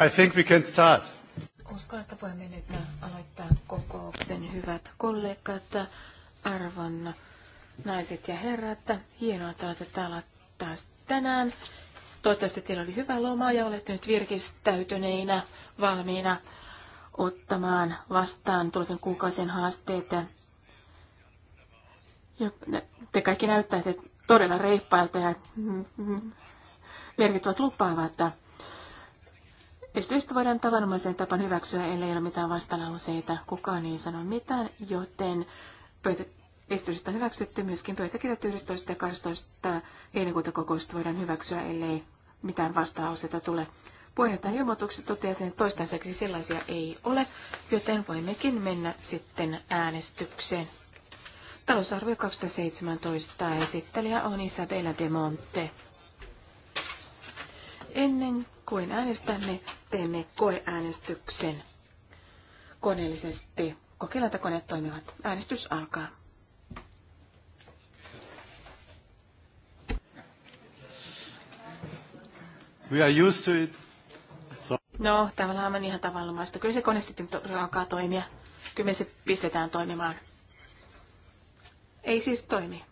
I think we can start. Uskon, että voimme nyt aloittaa kokouksen hyvät kollegat, arvon naiset ja herrat. Hienoa, että olette täällä taas tänään. Toivottavasti teillä oli hyvä loma ja olette nyt virkistäytyneinä, valmiina ottamaan vastaan tulevien kuukausien haasteita. Te kaikki näyttävät todella reippailta ja merkit ovat lupaavat Esitystä voidaan tavanomaisen tapaan hyväksyä, ellei ole mitään vastalauseita. Kukaan ei sano mitään, joten pöytä, esitystä on hyväksytty. Myöskin pöytäkirjat 11. ja 12. heinäkuuta kokousta voidaan hyväksyä, ellei mitään vastalauseita tule. Puheenjohtajan ilmoitukset totesin, että toistaiseksi sellaisia ei ole, joten voimmekin mennä sitten äänestykseen. Talousarvio 2017 esittelijä on Isabella de Monte. Ennen kuin äänestämme, teemme koeäänestyksen koneellisesti. Kokeillaan, että koneet toimivat. Äänestys alkaa. We are used to it. So. No, tavallaan on ihan tavallomaista. Kyllä se kone sitten to- alkaa toimia. Kyllä me se pistetään toimimaan. Ei siis toimi.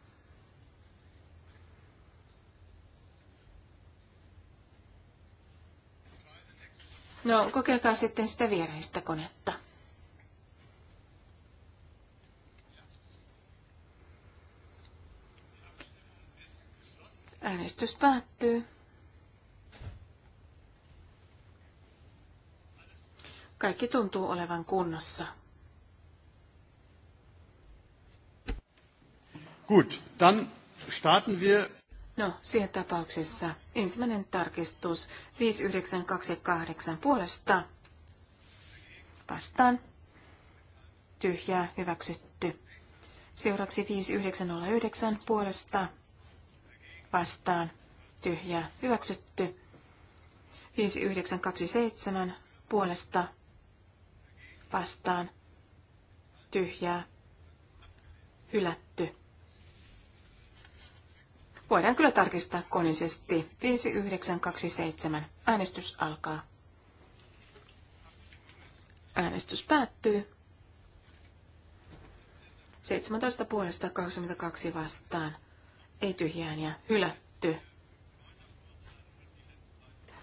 No, kokeilkaa sitten sitä viereistä konetta. Äänestys päättyy. Kaikki tuntuu olevan kunnossa. Gut, dann starten wir. No, siinä tapauksessa ensimmäinen tarkistus 5928 puolesta vastaan. Tyhjää hyväksytty. Seuraavaksi 5909 puolesta vastaan. Tyhjää hyväksytty. 5927 puolesta vastaan. Tyhjää hylätty. Voidaan kyllä tarkistaa koneisesti. 5927. Äänestys alkaa. Äänestys päättyy. 17 puolesta 22 vastaan. Ei tyhjään ja hylätty.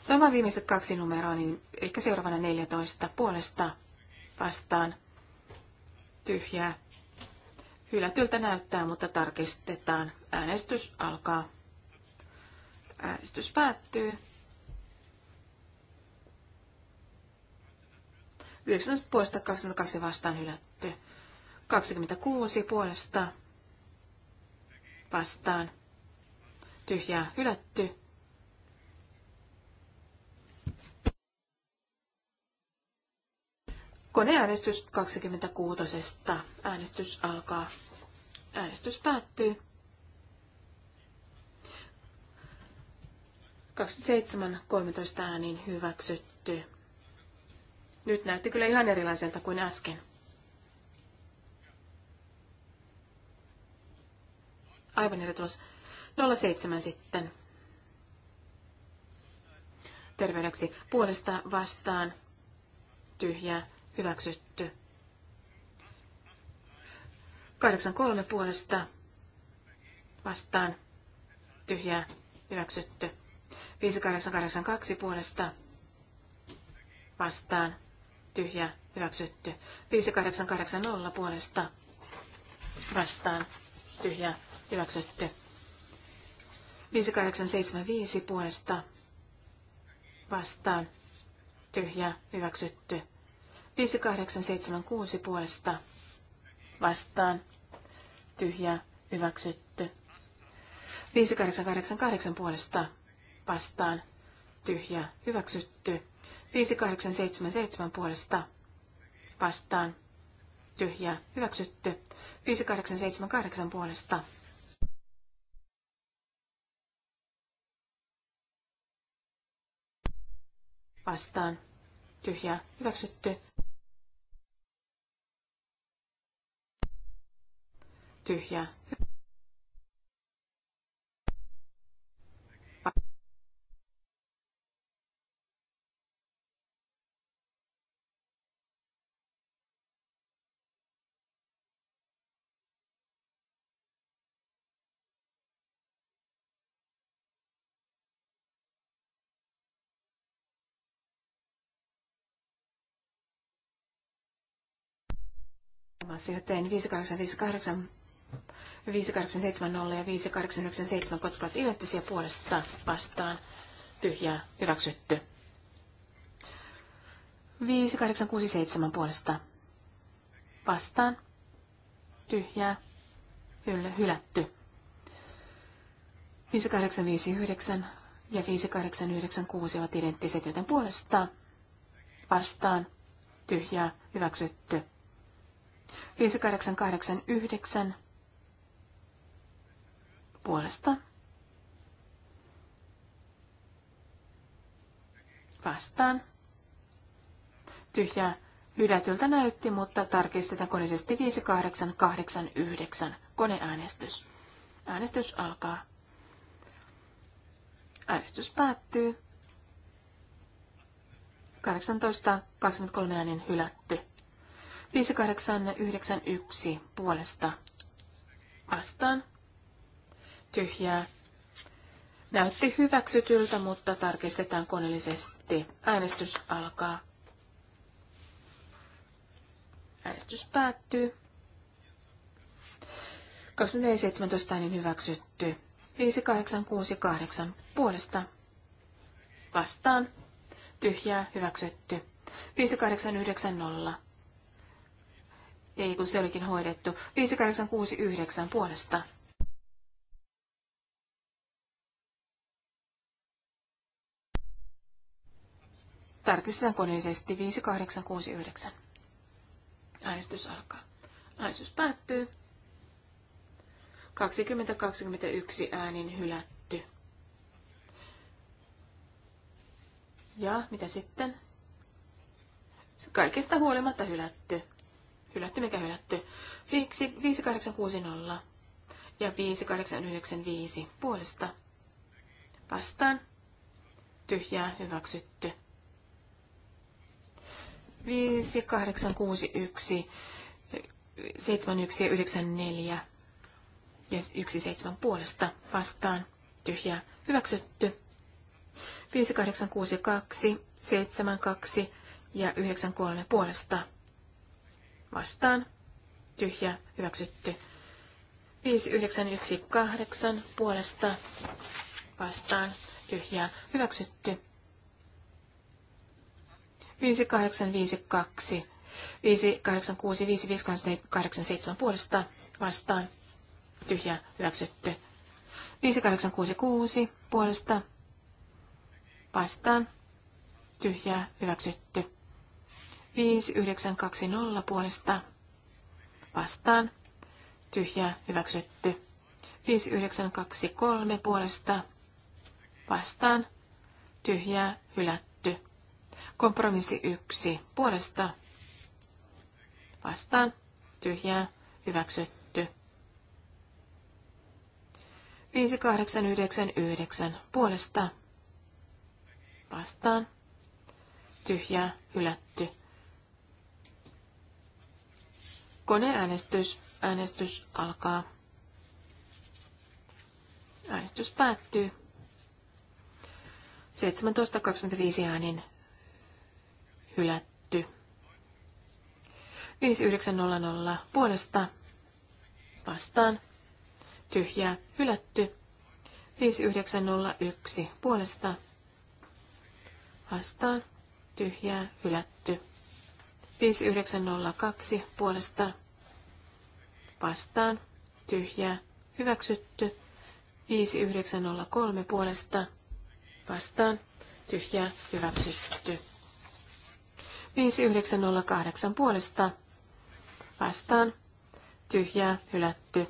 Sama viimeiset kaksi numeroa, niin ehkä seuraavana 14 puolesta vastaan. Tyhjää Hylätyltä näyttää, mutta tarkistetaan. Äänestys alkaa. Äänestys päättyy. 19 puolesta 22 vastaan hylätty. 26 puolesta vastaan tyhjää hylätty. Koneäänestys 26. Äänestys alkaa. Äänestys päättyy. 27, 13 ääniin hyväksytty. Nyt näytti kyllä ihan erilaiselta kuin äsken. Aivan eri tulos. 07 sitten. Terveydeksi puolesta vastaan tyhjää Hyväksytty. 83 puolesta vastaan tyhjää hyväksytty. 5882 puolesta vastaan tyhjää hyväksytty. 5880 puolesta vastaan tyhjää hyväksytty. 5875 puolesta vastaan tyhjää hyväksytty. 5876 puolesta vastaan Tyhjä hyväksytty. 5888 puolesta vastaan Tyhjä hyväksytty. 5877 puolesta vastaan Tyhjä hyväksytty. 5878 puolesta vastaan Tyhjä hyväksytty. tyhjää. asioitteen 5858 5870 ja 5897 kotkat identtisiä puolesta vastaan tyhjää hyväksytty. 5867 puolesta vastaan tyhjää hyl- hylätty. 5859 ja 5896 ovat identtiset, joten puolesta vastaan tyhjää hyväksytty. 5889 puolesta. Vastaan. Tyhjää hylätyltä näytti, mutta tarkistetaan koneisesti 5889. Koneäänestys. Äänestys alkaa. Äänestys päättyy. 18.23 äänen hylätty. 5891 puolesta vastaan tyhjää. Näytti hyväksytyltä, mutta tarkistetaan koneellisesti. Äänestys alkaa. Äänestys päättyy. 24.17 niin hyväksytty. 5868 puolesta. Vastaan. Tyhjää hyväksytty. 5890. Ei kun se olikin hoidettu. 5869 puolesta Tarkistetaan koneellisesti 5869. Äänestys alkaa. Äänestys päättyy. 2021 äänin hylätty. Ja mitä sitten? Kaikesta huolimatta hylätty. Hylätty mikä hylätty. 5860 ja 5895 puolesta. Vastaan. Tyhjää hyväksytty. 5861, 7194 ja 17 ja puolesta vastaan tyhjä hyväksytty. 5862, 72 ja 93 puolesta vastaan tyhjä hyväksytty. 5918 puolesta vastaan tyhjä hyväksytty. 5852, 586, 587 puolesta vastaan, tyhjä hyväksytty. 5866 puolesta vastaan, tyhjä hyväksytty. 5920 puolesta vastaan, tyhjä hyväksytty. 5923 puolesta vastaan, tyhjä hylätty. Kompromissi yksi. Puolesta vastaan. Tyhjää. Hyväksytty. 5899. Puolesta vastaan. Tyhjää. Hylätty. Koneäänestys. Äänestys alkaa. Äänestys päättyy. 17.25 äänin hylätty. 5900 puolesta vastaan tyhjää hylätty. 5901 puolesta vastaan tyhjää hylätty. 5902 puolesta vastaan tyhjää hyväksytty. 5903 puolesta vastaan tyhjää hyväksytty. 5908 puolesta vastaan tyhjää hylätty.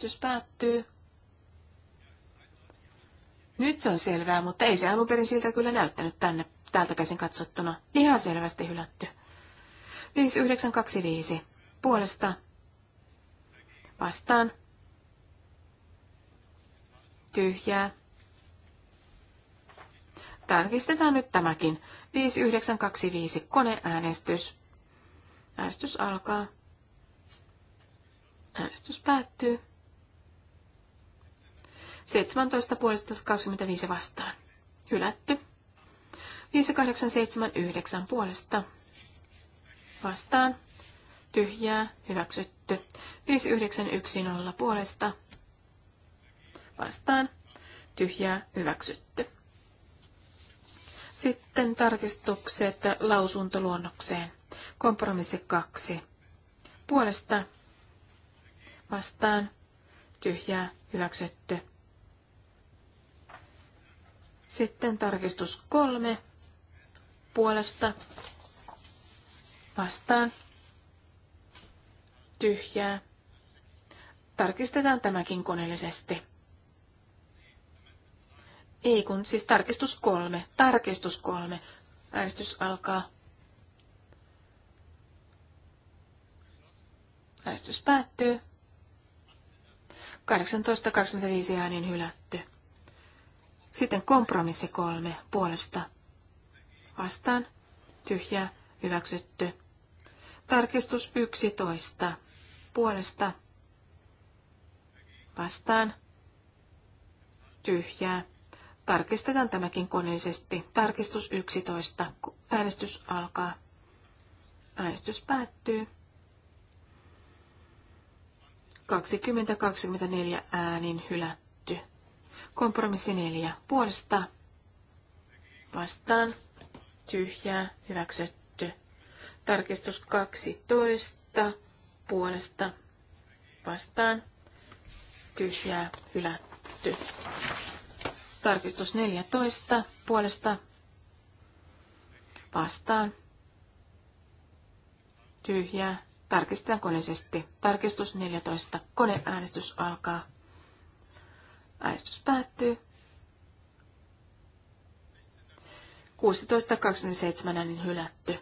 Äänestys päättyy. Nyt se on selvää, mutta ei se alun perin siltä kyllä näyttänyt tänne täältä käsin katsottuna. Ihan selvästi hylätty. 5925. Puolesta. Vastaan. Tyhjää. Tarkistetaan nyt tämäkin. 5925. Koneäänestys. Äänestys alkaa. Äänestys päättyy. 17 puolesta 25 vastaan. Hylätty. 5879 puolesta vastaan. Tyhjää. Hyväksytty. 5910 puolesta vastaan. Tyhjää. Hyväksytty. Sitten tarkistukset lausuntoluonnokseen. Kompromissi 2. Puolesta vastaan tyhjää hyväksytty. Sitten tarkistus kolme puolesta vastaan tyhjää. Tarkistetaan tämäkin koneellisesti. Ei kun, siis tarkistus kolme. Tarkistus kolme. Äänestys alkaa. Äänestys päättyy. 18.25 äänin hylätty. Sitten kompromissi kolme puolesta. Vastaan. tyhjä, Hyväksytty. Tarkistus 11. Puolesta. Vastaan. Tyhjää. Tarkistetaan tämäkin koneellisesti. Tarkistus 11. Äänestys alkaa. Äänestys päättyy. 20-24 äänin hylätty. Kompromissi neljä. Puolesta vastaan tyhjää hyväksytty. Tarkistus 12 puolesta vastaan tyhjää hylätty. Tarkistus 14 puolesta vastaan tyhjää tarkistetaan koneisesti. Tarkistus 14. Koneäänestys alkaa. Aistus päättyy. 16.27 niin hylätty.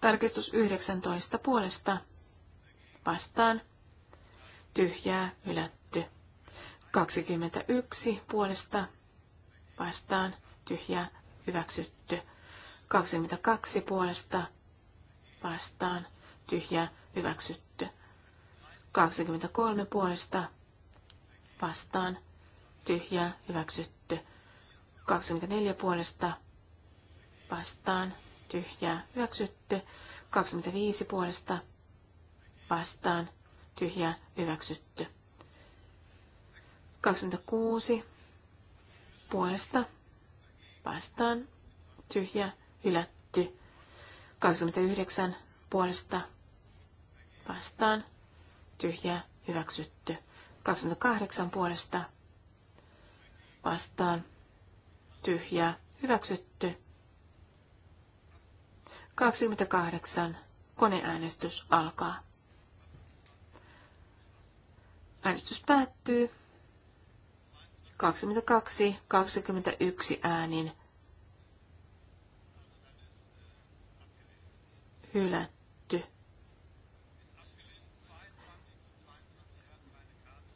Tarkistus 19 puolesta. Vastaan. Tyhjää hylätty. 21 puolesta. Vastaan. Tyhjää hyväksytty. 22 puolesta. Vastaan. Tyhjää hyväksytty. 23 puolesta vastaan tyhjä hyväksytty. 24 puolesta vastaan tyhjä hyväksytty. 25 puolesta vastaan tyhjä hyväksytty. 26 puolesta vastaan tyhjä hylätty. 29 puolesta vastaan tyhjä, hyväksytty. 28 puolesta vastaan, tyhjä, hyväksytty. 28. Koneäänestys alkaa. Äänestys päättyy. 22, 21 äänin. Hylätty.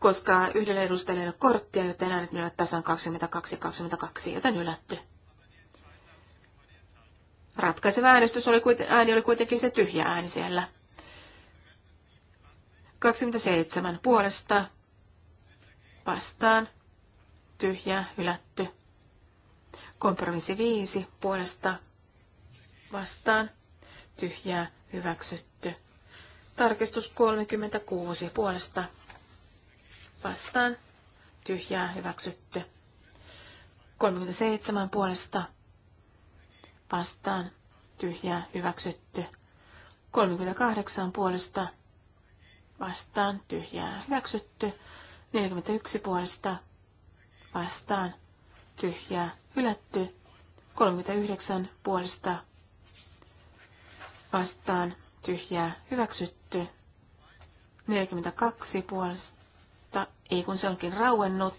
koska yhdellä edustajalla ei ole korttia, joten äänet menevät tasan 22-22, joten ylätty. Ratkaiseva äänestys oli, ääni oli kuitenkin se tyhjä ääni siellä. 27 puolesta vastaan tyhjä ylätty. Kompromissi 5 puolesta vastaan tyhjää hyväksytty. Tarkistus 36 puolesta vastaan tyhjää hyväksytty. 37 puolesta vastaan tyhjää hyväksytty. 38 puolesta vastaan tyhjää hyväksytty. 41 puolesta vastaan tyhjää hylätty. 39 puolesta vastaan tyhjää hyväksytty. 42 puolesta ei kun se onkin rauennut.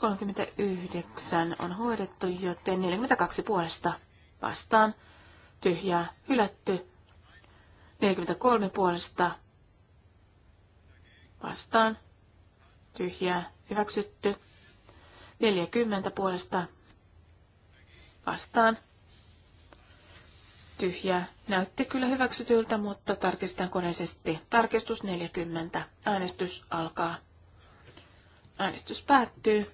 Kolmekymmentäyhdeksän on hoidettu, joten 42 puolesta vastaan tyhjää hylätty. 43 puolesta vastaan tyhjää hyväksytty. 40 puolesta vastaan tyhjää. Näytti kyllä hyväksytyltä, mutta tarkistetaan koneisesti. Tarkistus 40. Äänestys alkaa. Äänestys päättyy.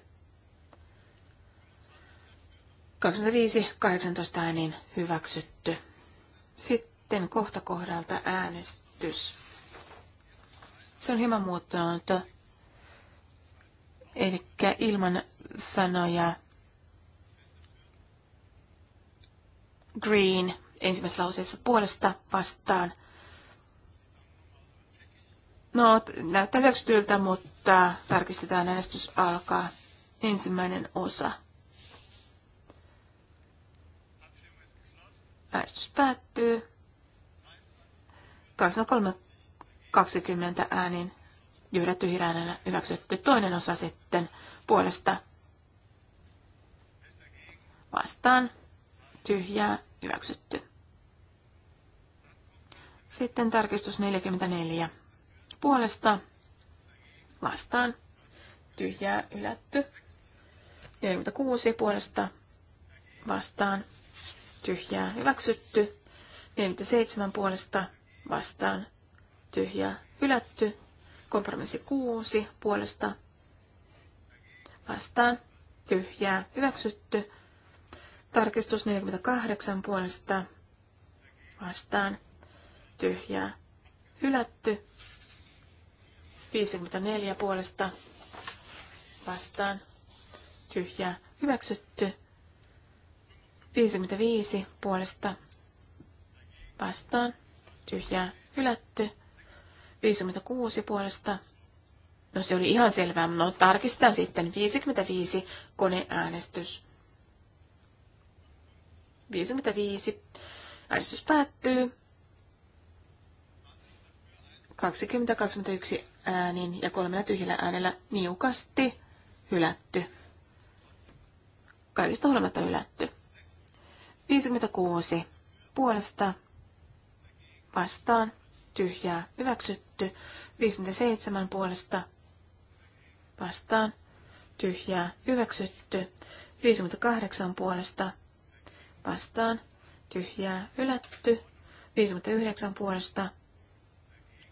18 ääniin hyväksytty. Sitten kohta kohdalta äänestys. Se on hieman muuttunut. Eli ilman sanoja green ensimmäisessä lauseessa puolesta vastaan. No, näyttää hyväksytyltä, mutta tarkistetaan äänestys alkaa. Ensimmäinen osa. Äänestys päättyy. 23.20 äänin yhdellä tyhjäänellä hyväksytty. Toinen osa sitten puolesta vastaan tyhjää Hyväksytty. Sitten tarkistus 44. Puolesta vastaan. Tyhjää ylätty. 46 puolesta vastaan. Tyhjää hyväksytty. 47 puolesta vastaan. Tyhjää hylätty. Kompromissi 6 puolesta vastaan. Tyhjää hyväksytty. Tarkistus 48 puolesta vastaan tyhjää hylätty. 54 puolesta vastaan tyhjää hyväksytty. 55 puolesta vastaan tyhjää hylätty. 56 puolesta No se oli ihan selvää, no tarkistetaan sitten 55 koneäänestys. 55. Äänestys päättyy. 20-21 äänin ja kolmella tyhjällä äänellä niukasti hylätty. Kaikista huolimatta hylätty. 56. Puolesta vastaan tyhjää hyväksytty. 57 puolesta vastaan tyhjää hyväksytty. 58 puolesta vastaan, tyhjää, hylätty. 59 puolesta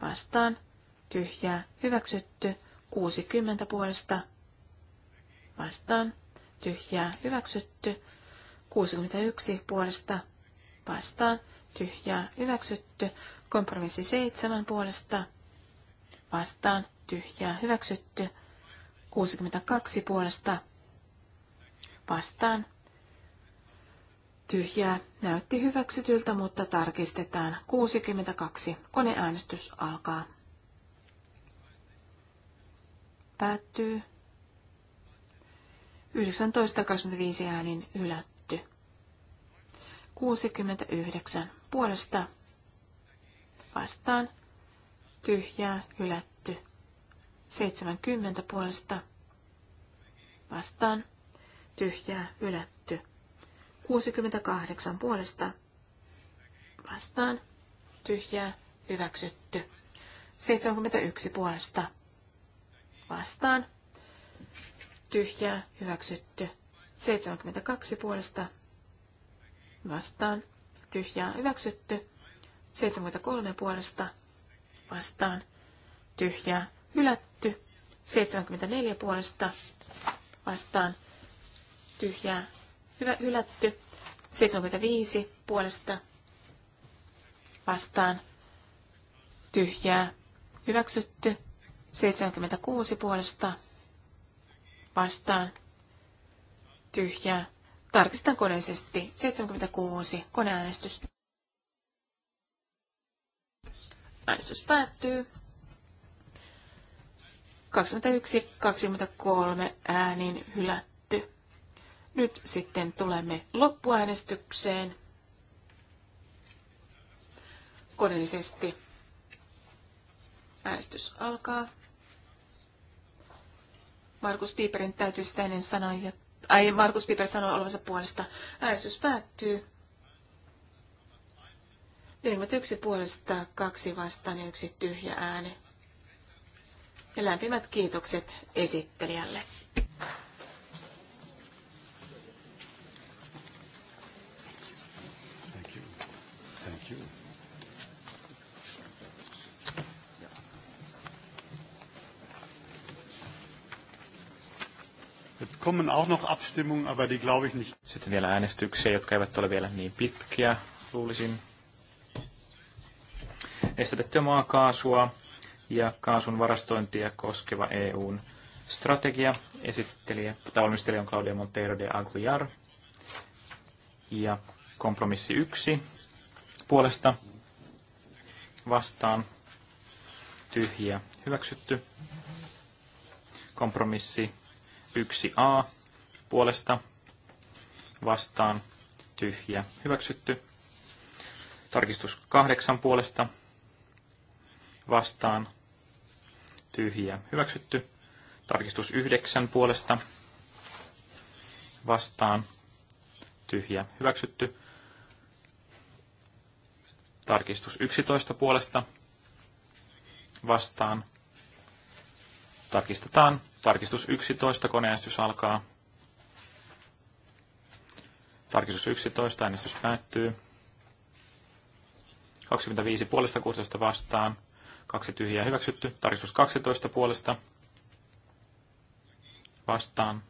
vastaan, tyhjää, hyväksytty. 60 puolesta vastaan, tyhjää, hyväksytty. 61 puolesta vastaan, tyhjää, hyväksytty. Kompromissi 7 puolesta vastaan, tyhjää, hyväksytty. 62 puolesta vastaan, Tyhjää näytti hyväksytyltä, mutta tarkistetaan. 62. Koneäänestys alkaa. Päättyy. 19.25 äänin ylätty. 69. Puolesta vastaan. Tyhjää hylätty. 70 puolesta vastaan. Tyhjää hylätty. 68 puolesta vastaan tyhjää hyväksytty. 71 puolesta vastaan tyhjää hyväksytty. 72 puolesta vastaan tyhjää hyväksytty. 73 puolesta vastaan tyhjää hylätty. 74 puolesta vastaan tyhjää Hyvä hylätty. 75 puolesta vastaan tyhjää hyväksytty. 76 puolesta vastaan tyhjää. Tarkistetaan koneisesti 76 koneäänestys. Äänestys päättyy. 21-23 äänin hylätty. Nyt sitten tulemme loppuäänestykseen kodellisesti. Äänestys alkaa. Markus Piperin täytyy sitä ennen sanoa, ja, ai Markus Piper sanoi olevansa puolesta. Äänestys päättyy. 41 puolesta, kaksi vastaan ja yksi tyhjä ääni. Ja lämpimät kiitokset esittelijälle. kommen auch noch Abstimmungen, aber die glaube ich nicht. Sitten vielä äänestyksiä, jotka eivät ole vielä niin pitkiä, luulisin. Estetettyä maakaasua ja kaasun varastointia koskeva EUn strategia. Esittelijä, valmistelija on Claudia Monteiro de Aguiar. Ja kompromissi yksi puolesta vastaan tyhjä hyväksytty. Kompromissi 1a puolesta vastaan tyhjä hyväksytty. Tarkistus 8 puolesta vastaan tyhjä hyväksytty. Tarkistus 9 puolesta vastaan tyhjä hyväksytty. Tarkistus 11 puolesta vastaan Tarkistetaan. Tarkistus 11, koneäänestys alkaa. Tarkistus 11, äänestys päättyy. 25 puolesta, 16 vastaan. Kaksi tyhjää hyväksytty. Tarkistus 12 puolesta. Vastaan.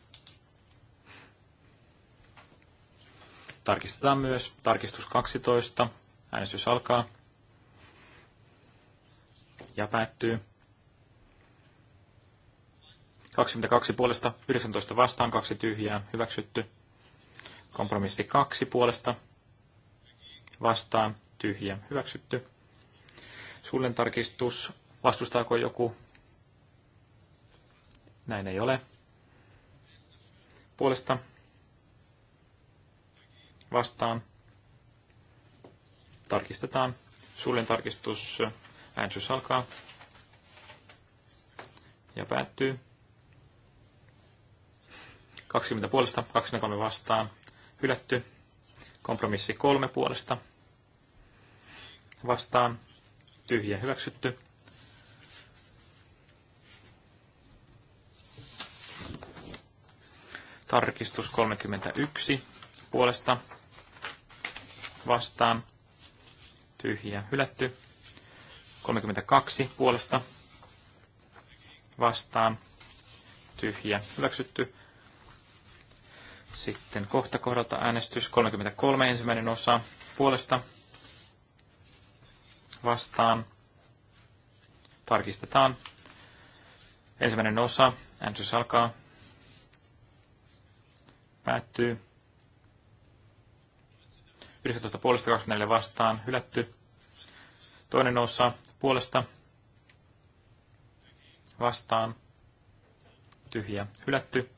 Tarkistetaan myös. Tarkistus 12. Äänestys alkaa. Ja päättyy. 22 puolesta, 19 vastaan, kaksi tyhjää, hyväksytty. Kompromissi 2 puolesta, vastaan, tyhjä, hyväksytty. Sullen tarkistus, vastustaako joku? Näin ei ole. Puolesta, vastaan, tarkistetaan. Sullen tarkistus, äänestys alkaa ja päättyy. 20 puolesta, 23 vastaan, hylätty. Kompromissi 3 puolesta, vastaan, tyhjä hyväksytty. Tarkistus 31 puolesta, vastaan, tyhjä hylätty. 32 puolesta, vastaan, tyhjä hyväksytty. Sitten kohta kohdalta äänestys 33 ensimmäinen osa puolesta vastaan. Tarkistetaan. Ensimmäinen osa. Äänestys alkaa. Päättyy. 19 puolesta 24 vastaan. Hylätty. Toinen osa puolesta vastaan. Tyhjä. Hylätty.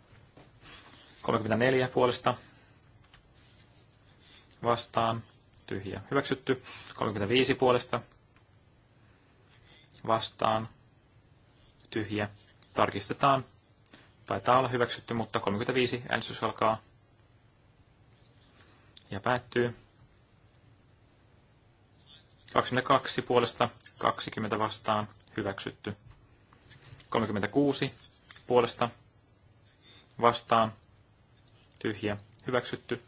34 puolesta vastaan tyhjä hyväksytty. 35 puolesta vastaan tyhjä tarkistetaan. Taitaa olla hyväksytty, mutta 35 äänestys alkaa ja päättyy. 22 puolesta 20 vastaan hyväksytty. 36 puolesta vastaan tyhjä, hyväksytty.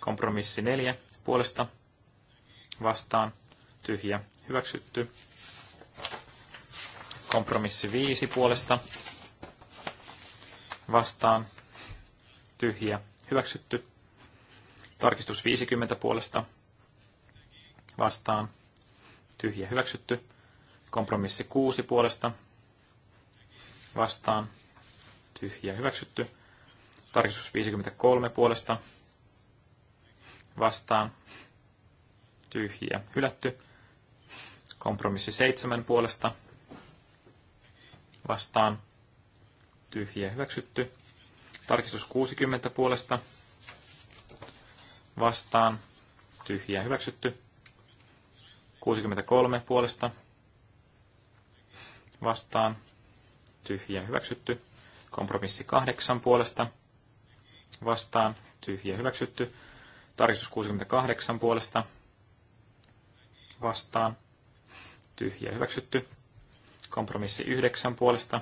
Kompromissi 4 puolesta vastaan, tyhjä, hyväksytty. Kompromissi 5 puolesta vastaan, tyhjä, hyväksytty. Tarkistus 50 puolesta vastaan, tyhjä, hyväksytty. Kompromissi 6 puolesta vastaan, tyhjä, hyväksytty. Tarkistus 53 puolesta vastaan. Tyhjiä hylätty. Kompromissi 7 puolesta vastaan. Tyhjiä hyväksytty. Tarkistus 60 puolesta vastaan. Tyhjiä hyväksytty. 63 puolesta vastaan. Tyhjiä hyväksytty. Kompromissi 8 puolesta vastaan, tyhjä hyväksytty. Tarkistus 68 puolesta vastaan, tyhjä hyväksytty. Kompromissi 9 puolesta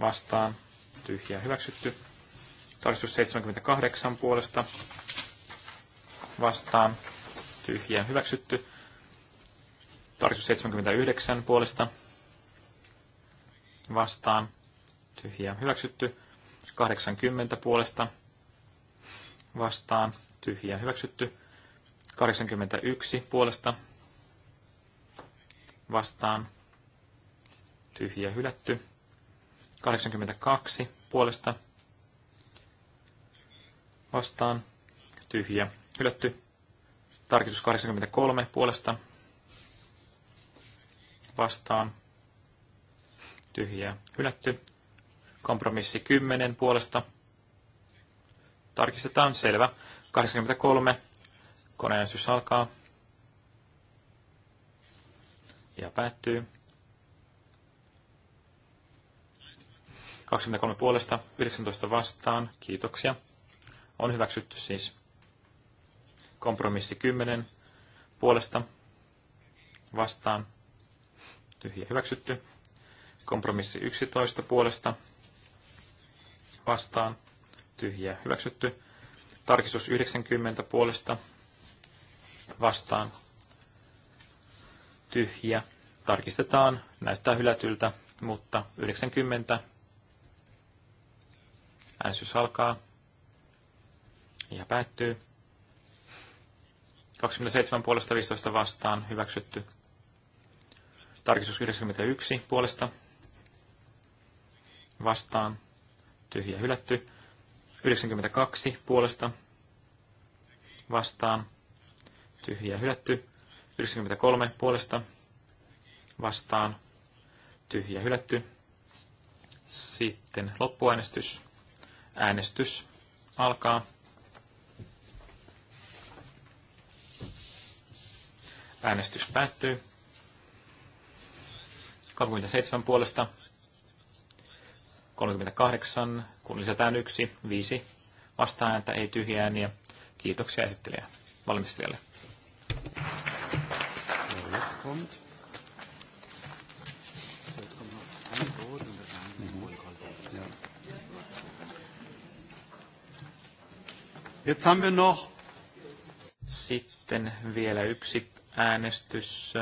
vastaan, tyhjä hyväksytty. Tarkistus 78 puolesta vastaan, tyhjä hyväksytty. Tarkistus 79 puolesta vastaan, tyhjä hyväksytty. 80 puolesta vastaan tyhjä hyväksytty. 81 puolesta vastaan tyhjä hylätty. 82 puolesta vastaan tyhjä hylätty. Tarkistus 83 puolesta vastaan tyhjä hylätty. Kompromissi 10 puolesta. Tarkistetaan, selvä. 83. Koneäänestys alkaa. Ja päättyy. 23 puolesta, 19 vastaan. Kiitoksia. On hyväksytty siis kompromissi 10 puolesta vastaan. Tyhjä hyväksytty. Kompromissi 11 puolesta vastaan, Tyhjä hyväksytty. Tarkistus 90 puolesta vastaan, tyhjä. Tarkistetaan, näyttää hylätyltä, mutta 90. Äänestys alkaa ja päättyy. 27 puolesta 15 vastaan hyväksytty. Tarkistus 91 puolesta vastaan tyhjä hylätty. 92 puolesta vastaan tyhjä hylätty. 93 puolesta vastaan tyhjä hylätty. Sitten loppuäänestys. Äänestys alkaa. Äänestys päättyy. 37 puolesta 38, kun lisätään yksi, viisi vastaääntä, ei tyhjää, ääniä. kiitoksia esittelijä valmistelijalle. Sitten vielä yksi äänestys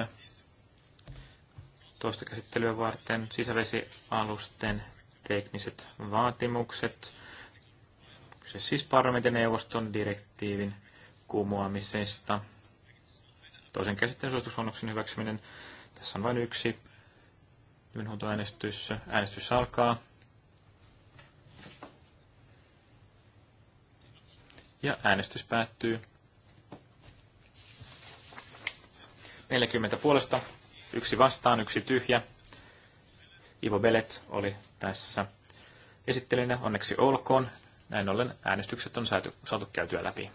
toista käsittelyä varten sisävesialusten tekniset vaatimukset. Kyse siis parlamentineuvoston direktiivin kumoamisesta. Toisen käsitteen suosituksen hyväksyminen. Tässä on vain yksi nimenhuutoäänestys. Äänestys alkaa. Ja äänestys päättyy. 40 puolesta, yksi vastaan, yksi tyhjä. Ivo Belet oli tässä esittelijänä. Onneksi olkoon. Näin ollen äänestykset on saatu, saatu käytyä läpi.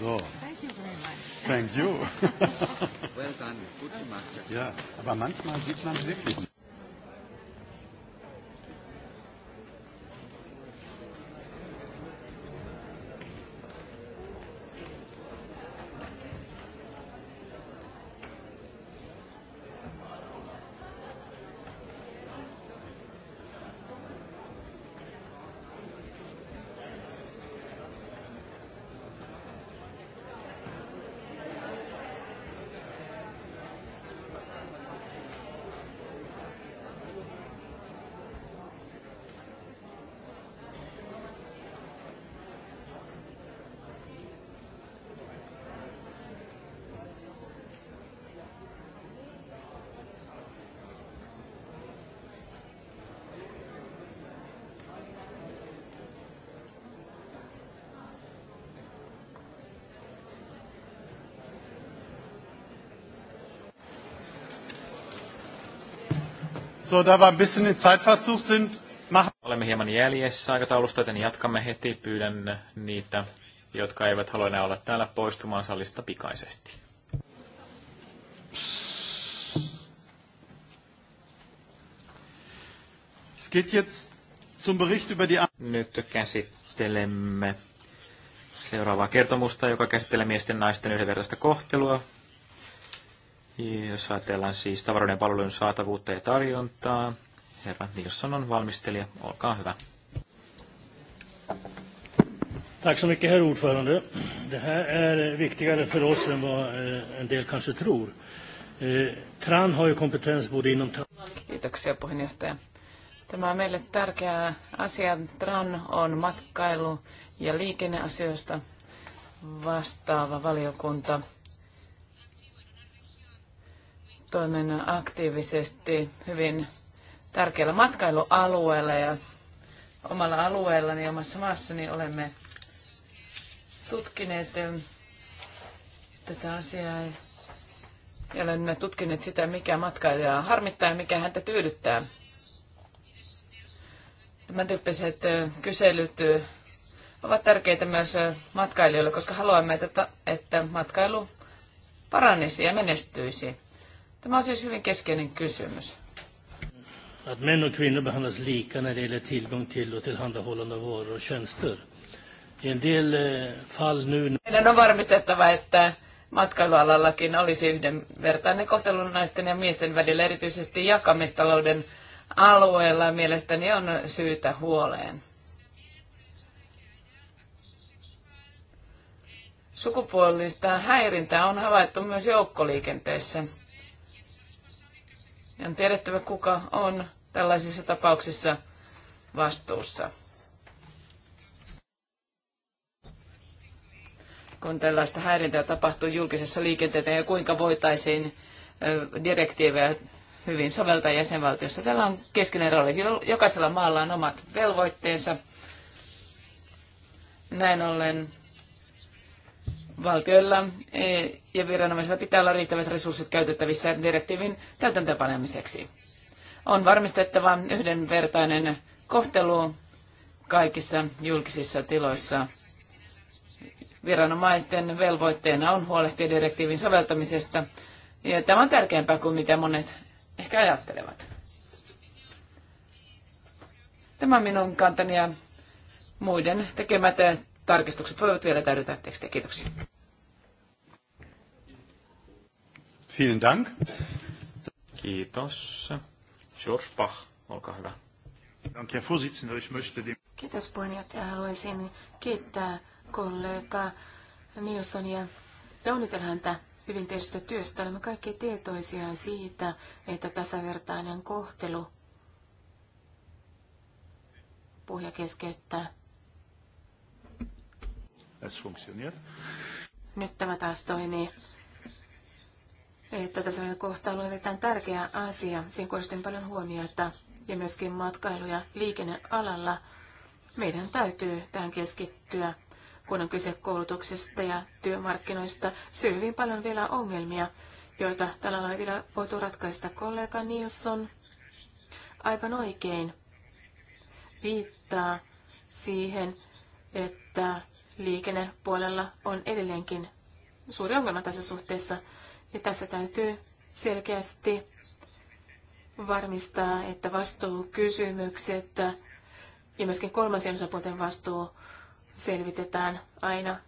So. Thank you very much. Thank you. well done. Gut gemacht. Ja, aber manchmal sieht man wirklich. So, da wir ein bisschen in Zeitverzug sind, machen... Olemme hieman jäljessä aikataulusta, joten jatkamme heti. Pyydän niitä, jotka eivät halua enää olla täällä, poistumaan salista pikaisesti. Es geht jetzt zum Bericht über die... Nyt käsittelemme seuraavaa kertomusta, joka käsittelee miesten naisten yhdenvertaista kohtelua jos ajatellaan siis tavaroiden palvelujen saatavuutta ja tarjontaa, herra Nilsson on valmistelija. Olkaa hyvä. Tack så mycket, herr ordförande. Det här är viktigare för oss än vad eh, en del kanske tror. Eh, TRAN har ju kompetens både inom... Kiitoksia, puheenjohtaja. Tämä on meille tärkeä asia. TRAN on matkailu- ja liikenneasioista vastaava valiokunta toimin aktiivisesti hyvin tärkeällä matkailualueella ja omalla alueellani omassa maassani olemme tutkineet eh, tätä asiaa ja olemme tutkineet sitä, mikä matkailijaa harmittaa ja mikä häntä tyydyttää. Tämän tyyppiset eh, kyselyt eh, ovat tärkeitä myös matkailijoille, koska haluamme, että matkailu paranisi ja menestyisi. Tämä on siis hyvin keskeinen kysymys. Att män och kvinnor behandlas lika när det gäller tillgång till och tillhandahållande av varor och tjänster. I en del eh, fall nu... Meidän on varmistettava, että matkailualallakin olisi yhdenvertainen kohtelu naisten ja miesten välillä, erityisesti jakamistalouden alueella. Mielestäni on syytä huoleen. Sukupuolista häirintää on havaittu myös joukkoliikenteessä. On tiedettävä, kuka on tällaisissa tapauksissa vastuussa. kun tällaista häirintää tapahtuu julkisessa liikenteessä ja niin kuinka voitaisiin direktiivejä hyvin soveltaa jäsenvaltiossa. Tällä on keskeinen rooli. Jokaisella maalla on omat velvoitteensa. Näin ollen valtioilla e, ja viranomaisilla pitää olla riittävät resurssit käytettävissä direktiivin täytäntöönpanemiseksi. On varmistettava yhdenvertainen kohtelu kaikissa julkisissa tiloissa. Viranomaisten velvoitteena on huolehtia direktiivin soveltamisesta, ja tämä on tärkeämpää kuin mitä monet ehkä ajattelevat. Tämä on minun kantani ja muiden tekemät tarkistukset voivat vielä täydentää tekstiä. Kiitoksia. Vielen Dank. Kiitos. George Bach, olkaa hyvä. Kiitos puheenjohtaja. Haluaisin kiittää kollega Nilssonia ja onnitella häntä hyvin tehdystä työstä. Olemme kaikki tietoisia siitä, että tasavertainen kohtelu puhja keskeyttää. Es funktioniert. Nyt tämä taas toimii. Että tässä kohtaa on erittäin tärkeä asia. Siinä kohdistin paljon huomiota ja myöskin matkailu- ja liikennealalla. Meidän täytyy tähän keskittyä, kun on kyse koulutuksesta ja työmarkkinoista. Syy paljon vielä ongelmia, joita tällä lailla vielä voitu ratkaista kollega Nilsson. Aivan oikein viittaa siihen, että liikennepuolella on edelleenkin suuri ongelma tässä suhteessa. Ja tässä täytyy selkeästi varmistaa, että vastuukysymykset ja myöskin kolmansien osapuolten vastuu selvitetään aina.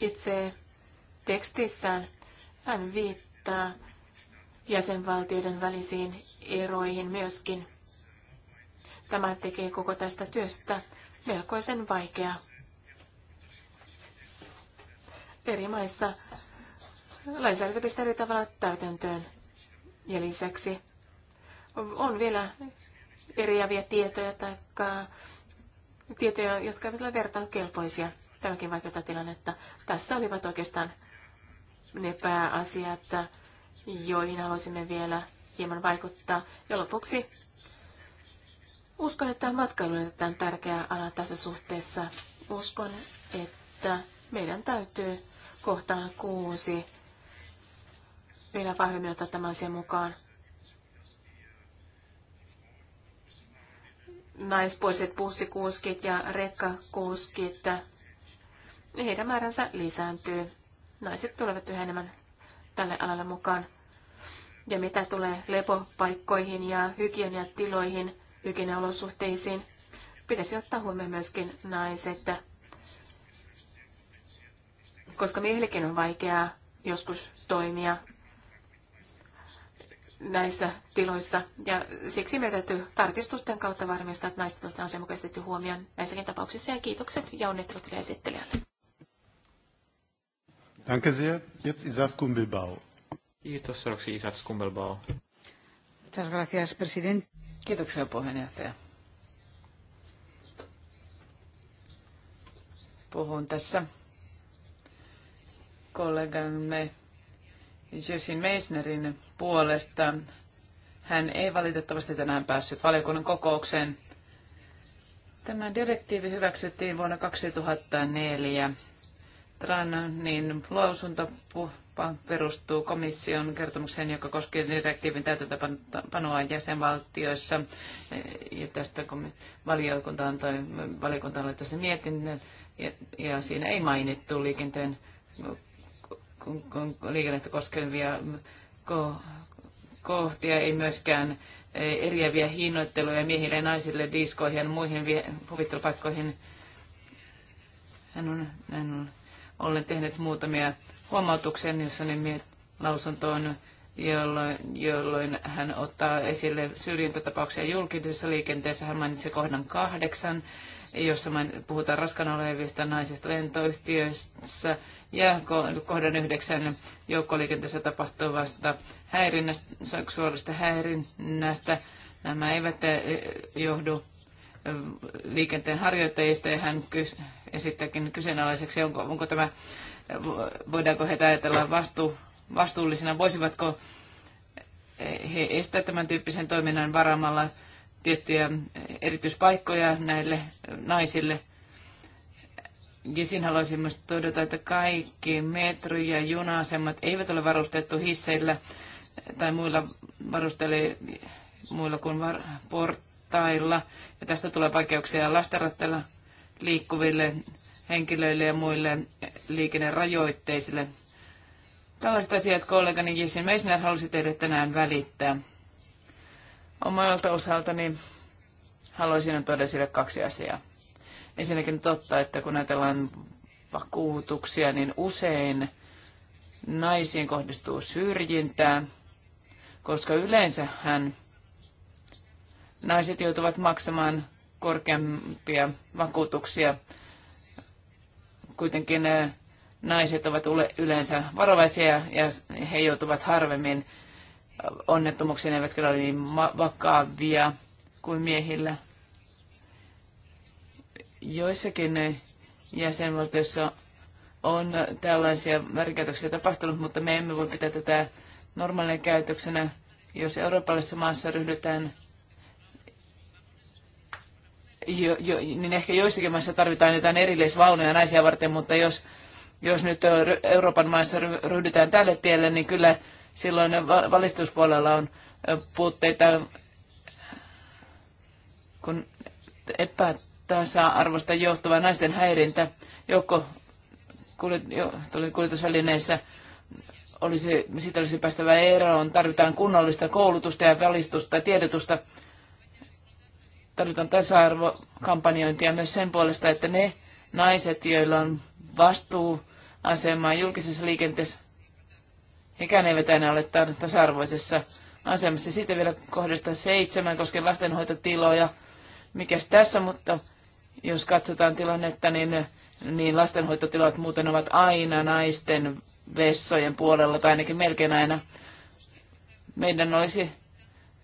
Itse tekstissään hän viittaa jäsenvaltioiden välisiin eroihin myöskin. Tämä tekee koko tästä työstä melkoisen vaikeaa. Eri maissa lainsäädäntö pistää eri tavalla täytäntöön. Ja lisäksi on vielä eriäviä tietoja tai tietoja, jotka eivät ole kelpoisia. Tämäkin vaikeuttaa tilannetta. Tässä olivat oikeastaan ne pääasiat, joihin halusimme vielä hieman vaikuttaa. Ja lopuksi Uskon, että matkailu on tärkeä ala tässä suhteessa. Uskon, että meidän täytyy kohtaan kuusi vielä vahvemmin ottaa tämän asian mukaan. Naispuoliset bussikuskit ja rekkakuskit, heidän määränsä lisääntyy. Naiset tulevat yhä enemmän tälle alalle mukaan. Ja mitä tulee lepopaikkoihin ja hygieniatiloihin, hygieniaolosuhteisiin. Pitäisi ottaa huomioon myöskin naiset, koska miehillekin on vaikeaa joskus toimia näissä tiloissa. Ja siksi meidän täytyy tarkistusten kautta varmistaa, että naiset otetaan asianmukaisesti huomioon näissäkin tapauksissa. Ja kiitokset ja onnittelut vielä esittelijälle. Danke sehr. Jetzt Isas Kumbelbau. Kiitos, seuraavaksi Isas Kumbelbau. Muchas gracias, presidente. Kiitoksia puheenjohtaja. Puhun tässä kollegamme Jösin Meisnerin puolesta. Hän ei valitettavasti tänään päässyt valiokunnan kokoukseen. Tämä direktiivi hyväksyttiin vuonna 2004. Trannin lausunto perustuu komission kertomukseen, joka koskee direktiivin täytäntöpanoa jäsenvaltioissa. Ja tästä valiokunta antoi, valiokunta antoi tästä mietinnön, ja, ja siinä ei mainittu liikenteen liikennettä koskevia ko, kohtia, ei myöskään eriäviä hinnoitteluja miehille ja naisille, diskoihin ja muihin huvittelupaikkoihin. Hän on, hän on ollen tehnyt muutamia huomautuksen Nilssonin lausuntoon, jolloin, jolloin hän ottaa esille syrjintätapauksia julkisessa liikenteessä. Hän mainitsi kohdan kahdeksan, jossa puhutaan raskana olevista naisista lentoyhtiöissä ja kohdan yhdeksän joukkoliikenteessä tapahtuvasta häirinnästä, seksuaalista häirinnästä. Nämä eivät eh, johdu eh, liikenteen harjoittajista ja hän esittääkin kyseenalaiseksi, onko, onko tämä voidaanko heitä ajatella vastu, vastuullisina, voisivatko he estää tämän tyyppisen toiminnan varaamalla tiettyjä erityispaikkoja näille naisille. Gisin haluaisin myös todeta, että kaikki metri- ja juna-asemat eivät ole varustettu hisseillä tai muilla varusteilla muilla kuin var- portailla. Ja tästä tulee vaikeuksia lastenrattailla liikkuville henkilöille ja muille liikennerajoitteisille. Tällaiset asiat kollegani Jesse Meisner halusi teille tänään välittää. Omalta osaltani haluaisin tuoda sille kaksi asiaa. Ensinnäkin totta, että kun ajatellaan vakuutuksia, niin usein naisiin kohdistuu syrjintää, koska yleensähän naiset joutuvat maksamaan korkeampia vakuutuksia kuitenkin naiset ovat yleensä varovaisia ja he joutuvat harvemmin onnettomuuksiin, eivätkä ole niin vakavia kuin miehillä. Joissakin jäsenvaltioissa on tällaisia värikäytöksiä tapahtunut, mutta me emme voi pitää tätä normaalina käytöksenä. Jos eurooppalaisessa maassa ryhdytään jo, jo, niin ehkä joissakin maissa tarvitaan jotain erillisvaunuja naisia varten, mutta jos, jos nyt Euroopan maissa ryhdytään tälle tielle, niin kyllä silloin valistuspuolella on puutteita, kun epätasa-arvosta johtuva naisten häirintä joukko kuljetusvälineissä olisi, siitä olisi päästävä eroon. Tarvitaan kunnollista koulutusta ja valistusta ja tiedotusta tarvitaan tasa-arvokampanjointia myös sen puolesta, että ne naiset, joilla on asemaan julkisessa liikenteessä, hekään eivät aina ole tasa-arvoisessa asemassa. Sitten vielä kohdasta seitsemän koskee lastenhoitotiloja. Mikäs tässä, mutta jos katsotaan tilannetta, niin, niin lastenhoitotilat muuten ovat aina naisten vessojen puolella, tai ainakin melkein aina. Meidän olisi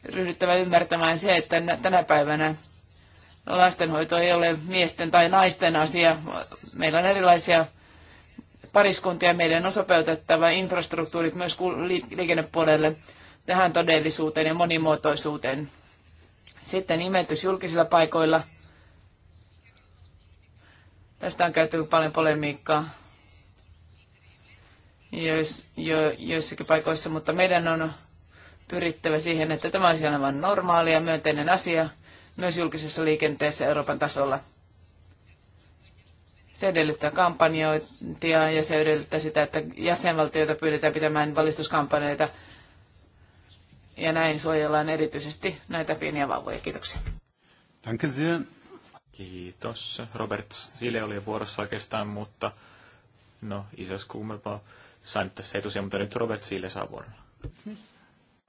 ryhdyttävä ymmärtämään se, että tänä päivänä lastenhoito ei ole miesten tai naisten asia. Meillä on erilaisia pariskuntia, meidän on sopeutettava infrastruktuurit myös liikennepuolelle tähän todellisuuteen ja monimuotoisuuteen. Sitten imetys julkisilla paikoilla. Tästä on käyty paljon polemiikkaa joissakin paikoissa, mutta meidän on pyrittävä siihen, että tämä olisi aivan normaali ja myönteinen asia myös julkisessa liikenteessä Euroopan tasolla. Se edellyttää kampanjointia ja se edellyttää sitä, että jäsenvaltioita pyydetään pitämään valistuskampanjoita ja näin suojellaan erityisesti näitä pieniä vauvoja. Kiitoksia. Kiitos. Robert Sile oli vuorossa oikeastaan, mutta no, isäs kuumempaa. Sain tässä etusia, mutta nyt Robert Sile saa vuoron.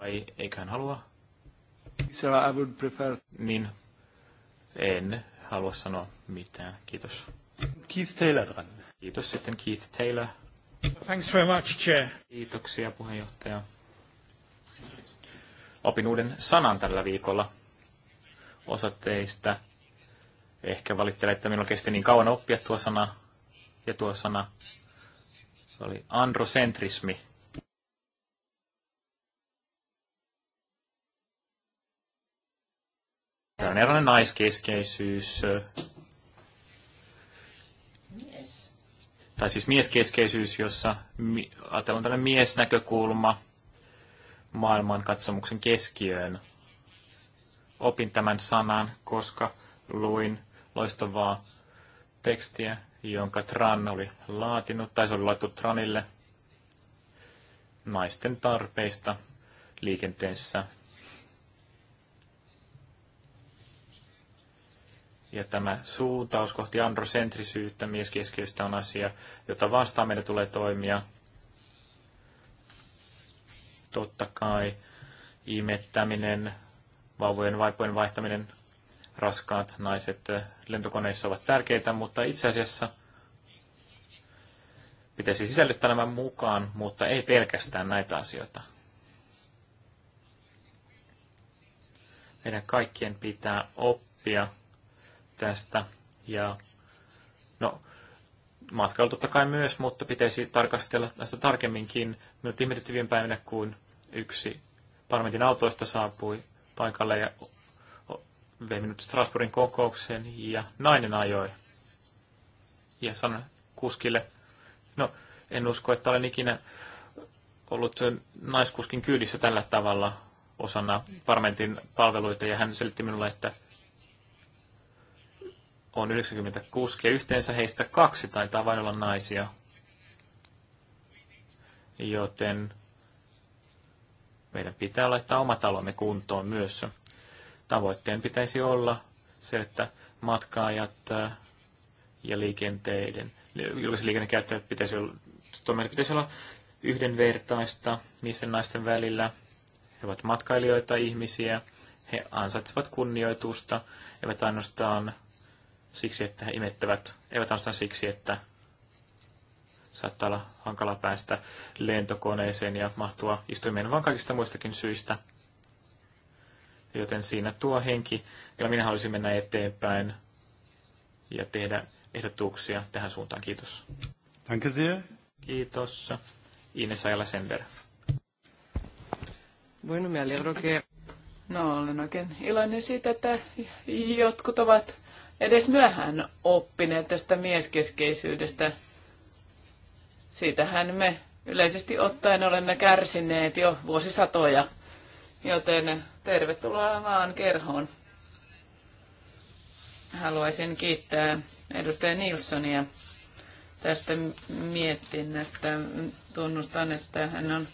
Vai eikö hän halua? So I would prefer... Niin, en halua sanoa mitään. Kiitos. Keith Taylor. Kiitos sitten Keith Taylor. Thanks very much, Chair. Kiitoksia puheenjohtaja. Opin uuden sanan tällä viikolla. Osa teistä ehkä valittelee, että minulla kesti niin kauan oppia tuo sana. Ja tuo sana oli androcentrismi. Tämä on eräänlainen naiskeskeisyys. Mies. Tai siis mieskeskeisyys, jossa ajatellaan tällainen miesnäkökulma maailman katsomuksen keskiöön. Opin tämän sanan, koska luin loistavaa tekstiä, jonka Tran oli laatinut, tai se oli laittu Tranille naisten tarpeista liikenteessä Ja tämä suuntaus kohti androsentrisyyttä, mieskeskeistä on asia, jota vastaan meidän tulee toimia. Totta kai imettäminen, vauvojen vaipojen vaihtaminen, raskaat naiset lentokoneissa ovat tärkeitä, mutta itse asiassa pitäisi sisällyttää nämä mukaan, mutta ei pelkästään näitä asioita. Meidän kaikkien pitää oppia tästä. Ja no, matkailu totta kai myös, mutta pitäisi tarkastella tästä tarkemminkin. Minut ihmetytti viime päivinä, kun yksi parlamentin autoista saapui paikalle ja vei minut Strasbourgin kokoukseen ja nainen ajoi. Ja sanoi kuskille, no en usko, että olen ikinä ollut naiskuskin kyydissä tällä tavalla osana parlamentin palveluita ja hän selitti minulle, että on 96 ja yhteensä heistä kaksi taitaa vain olla naisia. Joten meidän pitää laittaa oma talomme kuntoon myös. Tavoitteen pitäisi olla se, että matkaajat äh, ja liikenteiden, julkisen liikennekäyttäjät pitäisi olla, meidän pitäisi olla yhdenvertaista miesten naisten välillä. He ovat matkailijoita, ihmisiä, he ansaitsevat kunnioitusta, eivät ainoastaan siksi, että he imettävät, eivät ainoastaan siksi, että saattaa olla hankala päästä lentokoneeseen ja mahtua istuimeen, vaan kaikista muistakin syistä. Joten siinä tuo henki, ja minä haluaisin mennä eteenpäin ja tehdä ehdotuksia tähän suuntaan. Kiitos. Danke sehr. Kiitos. Ines Ajala Sender. Bueno, me alegro que... No, olen oikein iloinen siitä, että jotkut ovat edes myöhään oppineet tästä mieskeskeisyydestä. Siitähän me yleisesti ottaen olemme kärsineet jo vuosisatoja, joten tervetuloa vaan kerhoon. Haluaisin kiittää edustaja Nilssonia tästä mietinnästä. Tunnustan, että hän on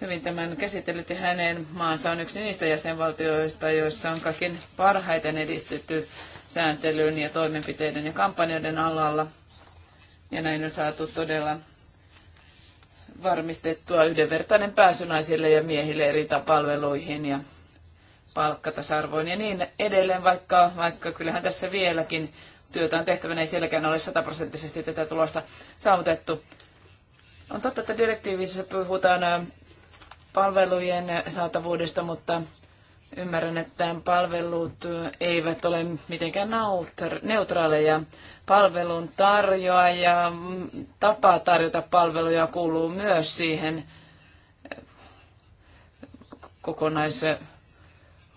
hyvin tämän käsitellyt ja hänen maansa on yksi niistä jäsenvaltioista, joissa on kaikin parhaiten edistetty sääntelyn ja toimenpiteiden ja kampanjoiden alalla. Ja näin on saatu todella varmistettua yhdenvertainen pääsy naisille ja miehille eri palveluihin ja palkkatasarvoin ja niin edelleen, vaikka, vaikka kyllähän tässä vieläkin työtä on tehtävänä, ei sielläkään ole sataprosenttisesti tätä tulosta saavutettu. On totta, että direktiivissä puhutaan palvelujen saatavuudesta, mutta Ymmärrän, että palvelut eivät ole mitenkään neutraaleja. Palvelun ja mm, tapa tarjota palveluja kuuluu myös siihen eh, kokonaisen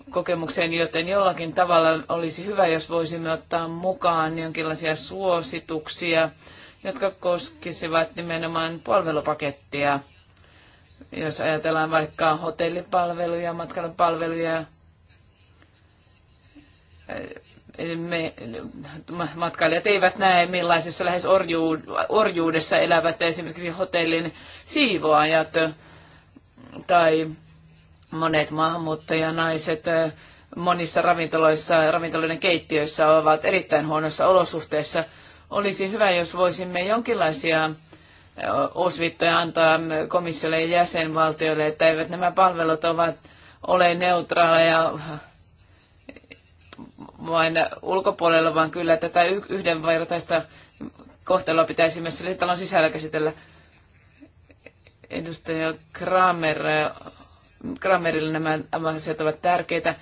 kokemukseen, joten jollakin tavalla olisi hyvä, jos voisimme ottaa mukaan jonkinlaisia suosituksia, jotka koskisivat nimenomaan palvelupakettia. Jos ajatellaan vaikka hotellipalveluja, matkailupalveluja, eh, niin me, matkailijat eivät näe, millaisessa lähes orjuudessa elävät esimerkiksi hotellin siivoajat eh, tai monet maahanmuuttajanaiset eh, monissa ravintoloissa, ravintoloiden keittiöissä ovat erittäin huonossa olosuhteissa. Olisi hyvä, jos voisimme jonkinlaisia osviittoja antaa komissiolle ja jäsenvaltioille, että eivät nämä palvelut ovat, ole neutraaleja vain ulkopuolella, vaan kyllä tätä yhdenvertaista kohtelua pitäisi myös sille talon sisällä käsitellä. Edustaja Kramer, Kramerille nämä asiat ovat tärkeitä.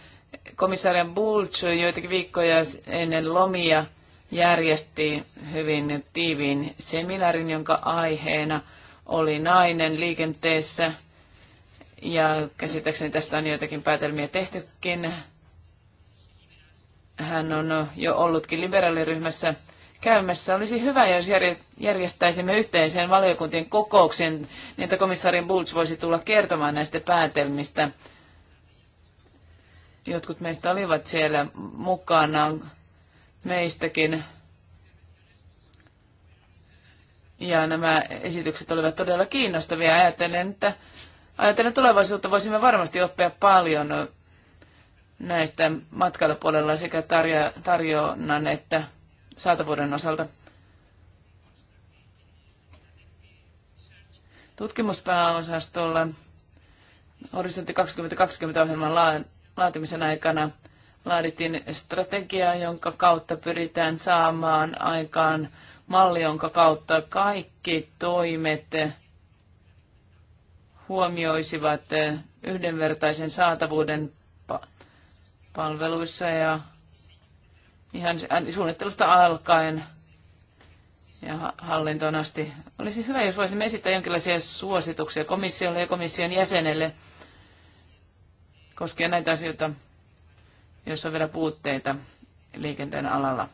Komissaarian Bulch joitakin viikkoja ennen lomia järjesti hyvin tiiviin seminaarin, jonka aiheena oli nainen liikenteessä. Ja käsittääkseni tästä on joitakin päätelmiä tehtykin. Hän on jo ollutkin liberaaliryhmässä käymässä. Olisi hyvä, jos järjestäisimme yhteisen valiokuntien kokouksen, niin että komissaari Bulch voisi tulla kertomaan näistä päätelmistä. Jotkut meistä olivat siellä mukana meistäkin. Ja nämä esitykset olivat todella kiinnostavia. Ajattelen, että ajatellen tulevaisuutta voisimme varmasti oppia paljon näistä matkailupuolella sekä tarjo- tarjonnan että saatavuuden osalta. Tutkimuspääosastolla Horisontti 2020 ohjelman laatimisen aikana – laadittiin strategia, jonka kautta pyritään saamaan aikaan malli, jonka kautta kaikki toimet huomioisivat yhdenvertaisen saatavuuden palveluissa ja ihan äh, suunnittelusta alkaen ja hallintoon asti. Olisi hyvä, jos voisimme esittää jonkinlaisia suosituksia komissiolle ja komission jäsenelle koskien näitä asioita jos on vielä puutteita liikenteen alalla.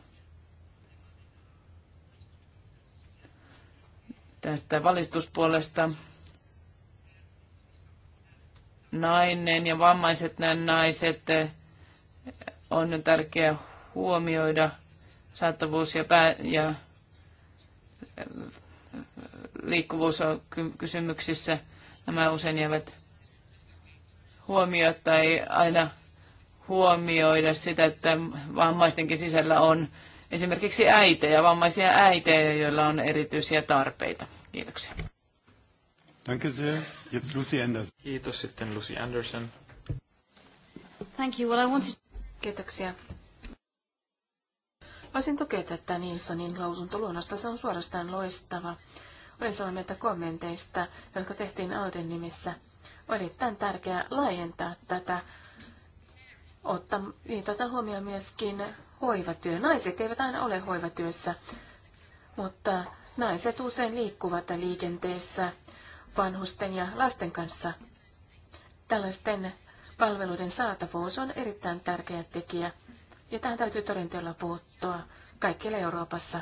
Tästä valistuspuolesta nainen ja vammaiset nämä naiset on tärkeää huomioida saattavuus ja, pää- ja äh, liikkuvuus on kysymyksissä. Nämä usein jäävät huomiota tai aina huomioida sitä, että vammaistenkin sisällä on esimerkiksi äitejä, vammaisia äitejä, joilla on erityisiä tarpeita. Kiitoksia. Danke sehr. Jetzt Lucy Anders. Kiitos sitten Lucy Anderson. Thank you. Well, I wanted... Kiitoksia. Voisin tukea tätä Nilssonin lausuntoluonnosta. Se on suorastaan loistava. Olen samaa mieltä kommenteista, jotka tehtiin Alden nimissä. On erittäin tärkeää laajentaa tätä ottaa niin tätä huomioon myöskin hoivatyö. Naiset eivät aina ole hoivatyössä, mutta naiset usein liikkuvat liikenteessä vanhusten ja lasten kanssa. Tällaisten palveluiden saatavuus on erittäin tärkeä tekijä, ja tähän täytyy todenteella puuttua kaikkialla Euroopassa.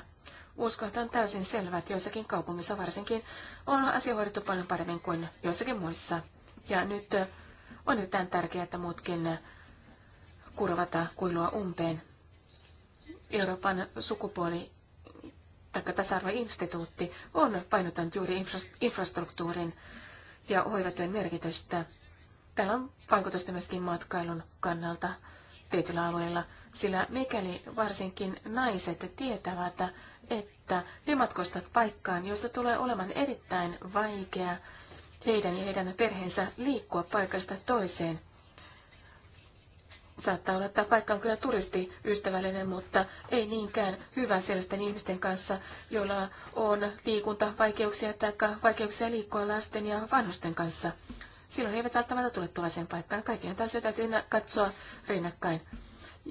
Uskon, että on täysin selvää, että joissakin kaupungissa varsinkin on asia hoidettu paljon paremmin kuin joissakin muissa. Ja nyt on erittäin tärkeää, että muutkin kurvata kuilua umpeen. Euroopan sukupuoli- tai tasa-arvoinstituutti on painottanut juuri infrastruktuurin ja hoivatyön merkitystä. Tällä on vaikutusta myöskin matkailun kannalta tietyillä alueilla, sillä mikäli varsinkin naiset tietävät, että he matkustavat paikkaan, jossa tulee olemaan erittäin vaikea heidän ja heidän perheensä liikkua paikasta toiseen – Saattaa olla, että paikka on kyllä turistiystävällinen, mutta ei niinkään hyvä sellaisten ihmisten kanssa, joilla on liikuntavaikeuksia tai vaikeuksia liikkua lasten ja vanhusten kanssa. Silloin he eivät välttämättä tule tuollaiseen paikkaan. Kaikkien näitä täytyy katsoa rinnakkain.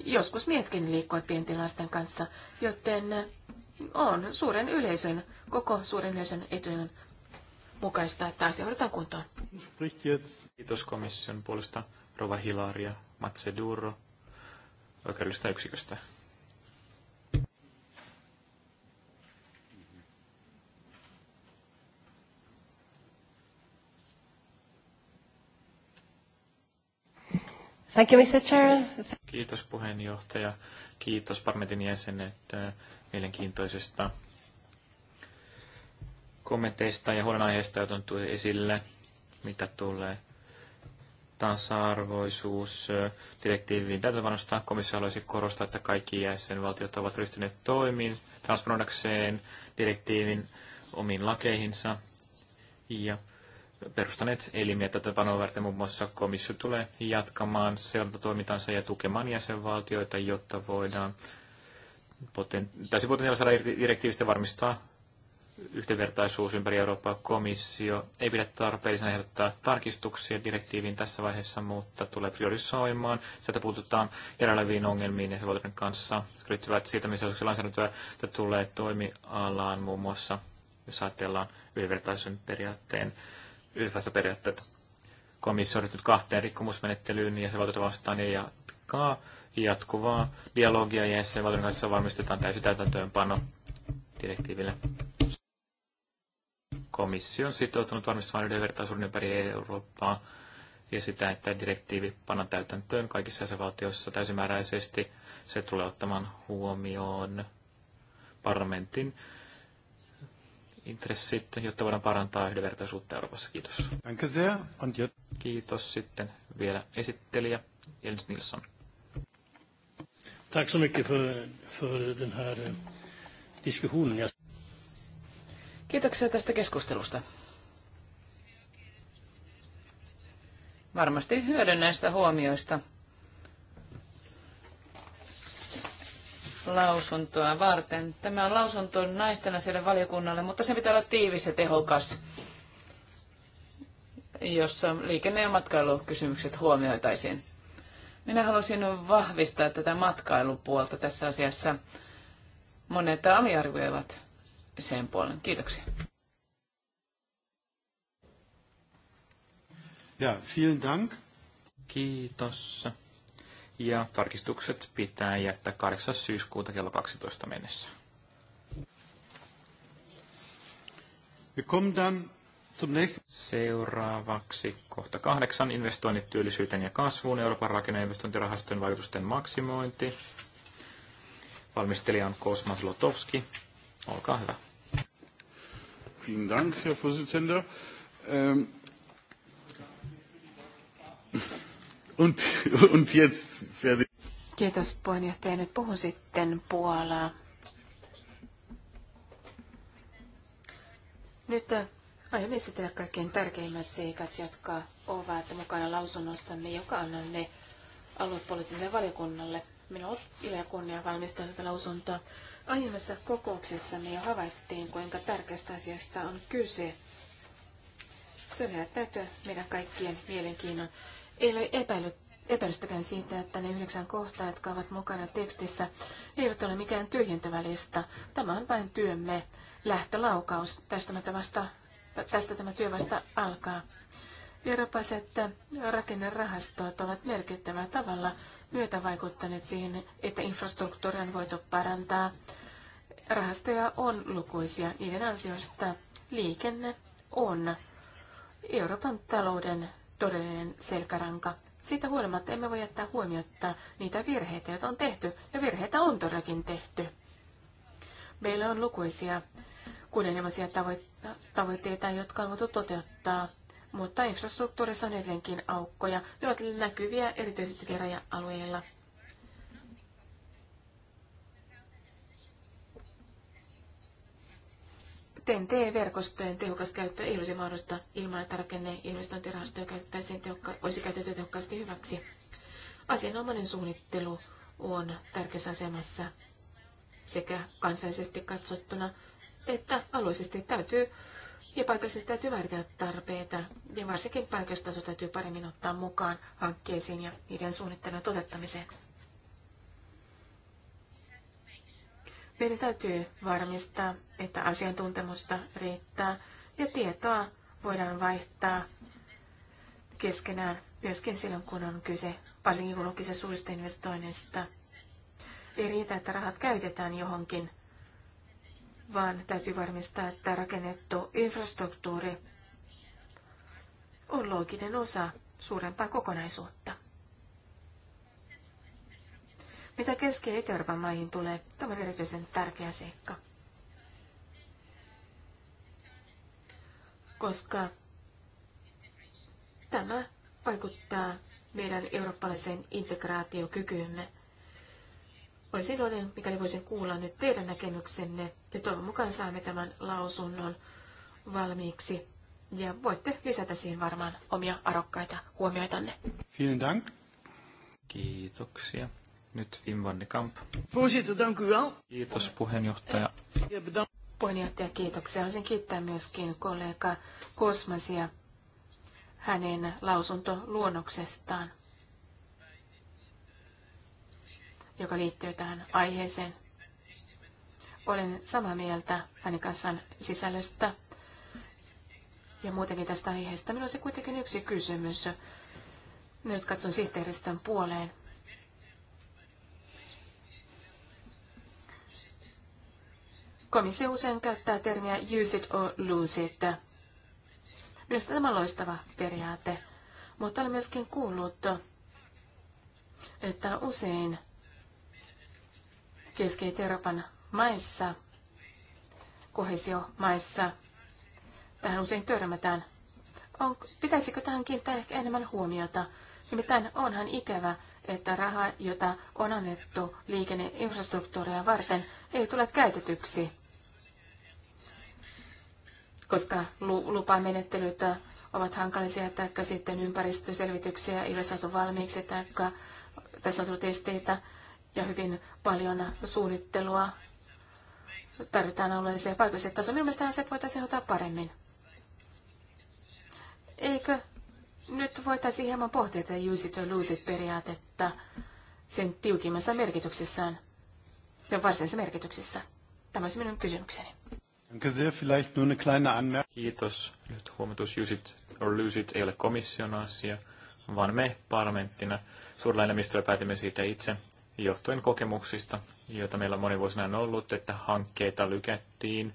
Joskus mietkin liikkua pienten lasten kanssa, joten on suuren yleisön, koko suuren yleisön etujen mukaista, että asia hoidetaan kuntoon. Kiitos komission puolesta Rova Hilaria Matseduro oikeudellisesta yksiköstä. Thank you, Mr. Chair. Kiitos puheenjohtaja. Kiitos parlamentin jäsenet äh, mielenkiintoisesta kommenteista ja huolenaiheista, joita on tullut esille, mitä tulee tasa-arvoisuus direktiiviin täytäntöpanosta. Komissio haluaisi korostaa, että kaikki jäsenvaltiot ovat ryhtyneet toimiin transponoidakseen direktiivin omiin lakeihinsa ja perustaneet elimiä täytäntöpanoa varten muun muassa komissio tulee jatkamaan seurantatoimintansa ja tukemaan jäsenvaltioita, jotta voidaan poten, täysin potentiaalisella direktiivistä varmistaa yhdenvertaisuus ympäri Eurooppaa komissio ei pidä tarpeellisena ehdottaa tarkistuksia direktiiviin tässä vaiheessa, mutta tulee priorisoimaan. Sieltä puututaan eräleviin ongelmiin ja se kanssa liittyvät siitä, missä lainsäädäntöä tulee toimialaan muun muassa, jos ajatellaan yhdenvertaisuuden periaatteen yhdenvertaista periaatteet. Komissio on kahteen rikkomusmenettelyyn ja se vastaan ja jatkaa jatkuvaa dialogia ja jäsenvaltion kanssa varmistetaan täysi täytäntöönpano direktiiville komissio on sitoutunut varmistamaan yhdenvertaisuuden ympäri Eurooppaa ja sitä, että direktiivi pannaan täytäntöön kaikissa jäsenvaltioissa täysimääräisesti. Se tulee ottamaan huomioon parlamentin intressit, jotta voidaan parantaa yhdenvertaisuutta Euroopassa. Kiitos. Kiitos sitten vielä esittelijä Jens Nilsson. Tack så mycket för, för den här eh, diskussionen. Kiitoksia tästä keskustelusta. Varmasti hyödyn näistä huomioista. lausuntoa varten. Tämä on lausunto naisten asioiden valiokunnalle, mutta se pitää olla tiivis ja tehokas, jossa liikenne- ja matkailukysymykset huomioitaisiin. Minä halusin vahvistaa tätä matkailupuolta tässä asiassa. Monet aliarvioivat poliittiseen puoleen. Kiitoksia. Ja, vielen dank. Kiitos. Ja tarkistukset pitää jättää 8. syyskuuta kello 12 mennessä. Seuraavaksi kohta kahdeksan investoinnit työllisyyteen ja kasvuun, Euroopan rakenne- investointirahastojen vaikutusten maksimointi. Valmistelija on Kosmas Lotovski. Olkaa hyvä. Vielen Dank, Herr Vorsitzender. Ähm und, und jetzt werde Kiitos puheenjohtaja. Nyt puhun sitten Puolaa. Nyt äh, aion esitellä kaikkein tärkeimmät seikat, jotka ovat mukana lausunnossamme, joka annamme aluepoliittiselle valiokunnalle. Minulla on ilo ja kunnia valmistella tätä lausuntoa. Aiemmassa kokouksessamme jo havaittiin, kuinka tärkeästä asiasta on kyse. Se on herättänyt meidän kaikkien mielenkiinnon. Ei ole epäilyt epäilystäkään siitä, että ne yhdeksän kohtaa, jotka ovat mukana tekstissä, eivät ole mikään tyhjentävä lista. Tämä on vain työmme lähtölaukaus. Tästä, vasta, tästä tämä työ vasta alkaa että rakennerahastot ovat merkittävällä tavalla myötävaikuttaneet siihen, että infrastruktuuria on voitu parantaa. Rahastoja on lukuisia. Niiden ansiosta liikenne on Euroopan talouden todellinen selkäranka. Siitä huolimatta emme voi jättää huomiota niitä virheitä, joita on tehty, ja virheitä on todellakin tehty. Meillä on lukuisia kunnianhimoisia tavoitteita, jotka on voitu toteuttaa mutta infrastruktuurissa on edelleenkin aukkoja, ne ovat näkyviä erityisesti keräjäalueilla. TNT-verkostojen tehokas käyttö ei olisi mahdollista ilman, että rakenne investointirahastoja käyttäisiin tehokka- olisi käytetty tehokkaasti hyväksi. Asianomainen suunnittelu on tärkeässä asemassa sekä kansallisesti katsottuna että alueellisesti täytyy ja paikallisesti täytyy määritellä tarpeita, ja varsinkin paikallistaso täytyy paremmin ottaa mukaan hankkeisiin ja niiden suunnittelun toteuttamiseen. Meidän täytyy varmistaa, että asiantuntemusta riittää ja tietoa voidaan vaihtaa keskenään myöskin silloin, kun on kyse, varsinkin kun on kyse suurista investoinneista. Ei riitä, että rahat käytetään johonkin vaan täytyy varmistaa, että rakennettu infrastruktuuri on looginen osa suurempaa kokonaisuutta. Mitä Keski- ja Itä-Euroopan maihin tulee, tämä on erityisen tärkeä seikka. Koska tämä vaikuttaa meidän eurooppalaiseen integraatiokykyymme. Olisin iloinen, mikäli voisin kuulla nyt teidän näkemyksenne. Ja toivon mukaan saamme tämän lausunnon valmiiksi. Ja voitte lisätä siihen varmaan omia arokkaita huomioitanne. Vielen dank. Kiitoksia. Nyt Wim van de Kamp. Voorzitter, dank u wel. Kiitos puheenjohtaja. Puheenjohtaja, kiitoksia. Haluaisin kiittää myöskin kollega Kosmasia hänen lausuntoluonnoksestaan. joka liittyy tähän aiheeseen. Olen samaa mieltä hänen kanssaan sisällöstä ja muutenkin tästä aiheesta. Minulla on kuitenkin yksi kysymys. Nyt katson sihteeristön puoleen. Komissio usein käyttää termiä use it or lose it. Minusta tämä on loistava periaate, mutta olen myöskin kuullut, että usein keski Euroopan maissa, kohesiomaissa, tähän usein törmätään. On, pitäisikö tähän kiinnittää ehkä enemmän huomiota? Nimittäin onhan ikävä, että raha, jota on annettu liikenneinfrastruktuuria varten, ei tule käytetyksi, koska lupamenettelyt ovat hankalisia, tai sitten ympäristöselvityksiä ei ole saatu valmiiksi, tai tässä on tullut esteitä ja hyvin paljon suunnittelua tarvitaan alueelliseen ja paikalliseen tasoon. Mielestäni asiat voitaisiin hoitaa paremmin. Eikö nyt voitaisiin hieman pohtia tätä use it or lose it periaatetta sen tiukimmassa merkityksessään, sen varsinaisessa merkityksessä? Tämä olisi minun kysymykseni. Kiitos. Nyt huomatus use it or lose it ei ole komission asia, vaan me parlamenttina suurella enemmistöllä päätimme siitä itse johtuen kokemuksista, joita meillä on vuosina on ollut, että hankkeita lykättiin,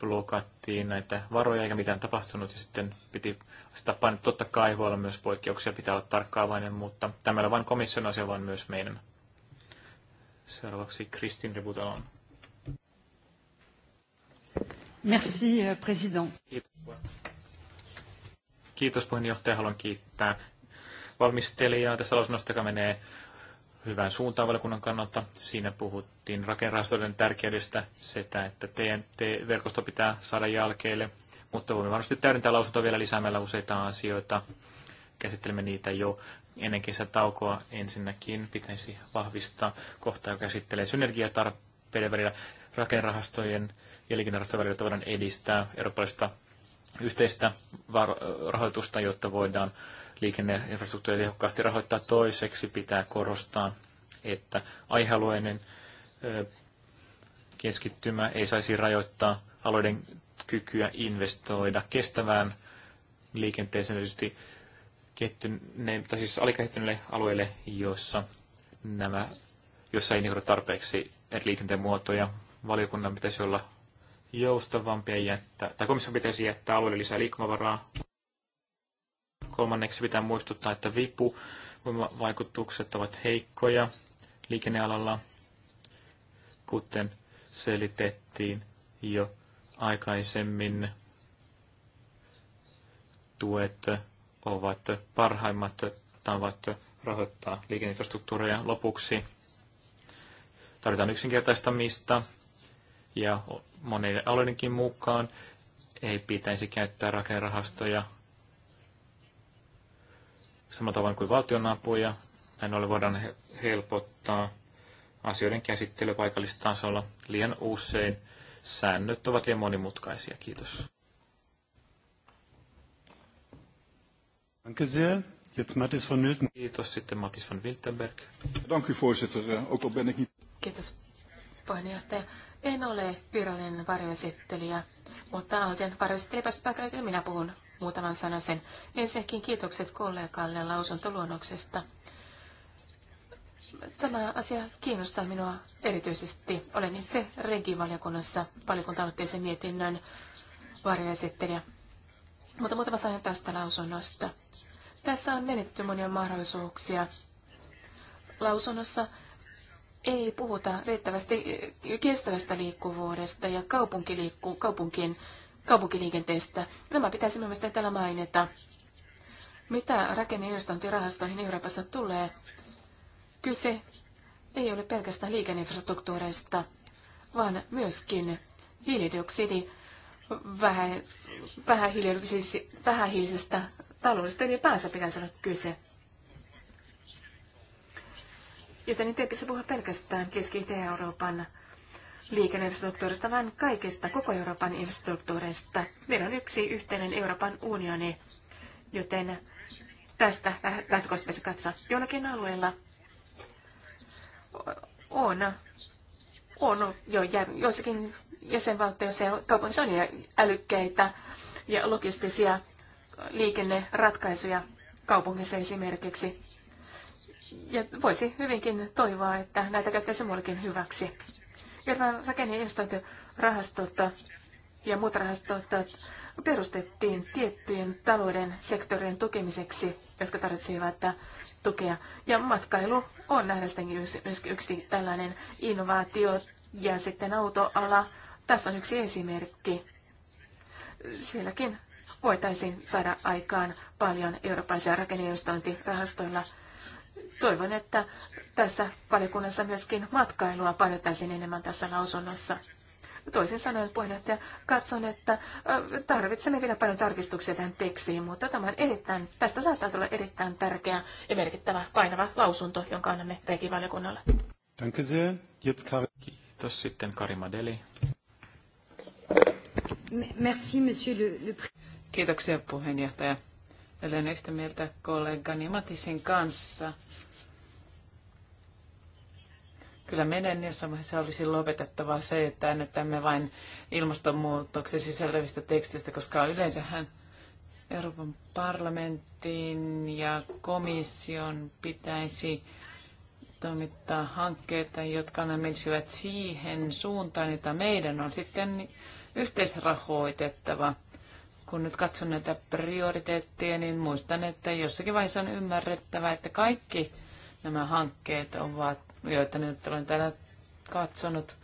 blokattiin näitä varoja eikä mitään tapahtunut ja sitten piti sitä painaa. Totta kai voi olla myös poikkeuksia, pitää olla tarkkaavainen, mutta tämä ei ole vain komission asia, vaan myös meidän. Seuraavaksi Kristin Rebutalon. Merci, euh, president. Kiitos. Kiitos puheenjohtaja. Haluan kiittää valmistelijaa tässä lausunnosta, joka menee Hyvän suuntaan valiokunnan kannalta. Siinä puhuttiin rakennerahastojen tärkeydestä, sitä, että TNT-verkosto pitää saada jälkeelle, mutta voimme varmasti täydentää lausuntoa vielä lisäämällä useita asioita. Käsittelemme niitä jo ennen kesätaukoa. Ensinnäkin pitäisi vahvistaa kohtaa, joka käsittelee synergiatarpeiden välillä rakennerahastojen ja liikennerahastojen välillä, voidaan edistää eurooppalaista yhteistä rahoitusta, jotta voidaan liikenneinfrastruktuuria tehokkaasti rahoittaa. Toiseksi pitää korostaa, että aihealueinen keskittymä ei saisi rajoittaa alueiden kykyä investoida kestävään liikenteeseen, tietysti siis alikehittyneille alueille, joissa, nämä, jossa ei integroida tarpeeksi eri liikenteen muotoja. Valiokunnan pitäisi olla joustavampia jättää, tai komissio pitäisi jättää alueelle lisää liikkumavaraa. Kolmanneksi pitää muistuttaa, että vipu vaikutukset ovat heikkoja liikennealalla, kuten selitettiin jo aikaisemmin. Tuet ovat parhaimmat tavat rahoittaa liikenneinfrastruktuuria lopuksi. Tarvitaan yksinkertaistamista ja monille alueidenkin mukaan ei pitäisi käyttää rakennerahastoja samalla tavalla kuin valtionapuja. Näin ollen voidaan helpottaa asioiden käsittely paikallistasolla. Liian usein säännöt ovat liian monimutkaisia. Kiitos. Danke sehr. Jetzt Mattis von Milten. Kiitos sitten Mattis von Wiltenberg. Dank u voorzitter. Eh, ben Kiitos puheenjohtaja. En ole virallinen varjoesittelijä, mutta Alten varjoesittelijä minä puhun muutaman sanan sen. Ensinnäkin kiitokset kollegalle lausuntoluonnoksesta. Tämä asia kiinnostaa minua erityisesti. Olen itse regivaliokunnassa valiokunta-aloitteisen mietinnön varjoesittelijä. Mutta muutama sana tästä lausunnosta. Tässä on menetetty monia mahdollisuuksia. Lausunnossa ei puhuta riittävästi kestävästä liikkuvuudesta ja kaupunkiliikku, kaupunkien kaupunkiliikenteestä. Nämä pitäisi mielestäni täällä mainita. Mitä rakenneinvestointirahastoihin Euroopassa tulee? Kyse ei ole pelkästään liikenneinfrastruktuureista, vaan myöskin hiilidioksidi vähähiilisestä taloudesta ylipäänsä pitäisi olla kyse. Joten nyt ei puhua pelkästään Keski-Itä-Euroopan liikenneinfrastruktuurista, vaan kaikista koko Euroopan infrastruktuurista. Meillä on yksi yhteinen Euroopan unioni, joten tästä lähtökohtaisesti katsoa. Jollakin alueella on, on jo jossakin jäsenvaltioissa ja kaupungissa on jo älykkäitä ja logistisia liikenneratkaisuja kaupungissa esimerkiksi. Ja voisi hyvinkin toivoa, että näitä käyttäisiin muillekin hyväksi. Euroopan rakenne- investointirahastot ja muut rahastot perustettiin tiettyjen talouden sektorien tukemiseksi, jotka tarvitsivat tukea. Ja matkailu on nähdäkseni myös yksi tällainen innovaatio ja sitten autoala. Tässä on yksi esimerkki. Sielläkin voitaisiin saada aikaan paljon eurooppalaisia investointirahastoilla. Toivon, että tässä valiokunnassa myöskin matkailua painottaisin enemmän tässä lausunnossa. Toisin sanoen, puheenjohtaja, katson, että tarvitsemme vielä paljon tarkistuksia tähän tekstiin, mutta tämä on erittäin, tästä saattaa tulla erittäin tärkeä ja merkittävä painava lausunto, jonka annamme regivaliokunnalle. Danke sehr. Jetzt Kiitos sitten Kari Madeli. Merci, monsieur le, le... Kiitoksia puheenjohtaja. Olen yhtä mieltä kollegani Matisin kanssa. Kyllä meidän jossain vaiheessa olisi lopetettava se, että annetamme vain ilmastonmuutoksen sisältävistä teksteistä, koska yleensähän Euroopan parlamenttiin ja komission pitäisi toimittaa hankkeita, jotka menisivät siihen suuntaan, jota meidän on sitten yhteisrahoitettava kun nyt katson näitä prioriteetteja, niin muistan, että jossakin vaiheessa on ymmärrettävä, että kaikki nämä hankkeet, ovat, joita nyt olen täällä katsonut,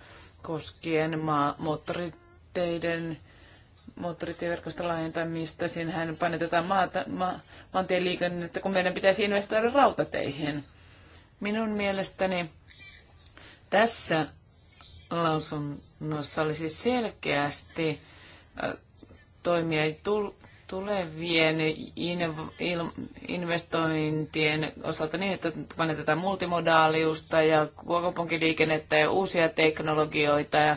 koskien maa, moottoriteiden moottoritieverkosta laajentamista. Siinähän painotetaan maata, ma, maantien liikennettä, kun meidän pitäisi investoida rautateihin. Minun mielestäni tässä lausunnossa olisi selkeästi toimia ei tulevien investointien osalta niin, että panetetaan multimodaaliusta ja kaupunkiliikennettä ja uusia teknologioita. Ja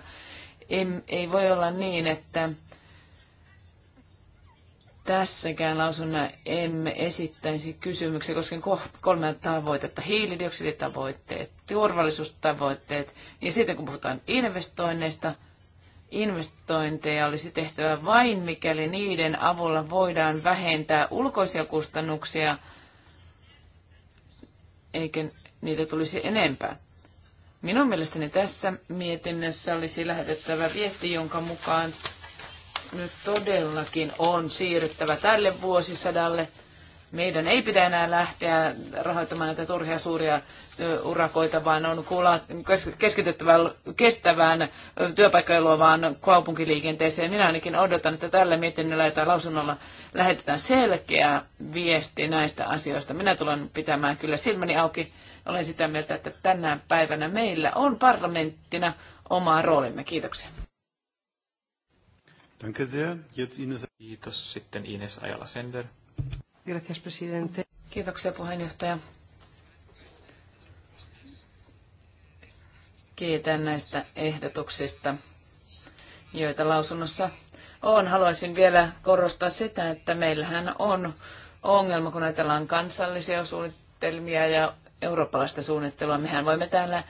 ei voi olla niin, että tässäkään lausunna emme esittäisi kysymyksiä koskien kolmea tavoitetta. Hiilidioksiditavoitteet, turvallisuustavoitteet ja sitten kun puhutaan investoinneista – investointeja olisi tehtävä vain, mikäli niiden avulla voidaan vähentää ulkoisia kustannuksia, eikä niitä tulisi enempää. Minun mielestäni tässä mietinnössä olisi lähetettävä viesti, jonka mukaan nyt todellakin on siirryttävä tälle vuosisadalle – meidän ei pidä enää lähteä rahoittamaan näitä turhia suuria urakoita, vaan on keskityttävä kestävään työpaikkojen luovaan kaupunkiliikenteeseen. Minä ainakin odotan, että tällä mietinnöllä tai lausunnolla lähetetään selkeä viesti näistä asioista. Minä tulen pitämään kyllä silmäni auki. Olen sitä mieltä, että tänään päivänä meillä on parlamenttina oma roolimme. Kiitoksia. Kiitos. Sitten Ines Ajala-Sender. Gracias, presidente. Kiitoksia puheenjohtaja. Kiitän näistä ehdotuksista, joita lausunnossa on. Haluaisin vielä korostaa sitä, että meillähän on ongelma, kun ajatellaan kansallisia suunnitelmia ja eurooppalaista suunnittelua. Mehän voimme täällä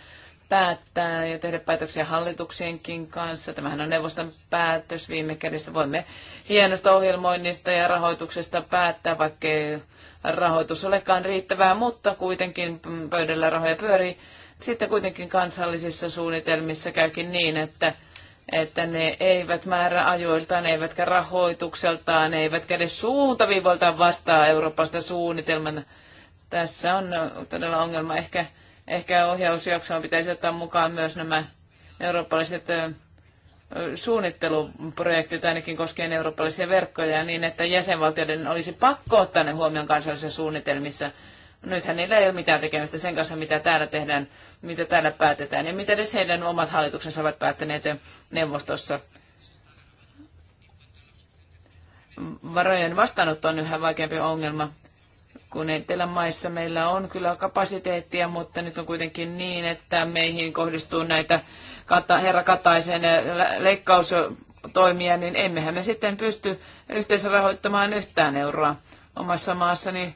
päättää ja tehdä päätöksiä hallituksienkin kanssa. Tämähän on neuvoston päätös viime kädessä. Voimme hienosta ohjelmoinnista ja rahoituksesta päättää, vaikka rahoitus olekaan riittävää, mutta kuitenkin pöydällä rahoja pyörii. Sitten kuitenkin kansallisissa suunnitelmissa käykin niin, että että ne eivät määrä ajoiltaan, eivätkä rahoitukseltaan, eivätkä edes suuntaviivoiltaan vastaa Euroopasta suunnitelman. Tässä on todella ongelma. Ehkä Ehkä ohjausjaksoon pitäisi ottaa mukaan myös nämä eurooppalaiset suunnitteluprojektit ainakin koskien eurooppalaisia verkkoja niin, että jäsenvaltioiden olisi pakko ottaa ne huomioon kansallisissa suunnitelmissa. Nythän niillä ei ole mitään tekemistä sen kanssa, mitä täällä tehdään, mitä täällä päätetään ja mitä edes heidän omat hallituksensa ovat päättäneet neuvostossa. Varojen vastaanotto on yhä vaikeampi ongelma kun Etelämaissa meillä on kyllä kapasiteettia, mutta nyt on kuitenkin niin, että meihin kohdistuu näitä herra Kataisen leikkaustoimia, niin emmehän me sitten pysty yhteisrahoittamaan yhtään euroa. Omassa maassani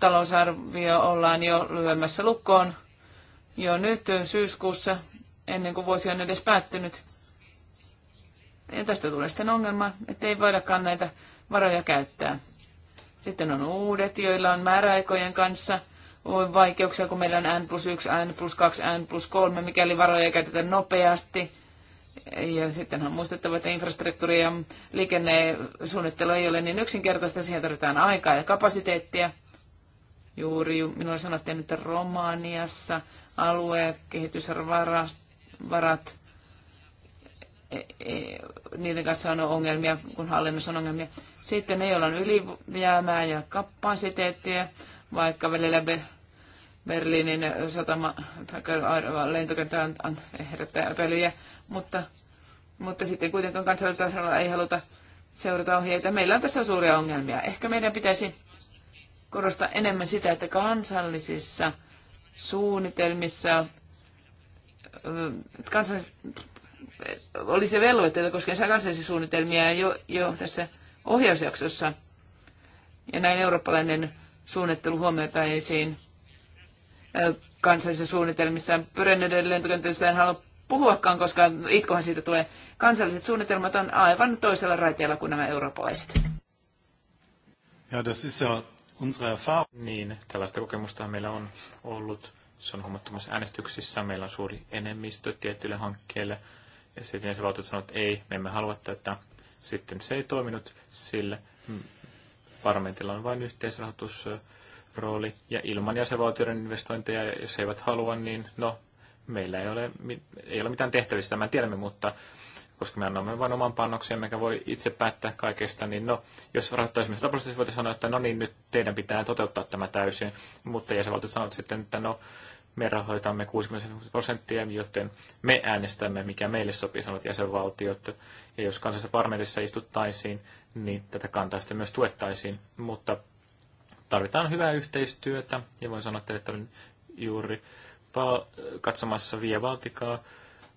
talousarvio ollaan jo lyömässä lukkoon jo nyt syyskuussa, ennen kuin vuosi on edes päättynyt. Ja tästä tulee sitten ongelma, että ei voidakaan näitä varoja käyttää. Sitten on uudet, joilla on määräaikojen kanssa on vaikeuksia, kun meillä on n plus 1, n plus 2, n plus 3, mikäli varoja käytetään nopeasti. Ja sitten on muistettava, että infrastruktuuri ja liikennesuunnittelu ei ole niin yksinkertaista, siihen tarvitaan aikaa ja kapasiteettia. Juuri minulle sanottiin, että Romaniassa kehitysvarat, e- e- niiden kanssa on ongelmia, kun hallinnossa on ongelmia. Sitten ne, joilla on ylijäämää ja kapasiteettia, vaikka välillä Berliinin satama tai lentokenttä herättää pölyjä, mutta, mutta sitten kuitenkaan kansallisella ei haluta seurata ohjeita. Meillä on tässä suuria ongelmia. Ehkä meidän pitäisi korostaa enemmän sitä, että kansallisissa suunnitelmissa kansallis, olisi velvoitteita koskien kansallisia suunnitelmia jo, jo tässä ohjausjaksossa. Ja näin eurooppalainen suunnittelu huomioitaisiin kansallisissa suunnitelmissa. Brönnerin lentokentästä en halua puhuakaan, koska itkohan siitä tulee. Kansalliset suunnitelmat on aivan toisella raiteella kuin nämä eurooppalaiset. Ja, das ist ja unsere Erfahrung. Niin, tällaista kokemusta meillä on ollut. Se on huomattu myös äänestyksissä. Meillä on suuri enemmistö tietyille hankkeille. Ja sitten se valtuutus sanoo, että ei, me emme halua tätä sitten se ei toiminut, sillä mm. parlamentilla on vain yhteisrahoitusrooli, ja ilman jäsenvaltioiden investointeja, jos he eivät halua, niin no, meillä ei ole, ei ole mitään tehtävistä, tämän tiedämme, mutta koska me annamme vain oman panoksen, mikä voi itse päättää kaikesta, niin no, jos rahoittaisimme sitä prosessia, voitaisiin sanoa, että no niin, nyt teidän pitää toteuttaa tämä täysin, mutta jäsenvaltiot sanovat sitten, että no, me rahoitamme 60 prosenttia, joten me äänestämme, mikä meille sopii, sanovat jäsenvaltiot. Ja jos kansallisessa parlamentissa istuttaisiin, niin tätä kantaa sitten myös tuettaisiin. Mutta tarvitaan hyvää yhteistyötä, ja voin sanoa teille, että olin juuri katsomassa Via Valtikaa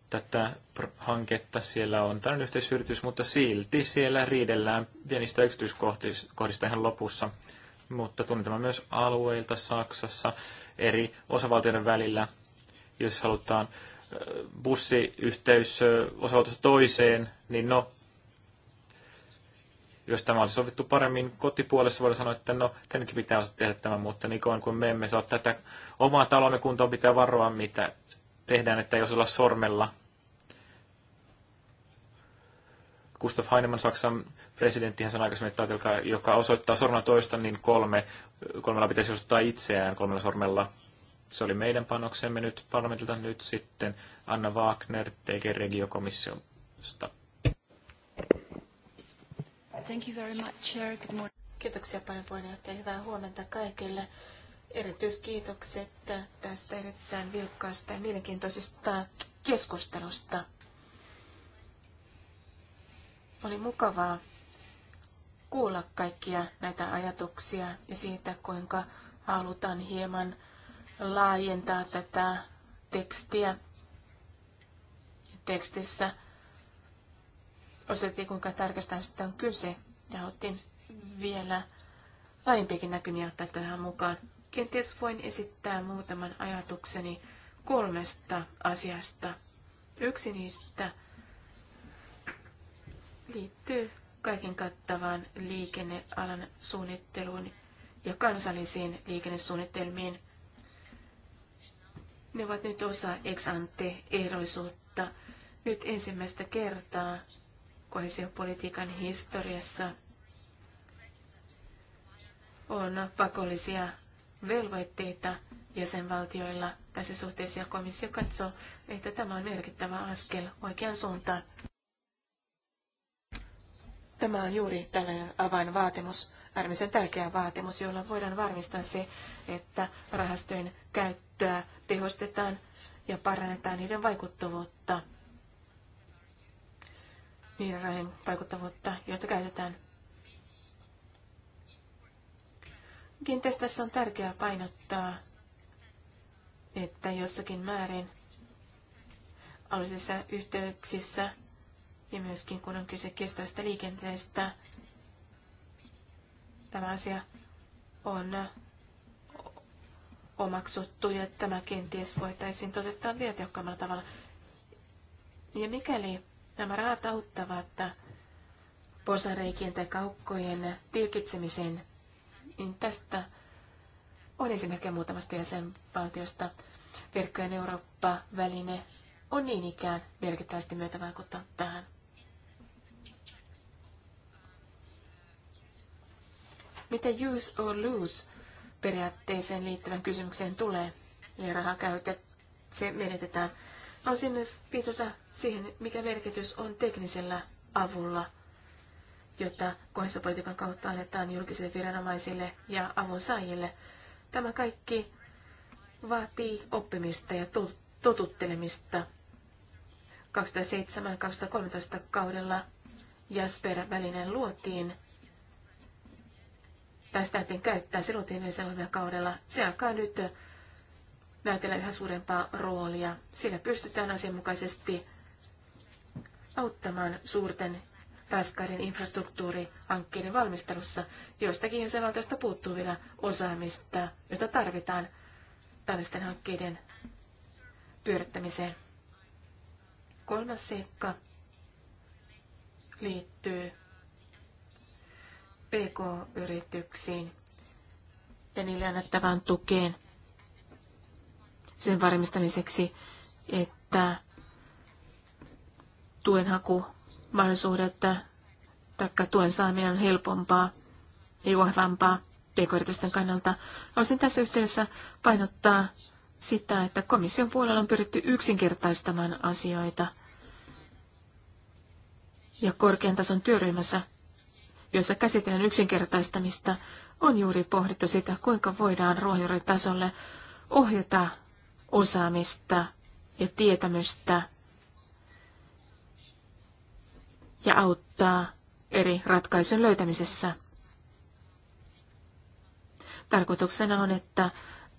tätä hanketta. Siellä on tällainen yhteisyritys, mutta silti siellä riidellään pienistä yksityiskohdista ihan lopussa. Mutta tunnetaan myös alueilta Saksassa, eri osavaltioiden välillä, jos halutaan bussiyhteys osavaltiosta toiseen, niin no, jos tämä olisi sovittu paremmin kotipuolessa, voidaan sanoa, että no, tietenkin pitää osata tehdä tämä, mutta niin kauan kuin me emme saa tätä omaa talomme kuntoon, pitää varoa, mitä tehdään, että jos olla sormella. Gustav Heinemann, Saksan presidenttihän sanoi aikaisemmin, että joka, joka osoittaa sormella toista, niin kolme, kolmella pitäisi osoittaa itseään kolmella sormella. Se oli meidän panoksemme nyt parlamentilta nyt sitten. Anna Wagner, tekee Regiokomissiosta. Thank you very much, Chair. Good morning. Kiitoksia paljon puheenjohtaja. Hyvää huomenta kaikille. Erityiskiitokset tästä erittäin vilkkaasta ja mielenkiintoisesta keskustelusta. Oli mukavaa kuulla kaikkia näitä ajatuksia ja siitä, kuinka halutaan hieman laajentaa tätä tekstiä. Tekstissä osettiin, kuinka tarkastaan sitä on kyse ja haluttiin vielä laajempiakin näkymiä ottaa tähän mukaan. Kenties voin esittää muutaman ajatukseni kolmesta asiasta. Yksi niistä liittyy kaiken kattavaan liikennealan suunnitteluun ja kansallisiin liikennesuunnitelmiin. Ne ovat nyt osa ex ante ehdollisuutta. Nyt ensimmäistä kertaa koesiopolitiikan historiassa on pakollisia velvoitteita jäsenvaltioilla tässä suhteessa ja komissio katsoo, että tämä on merkittävä askel oikeaan suuntaan. Tämä on juuri tällainen avainvaatimus, äärimmäisen tärkeä vaatimus, jolla voidaan varmistaa se, että rahastojen käyttöä tehostetaan ja parannetaan niiden vaikuttavuutta, niiden rahojen vaikuttavuutta, joita käytetään. Kiinteistössä on tärkeää painottaa, että jossakin määrin alueellisissa yhteyksissä – ja myöskin kun on kyse kestävästä liikenteestä, tämä asia on omaksuttu ja tämä kenties voitaisiin toteuttaa vielä tehokkaammalla tavalla. Ja mikäli nämä rahat auttavat posareikien tai kaukkojen tilkitsemiseen, niin tästä on esimerkiksi muutamasta jäsenvaltiosta. Verkkojen Eurooppa-väline on niin ikään merkittävästi myötävaikuttanut tähän. Mitä use or lose periaatteeseen liittyvän kysymykseen tulee, ja raha käytetään, se menetetään. sinne viitata siihen, mikä merkitys on teknisellä avulla, jota kohdistopolitiikan kautta annetaan julkisille viranomaisille ja avun saajille. Tämä kaikki vaatii oppimista ja totuttelemista. 2007-2013 kaudella Jasper-välinen luotiin tästä täytyy käyttää. Se luotiin edellisellä kaudella. Se alkaa nyt näytellä yhä suurempaa roolia. Sillä pystytään asianmukaisesti auttamaan suurten raskaiden infrastruktuurihankkeiden valmistelussa. Joistakin jäsenvaltioista puuttuu vielä osaamista, jota tarvitaan tällaisten hankkeiden pyörittämiseen. Kolmas seikka liittyy PK-yrityksiin ja niille annettavaan tukeen sen varmistamiseksi, että tuenhaku mahdollisuudet tai tuen saaminen on helpompaa ja juohvampaa pk-yritysten kannalta. Haluaisin tässä yhteydessä painottaa sitä, että komission puolella on pyritty yksinkertaistamaan asioita. Ja korkean tason työryhmässä jossa käsitellään yksinkertaistamista, on juuri pohdittu sitä, kuinka voidaan ruohonjuuritasolle ohjata osaamista ja tietämystä ja auttaa eri ratkaisun löytämisessä. Tarkoituksena on, että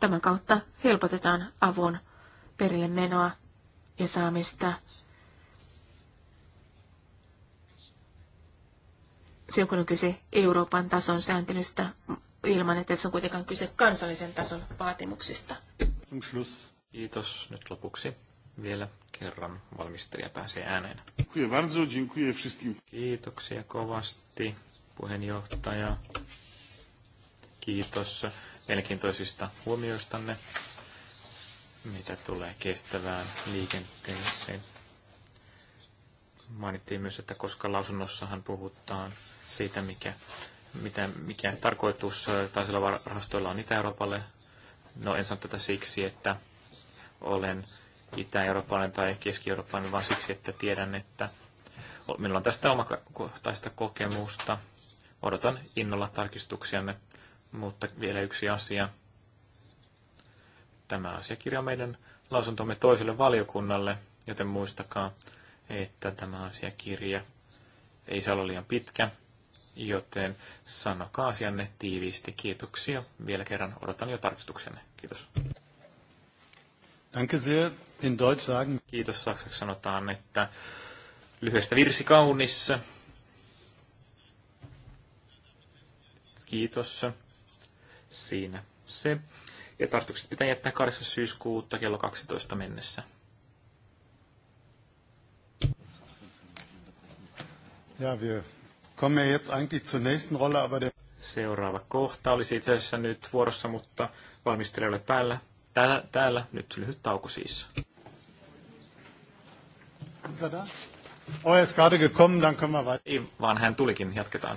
tämän kautta helpotetaan avun perille menoa ja saamista silloin kun on kyse Euroopan tason sääntelystä ilman, että se on kuitenkaan kyse kansallisen tason vaatimuksista. Kiitos nyt lopuksi vielä kerran valmistelija pääsee ääneen. Kiitoksia kovasti puheenjohtaja. Kiitos mielenkiintoisista huomioistanne, mitä tulee kestävään liikenteeseen. Mainittiin myös, että koska lausunnossahan puhutaan siitä, mikä, mitä, mikä tarkoitus taisella rahastoilla on Itä-Euroopalle. No en sano tätä siksi, että olen itä-eurooppalainen tai keski-eurooppalainen, vaan siksi, että tiedän, että minulla on tästä omakohtaista kokemusta. Odotan innolla tarkistuksianne, mutta vielä yksi asia. Tämä asiakirja on meidän lausuntomme toiselle valiokunnalle, joten muistakaa, että tämä asiakirja ei saa olla liian pitkä joten sanokaa asianne tiiviisti. Kiitoksia. Vielä kerran odotan jo tarkistuksenne. Kiitos. Danke sehr. In Deutsch sagen... Kiitos saksaksi sanotaan, että lyhyestä virsi kaunis. Kiitos. Siinä se. Ja tarkistukset pitää jättää 8. syyskuuta kello 12 mennessä. Ja, wir Komme jetzt eigentlich zur nächsten Rolle, aber der... Seuraava kohta olisi itse asiassa nyt vuorossa, mutta valmistelijoille päällä. Täällä, täällä nyt lyhyt tauko siis. Er oh, er ist gerade gekommen, dann können wir weiter. Vaan hän tulikin, jatketaan.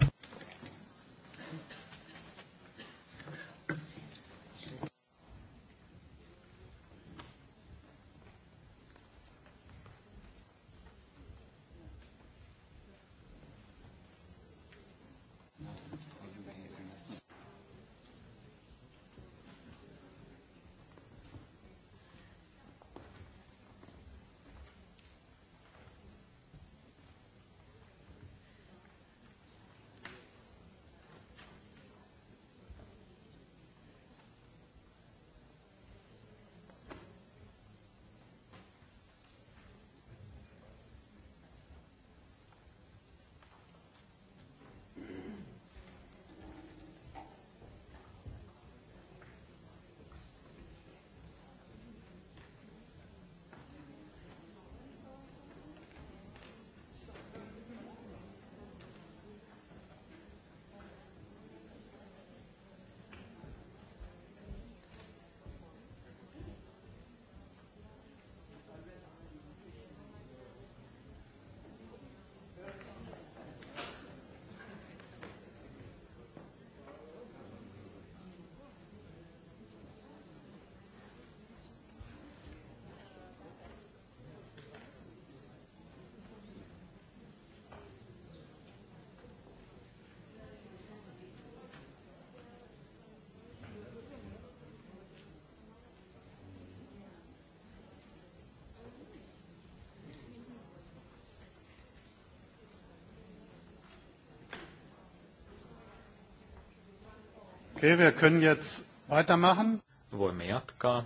Okay, wir können jetzt weitermachen. Voimme jatkaa.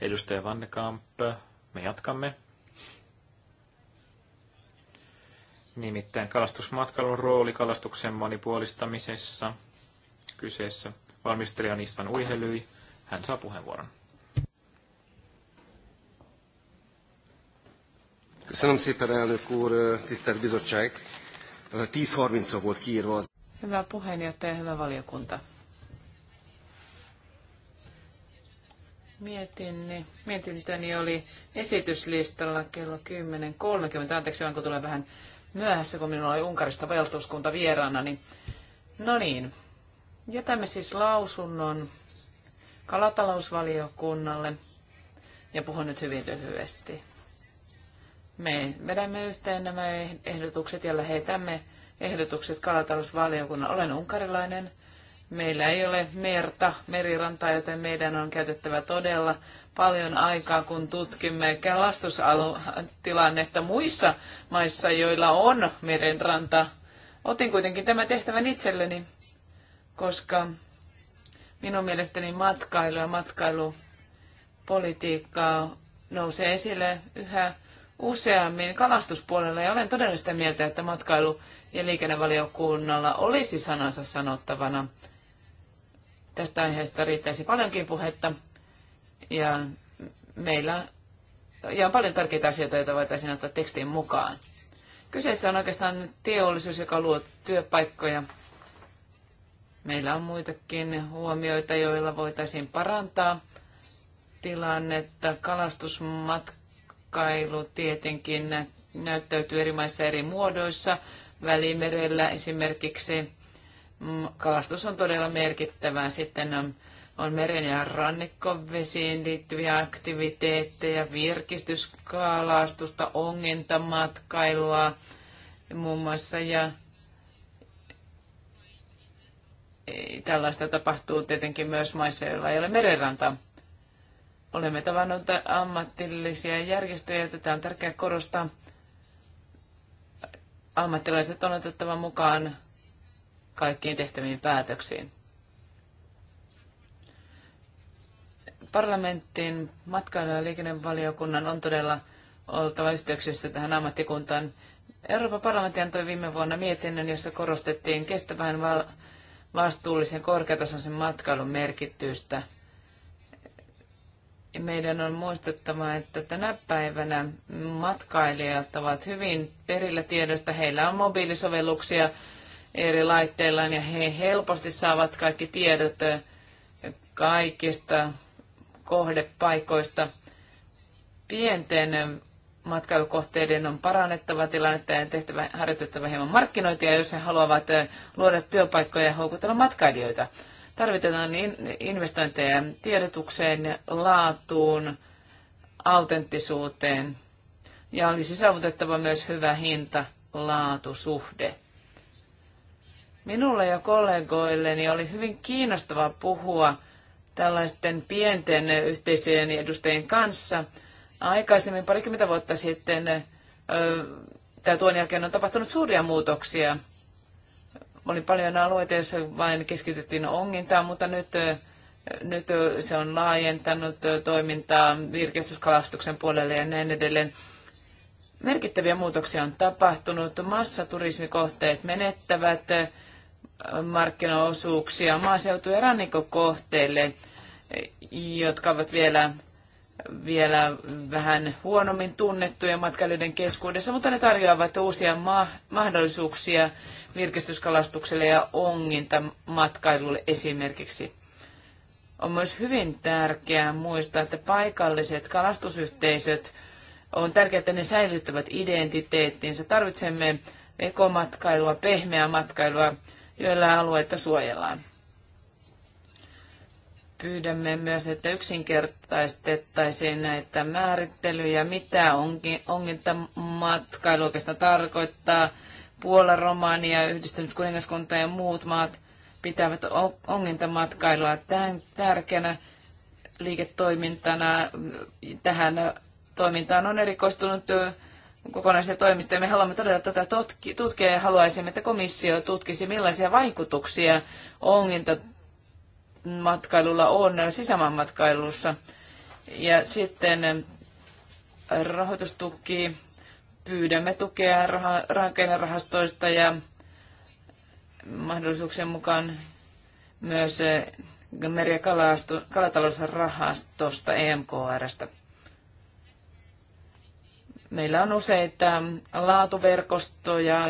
Edustaja Vannekamp, me jatkamme. Nimittäin kalastusmatkailun rooli kalastuksen monipuolistamisessa kyseessä. Valmistelija on Istvan Uihelyi. Hän saa puheenvuoron. Köszönöm szépen, elnök úr, tisztelt bizottság. 10.30-ra volt kiírva az... Hyvä puheenjohtaja, hyvä valiokunta. Mietinni. Mietintöni oli esityslistalla kello 10.30. Anteeksi, vaan kun tulee vähän myöhässä, kun minulla oli Unkarista valtuuskunta vieraana. Niin... No niin, jätämme siis lausunnon kalatalousvaliokunnalle ja puhun nyt hyvin lyhyesti. Me vedämme yhteen nämä ehdotukset ja lähetämme ehdotukset kalatalousvaliokunnalle Olen unkarilainen Meillä ei ole merta, merirantaa, joten meidän on käytettävä todella paljon aikaa, kun tutkimme kalastustilannetta muissa maissa, joilla on merenranta. Otin kuitenkin tämän tehtävän itselleni, koska minun mielestäni matkailu ja matkailupolitiikka nousee esille yhä useammin kalastuspuolella ja olen todella sitä mieltä, että matkailu- ja liikennevaliokunnalla olisi sanansa sanottavana Tästä aiheesta riittäisi paljonkin puhetta ja meillä ja on paljon tärkeitä asioita, joita voitaisiin ottaa tekstiin mukaan. Kyseessä on oikeastaan teollisuus, joka luo työpaikkoja. Meillä on muitakin huomioita, joilla voitaisiin parantaa tilannetta. Kalastusmatkailu tietenkin näyttäytyy eri maissa eri muodoissa. Välimerellä esimerkiksi Mm, kalastus on todella merkittävää. Sitten ähm, on, on meren ja rannikkovesiin liittyviä aktiviteetteja, virkistyskalastusta, ongentamatkailua muun muassa. Ja tällaista tapahtuu tietenkin myös maissa, joilla ei ole merenranta. Olemme tavannut ammatillisia järjestöjä, tätä on tärkeää korostaa. Ammattilaiset on otettava mukaan kaikkiin tehtäviin päätöksiin. Parlamentin matkailu- ja liikennevaliokunnan on todella oltava yhteyksissä tähän ammattikuntaan. Euroopan parlamentti antoi viime vuonna mietinnön, jossa korostettiin kestävän val- vastuullisen korkeatasoisen matkailun merkitystä. Meidän on muistettava, että tänä päivänä matkailijat ovat hyvin perillä tiedosta. Heillä on mobiilisovelluksia, eri laitteillaan ja he helposti saavat kaikki tiedot eh, kaikista kohdepaikoista. Pienten eh, matkailukohteiden on parannettava tilannetta ja tehtävä, harjoitettava hieman markkinointia, jos he haluavat eh, luoda työpaikkoja ja houkutella matkailijoita. Tarvitaan investointeja tiedotukseen, laatuun, autenttisuuteen ja olisi saavutettava myös hyvä hinta-laatusuhde. Minulle ja kollegoilleni oli hyvin kiinnostavaa puhua tällaisten pienten yhteisöjen edustajien kanssa. Aikaisemmin parikymmentä vuotta sitten tai tuon jälkeen on tapahtunut suuria muutoksia. Oli paljon alueita, joissa vain keskityttiin ongintaan, mutta nyt, nyt se on laajentanut toimintaa virkistyskalastuksen puolelle ja näin edelleen. Merkittäviä muutoksia on tapahtunut. Massaturismikohteet menettävät markkinaosuuksia maaseutu- ja rannikkokohteille, jotka ovat vielä, vielä vähän huonommin tunnettuja matkailijoiden keskuudessa, mutta ne tarjoavat uusia ma- mahdollisuuksia virkistyskalastukselle ja ongintamatkailulle esimerkiksi. On myös hyvin tärkeää muistaa, että paikalliset kalastusyhteisöt on tärkeää, että ne säilyttävät identiteettiinsä. Tarvitsemme ekomatkailua, pehmeää matkailua, joilla alueita suojellaan. Pyydämme myös, että yksinkertaistettaisiin näitä määrittelyjä, mitä onkin, onginta matkailu oikeastaan tarkoittaa. Puola, Romania, yhdistynyt kuningaskunta ja muut maat pitävät ongintamatkailua tärkeänä liiketoimintana. Tähän toimintaan on erikoistunut kokonaisia toimistoja. Me haluamme todella tätä tutkia ja haluaisimme, että komissio tutkisi, millaisia vaikutuksia matkailulla on sisämaanmatkailussa. Ja sitten ähm, rahoitustuki, pyydämme tukea rakennerahastoista ja mahdollisuuksien mukaan myös äh, meri- ja kalatalousrahastosta, EMKRstä. Meillä on useita laatuverkostoja,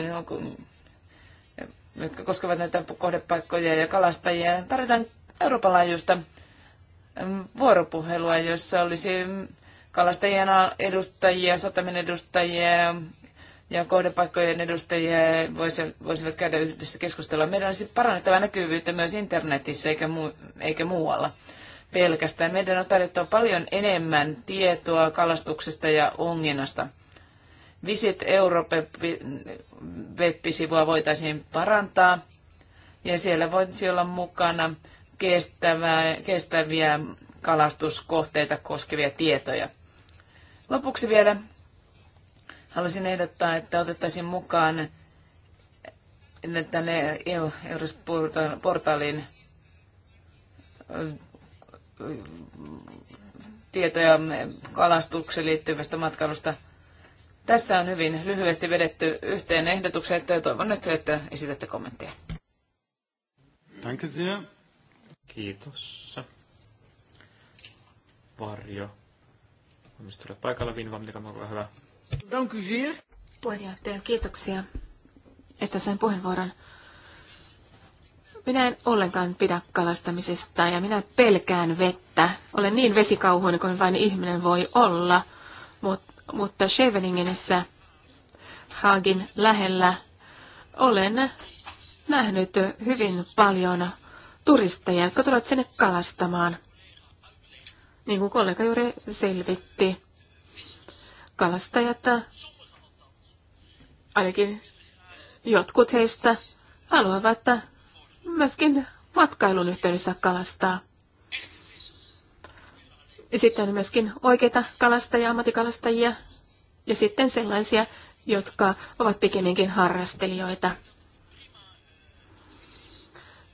jotka koskevat näitä kohdepaikkoja ja kalastajia. Tarvitaan Euroopan laajuista vuoropuhelua, jossa olisi kalastajien edustajia, satamien edustajia ja kohdepaikkojen edustajia voisivat käydä yhdessä keskustella. Meidän olisi parannettava näkyvyyttä myös internetissä eikä, mu- eikä muualla pelkästään. Meidän on tarjottava paljon enemmän tietoa kalastuksesta ja onginnasta. Visit Europe web-sivua voitaisiin parantaa ja siellä voisi olla mukana kestävää, kestäviä kalastuskohteita koskevia tietoja. Lopuksi vielä haluaisin ehdottaa, että otettaisiin mukaan tänne Eurosportaalin tietoja kalastukseen liittyvästä matkailusta. Tässä on hyvin lyhyesti vedetty yhteen ehdotukset. Toivon nyt, että esitätte kommentteja. Kiitos. Varjo. Mielestäni tulee paikalla Vinva, mitä on hyvä. Puheenjohtaja, kiitoksia, että sen puheenvuoron. Minä en ollenkaan pidä kalastamisesta ja minä pelkään vettä. Olen niin vesikauhuinen kuin vain ihminen voi olla, Mut, mutta Scheveningenissä Haagin lähellä olen nähnyt hyvin paljon turisteja, jotka tulevat sinne kalastamaan. Niin kuin kollega juuri selvitti, kalastajat, ainakin jotkut heistä, haluavat myöskin matkailun yhteydessä kalastaa. Ja sitten on myöskin oikeita kalastajia, ammatikalastajia ja sitten sellaisia, jotka ovat pikemminkin harrastelijoita.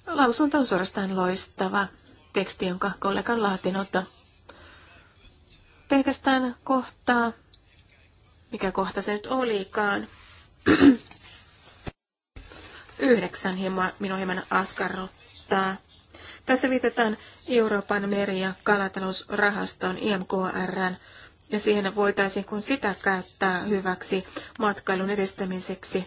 Lausunto on suorastaan loistava teksti, jonka kollega on laatinut. Pelkästään kohtaa, mikä kohta se nyt olikaan yhdeksän hieman, minua hieman askarruttaa. Tässä viitataan Euroopan meri- ja kalatalousrahastoon IMKRn ja siihen voitaisiin kun sitä käyttää hyväksi matkailun edistämiseksi.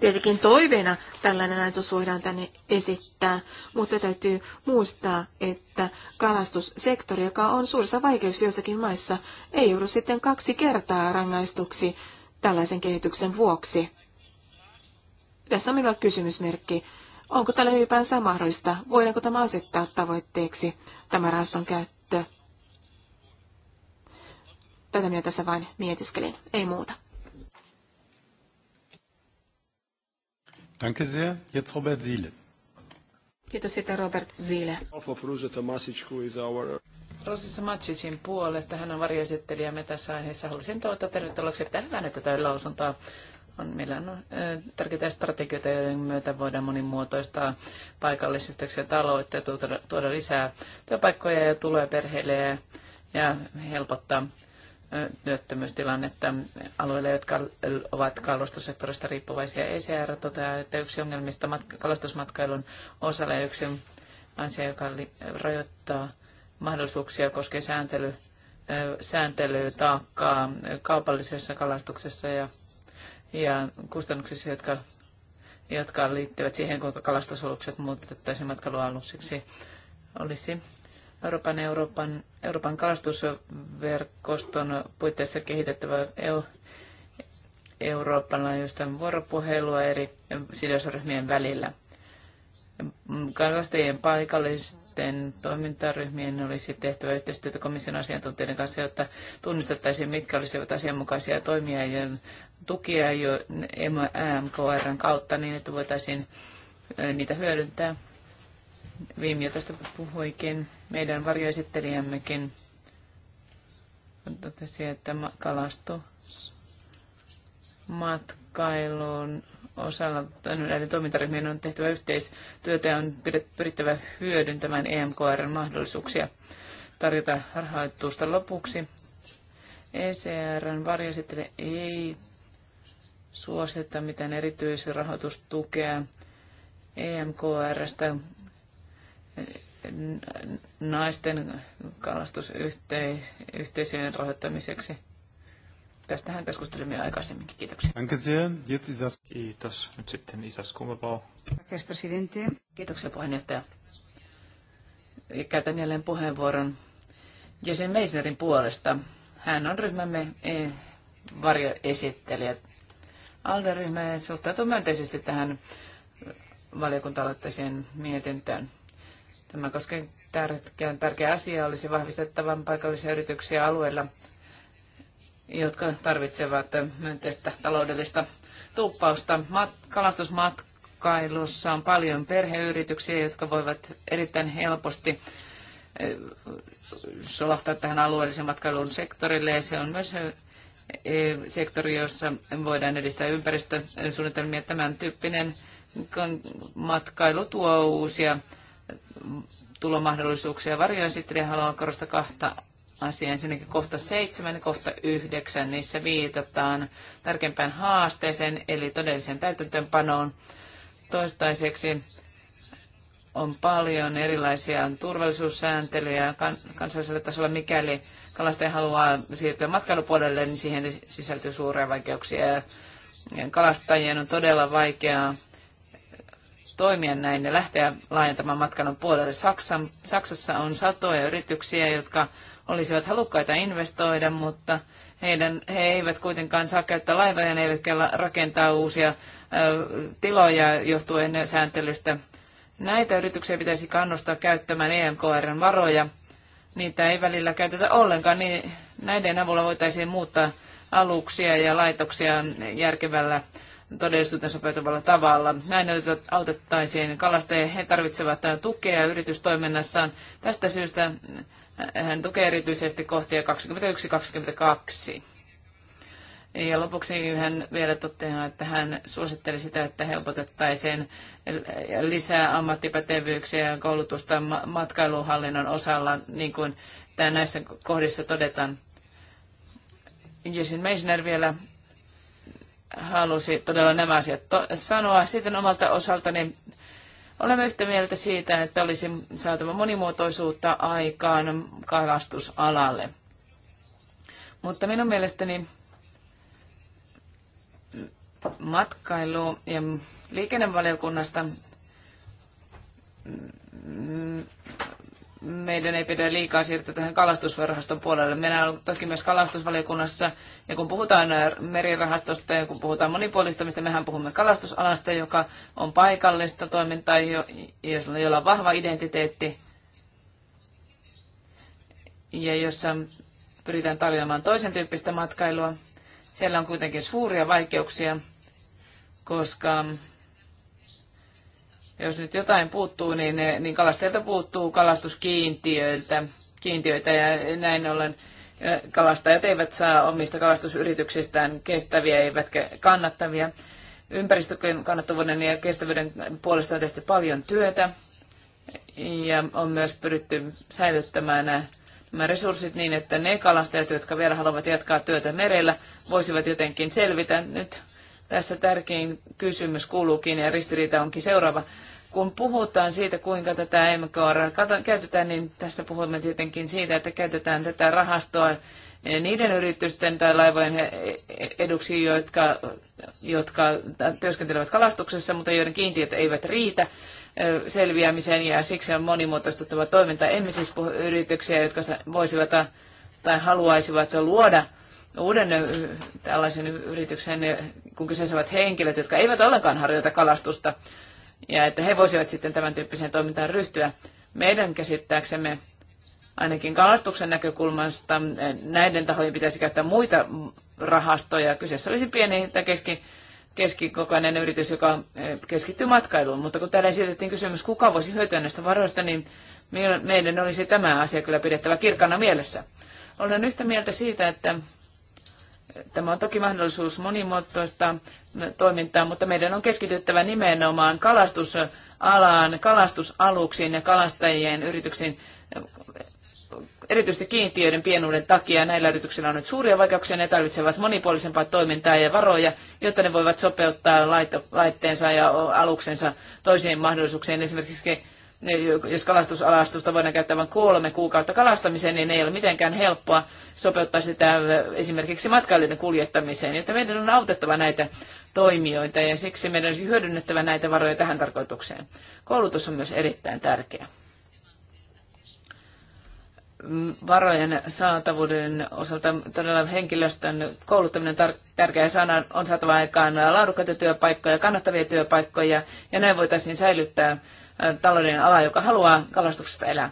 Tietenkin toiveena tällainen ajatus voidaan tänne esittää, mutta täytyy muistaa, että kalastussektori, joka on suurissa vaikeuksissa jossakin maissa, ei joudu sitten kaksi kertaa rangaistuksi tällaisen kehityksen vuoksi. Tässä on minulla kysymysmerkki. Onko tällä ylipäänsä mahdollista? Voidaanko tämä asettaa tavoitteeksi, tämä rahaston käyttö? Tätä minä tässä vain mietiskelin, ei muuta. Danke sehr. Jetzt Robert Ziele. Kiitos sitten Robert Ziele. Rosissa Matsicin puolesta. Hän on varjoesittelijämme tässä aiheessa. Haluaisin toivottaa tervetulleeksi tähän hyvänä tätä lausuntoa on, meillä on tärkeitä strategioita, joiden myötä voidaan monimuotoistaa paikallisyhteyksiä taloutta ja tuoda, tuoda lisää työpaikkoja ja tuloja perheille ja, ja helpottaa työttömyystilannetta alueille, jotka ovat kalastosektorista riippuvaisia. ECR toteaa, että yksi ongelmista kalastusmatkailun osalle yksi asia, joka rajoittaa mahdollisuuksia, koskee sääntely, sääntelytaakkaa kaupallisessa kalastuksessa ja ja kustannuksissa, jotka, jotka liittyvät siihen, kuinka kalastusolukset muutettaisiin matkailualuksiksi, olisi Euroopan, Euroopan, Euroopan kalastusverkoston puitteissa kehitettävä EU, Euroopan laajuista vuoropuhelua eri sidosryhmien välillä – Mm, kalastajien paikallisten toimintaryhmien olisi tehtävä yhteistyötä komission asiantuntijoiden kanssa, jotta tunnistettaisiin, mitkä olisivat asianmukaisia toimia ja tukia jo MKRn kautta niin, että voitaisiin niitä hyödyntää. jo tästä puhuikin. Meidän varjoesittelijämmekin totesi, että kalastu matkailuun osalla näiden toimintaryhmien on tehtävä yhteistyötä ja on pyrittävä hyödyntämään EMKRn mahdollisuuksia tarjota rahoitusta lopuksi. ECRn varjosittele ei suosita mitään erityisrahoitustukea EMKRstä naisten kalastusyhteisöjen rahoittamiseksi. Tästähän keskustelimme aikaisemminkin. Kiitoksia. Kiitos. Nyt sitten Isas Kumpapau. Kiitoksia puheenjohtaja. Käytän jälleen puheenvuoron Jesen Meisnerin puolesta. Hän on ryhmämme eh, varjoesittelijä. Alderyhmä suhtautuu myönteisesti tähän valiokunta-aloitteeseen mietintöön. Tämä koskee tärkeä, tärkeä asia, olisi vahvistettavan paikallisia yrityksiä alueella jotka tarvitsevat myönteistä taloudellista tuppausta. Kalastusmatkailussa on paljon perheyrityksiä, jotka voivat erittäin helposti eh, solahtaa tähän alueellisen matkailun sektorille. Ja se on myös eh, sektori, jossa voidaan edistää ympäristösuunnitelmia. Tämän tyyppinen matkailu tuo uusia tulomahdollisuuksia. sitten haluan korostaa kahta asia. Ensinnäkin kohta 7 ja kohta 9, niissä viitataan tärkeimpään haasteeseen, eli todelliseen täytäntöönpanoon. Toistaiseksi on paljon erilaisia turvallisuussääntelyjä kansallisella tasolla. Mikäli kalastaja haluaa siirtyä matkailupuolelle, niin siihen sisältyy suuria vaikeuksia. Kalastajien on todella vaikeaa toimia näin ja lähteä laajentamaan matkailun puolelle. Saksan, Saksassa on satoja yrityksiä, jotka olisivat halukkaita investoida, mutta heidän, he eivät kuitenkaan saa käyttää laivoja, eivätkä rakentaa uusia tiloja johtuen sääntelystä. Näitä yrityksiä pitäisi kannustaa käyttämään EMKRn varoja. Niitä ei välillä käytetä ollenkaan, niin näiden avulla voitaisiin muuttaa aluksia ja laitoksia järkevällä todellisuuteen sopeutuvalla tavalla. Näin autettaisiin kalastajia. He tarvitsevat tukea yritystoiminnassaan. Tästä syystä hän tukee erityisesti kohtia 21-22. Ja lopuksi hän vielä toteaa, että hän suositteli sitä, että helpotettaisiin lisää ammattipätevyyksiä ja koulutusta matkailuhallinnon osalla, niin kuin tämä näissä kohdissa todetaan. Jesin Meisner vielä halusi todella nämä asiat sanoa. Sitten omalta osaltani niin Olemme yhtä mieltä siitä, että olisi saatava monimuotoisuutta aikaan kalastusalalle. Mutta minun mielestäni matkailu ja liikennevaliokunnasta meidän ei pidä liikaa siirtyä tähän kalastusverhaston puolelle. Meillä on toki myös kalastusvaliokunnassa, ja kun puhutaan äh, merirahastosta ja kun puhutaan monipuolistamista, mehän puhumme kalastusalasta, joka on paikallista toimintaa, jolla on vahva identiteetti, ja jossa pyritään tarjoamaan toisen tyyppistä matkailua. Siellä on kuitenkin suuria vaikeuksia, koska jos nyt jotain puuttuu, niin, niin kalastajilta puuttuu kalastuskiintiöiltä kiintiöitä ja näin ollen kalastajat eivät saa omista kalastusyrityksistään kestäviä eivätkä kannattavia. Ympäristön kannattavuuden ja kestävyyden puolesta on tehty paljon työtä ja on myös pyritty säilyttämään nämä resurssit niin, että ne kalastajat, jotka vielä haluavat jatkaa työtä merellä, voisivat jotenkin selvitä. Nyt tässä tärkein kysymys kuuluukin ja ristiriita onkin seuraava. Kun puhutaan siitä, kuinka tätä MKR käytetään, niin tässä puhumme tietenkin siitä, että käytetään tätä rahastoa niiden yritysten tai laivojen e- eduksi, jotka, jotka työskentelevät kalastuksessa, mutta joiden kiintiöt eivät riitä selviämiseen ja siksi on monimuotoistuttava toiminta. Emme siis puhu yrityksiä, jotka voisivat tai haluaisivat luoda uuden tällaisen yrityksen, kun kyseessä ovat henkilöt, jotka eivät ollenkaan harjoita kalastusta, ja että he voisivat sitten tämän tyyppiseen toimintaan ryhtyä. Meidän käsittääksemme ainakin kalastuksen näkökulmasta näiden tahojen pitäisi käyttää muita rahastoja. Kyseessä olisi pieni tai keski, keskikokoinen yritys, joka keskittyy matkailuun. Mutta kun täällä esitettiin kysymys, kuka voisi hyötyä näistä varoista, niin meidän olisi tämä asia kyllä pidettävä kirkana mielessä. Olen yhtä mieltä siitä, että Tämä on toki mahdollisuus monimuotoista toimintaa, mutta meidän on keskityttävä nimenomaan kalastusalaan, kalastusaluksiin ja kalastajien yrityksiin erityisesti kiintiöiden pienuuden takia näillä yrityksillä on nyt suuria vaikeuksia, ne tarvitsevat monipuolisempaa toimintaa ja varoja, jotta ne voivat sopeuttaa laitteensa ja aluksensa toisiin mahdollisuuksiin. Esimerkiksi jos kalastusalastusta voidaan käyttää vain kolme kuukautta kalastamiseen, niin ei ole mitenkään helppoa sopeuttaa sitä esimerkiksi matkailijoiden kuljettamiseen. Joten meidän on autettava näitä toimijoita ja siksi meidän olisi hyödynnettävä näitä varoja tähän tarkoitukseen. Koulutus on myös erittäin tärkeä. Varojen saatavuuden osalta todella henkilöstön kouluttaminen tar- tärkeä sana on saatava aikaan laadukkaita työpaikkoja, kannattavia työpaikkoja ja näin voitaisiin säilyttää talouden ala, joka haluaa kalastuksesta elää.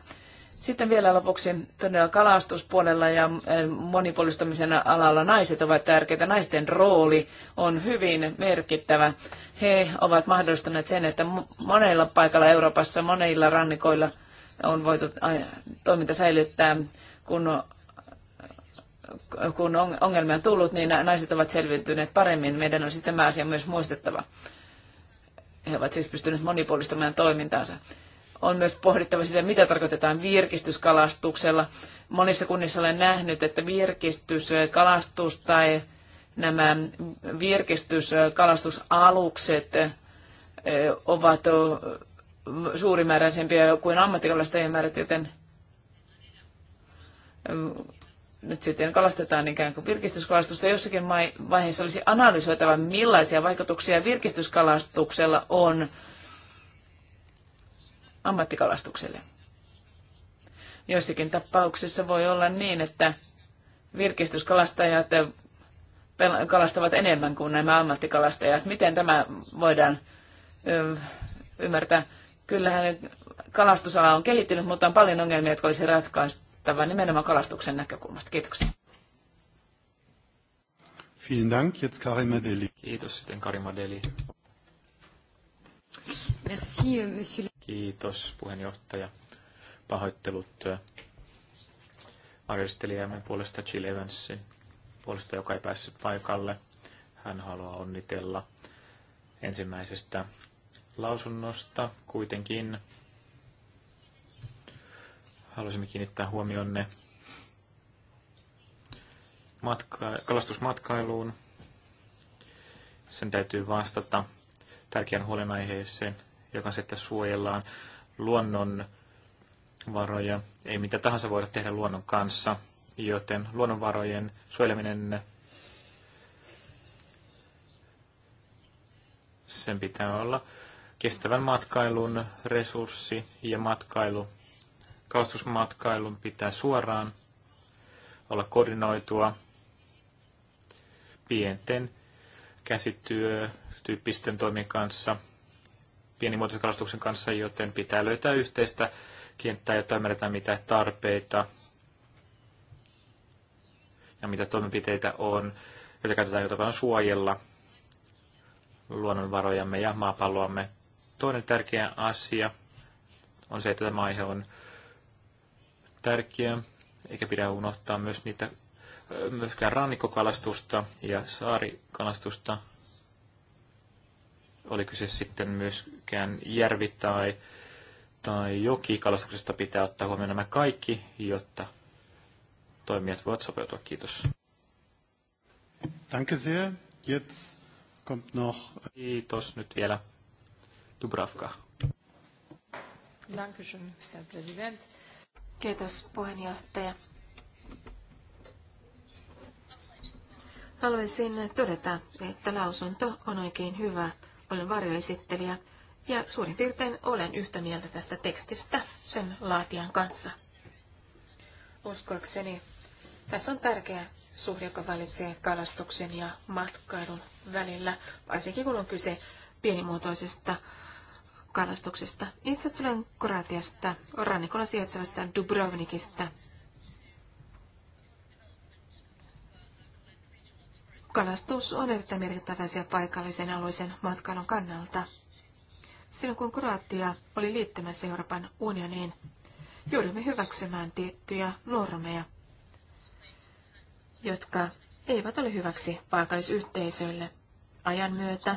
Sitten vielä lopuksi todella kalastuspuolella ja monipuolistamisen alalla naiset ovat tärkeitä. Naisten rooli on hyvin merkittävä. He ovat mahdollistaneet sen, että monella paikalla Euroopassa, monilla rannikoilla on voitu toiminta säilyttää, kun kun ongelmia on tullut, niin naiset ovat selviytyneet paremmin. Meidän on sitten tämä asia myös muistettava. He ovat siis pystyneet monipuolistamaan toimintaansa. On myös pohdittava sitä, mitä tarkoitetaan virkistyskalastuksella. Monissa kunnissa olen nähnyt, että virkistyskalastus tai nämä virkistyskalastusalukset ovat suurimääräisempiä kuin ammattikalastajien määrät, joten nyt sitten kalastetaan niin ikään kuin virkistyskalastusta. Jossakin vaiheessa olisi analysoitava, millaisia vaikutuksia virkistyskalastuksella on ammattikalastukselle. Joissakin tapauksissa voi olla niin, että virkistyskalastajat kalastavat enemmän kuin nämä ammattikalastajat. Miten tämä voidaan ymmärtää? Kyllähän kalastusala on kehittynyt, mutta on paljon ongelmia, jotka olisi ratkaista kannatettava nimenomaan kalastuksen näkökulmasta. Kiitoksia. Vielen Dank. Jetzt Karim Kiitos sitten Karima Deli. Merci, monsieur. Kiitos puheenjohtaja. Pahoittelut varjostelijamme äh, puolesta Jill Evansin puolesta, joka ei päässyt paikalle. Hän haluaa onnitella ensimmäisestä lausunnosta kuitenkin halusimme kiinnittää huomionne matka- kalastusmatkailuun. Sen täytyy vastata tärkeän huolenaiheeseen, joka on se, että suojellaan luonnon varoja. Ei mitä tahansa voida tehdä luonnon kanssa, joten luonnonvarojen suojeleminen sen pitää olla kestävän matkailun resurssi ja matkailu kalastusmatkailun pitää suoraan olla koordinoitua pienten käsityötyyppisten toimien kanssa, pienimuotoisen kalastuksen kanssa, joten pitää löytää yhteistä kenttää, jotta ymmärretään mitä tarpeita ja mitä toimenpiteitä on, joita käytetään, jotta voidaan suojella luonnonvarojamme ja maapalloamme. Toinen tärkeä asia on se, että tämä aihe on tärkeä, eikä pidä unohtaa myös niitä myöskään rannikkokalastusta ja saarikalastusta. Oli kyse sitten myöskään järvi- tai, tai jokikalastuksesta pitää ottaa huomioon nämä kaikki, jotta toimijat voivat sopeutua. Kiitos. Danke sehr. Jetzt kommt noch... Kiitos. Nyt vielä Dubravka. Dankeschön, Herr Präsident. Kiitos puheenjohtaja. Haluaisin todeta, että lausunto on oikein hyvä. Olen varjoesittelijä ja suurin piirtein olen yhtä mieltä tästä tekstistä sen laatijan kanssa. Uskoakseni tässä on tärkeä suhde, joka valitsee kalastuksen ja matkailun välillä, varsinkin kun on kyse pienimuotoisesta kalastuksesta. Itse tulen Kroatiasta, rannikolla sijaitsevasta Dubrovnikista. Kalastus on erittäin merkittävä asia paikallisen alueen matkailun kannalta. Silloin kun Kroatia oli liittymässä Euroopan unioniin, joudumme hyväksymään tiettyjä normeja, jotka eivät ole hyväksi paikallisyhteisöille. Ajan myötä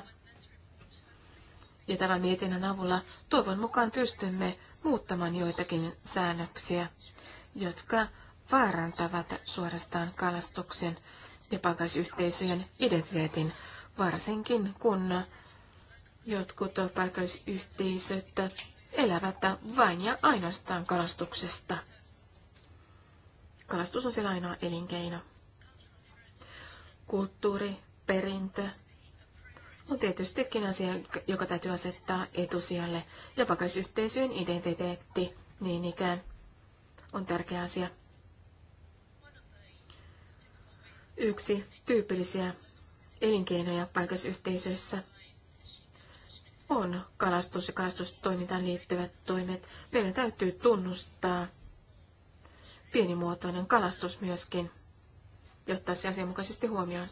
ja tämän mietinnön avulla toivon mukaan pystymme muuttamaan joitakin säännöksiä, jotka vaarantavat suorastaan kalastuksen ja paikallisyhteisöjen identiteetin, varsinkin kun jotkut paikallisyhteisöt elävät vain ja ainoastaan kalastuksesta. Kalastus on siellä ainoa elinkeino. Kulttuuri, perintö on tietystikin asia, joka täytyy asettaa etusijalle. Ja pakaisyhteisöjen identiteetti niin ikään on tärkeä asia. Yksi tyypillisiä elinkeinoja paikallisyhteisöissä on kalastus ja kalastustoimintaan liittyvät toimet. Meidän täytyy tunnustaa pienimuotoinen kalastus myöskin jotta se asianmukaisesti huomioon.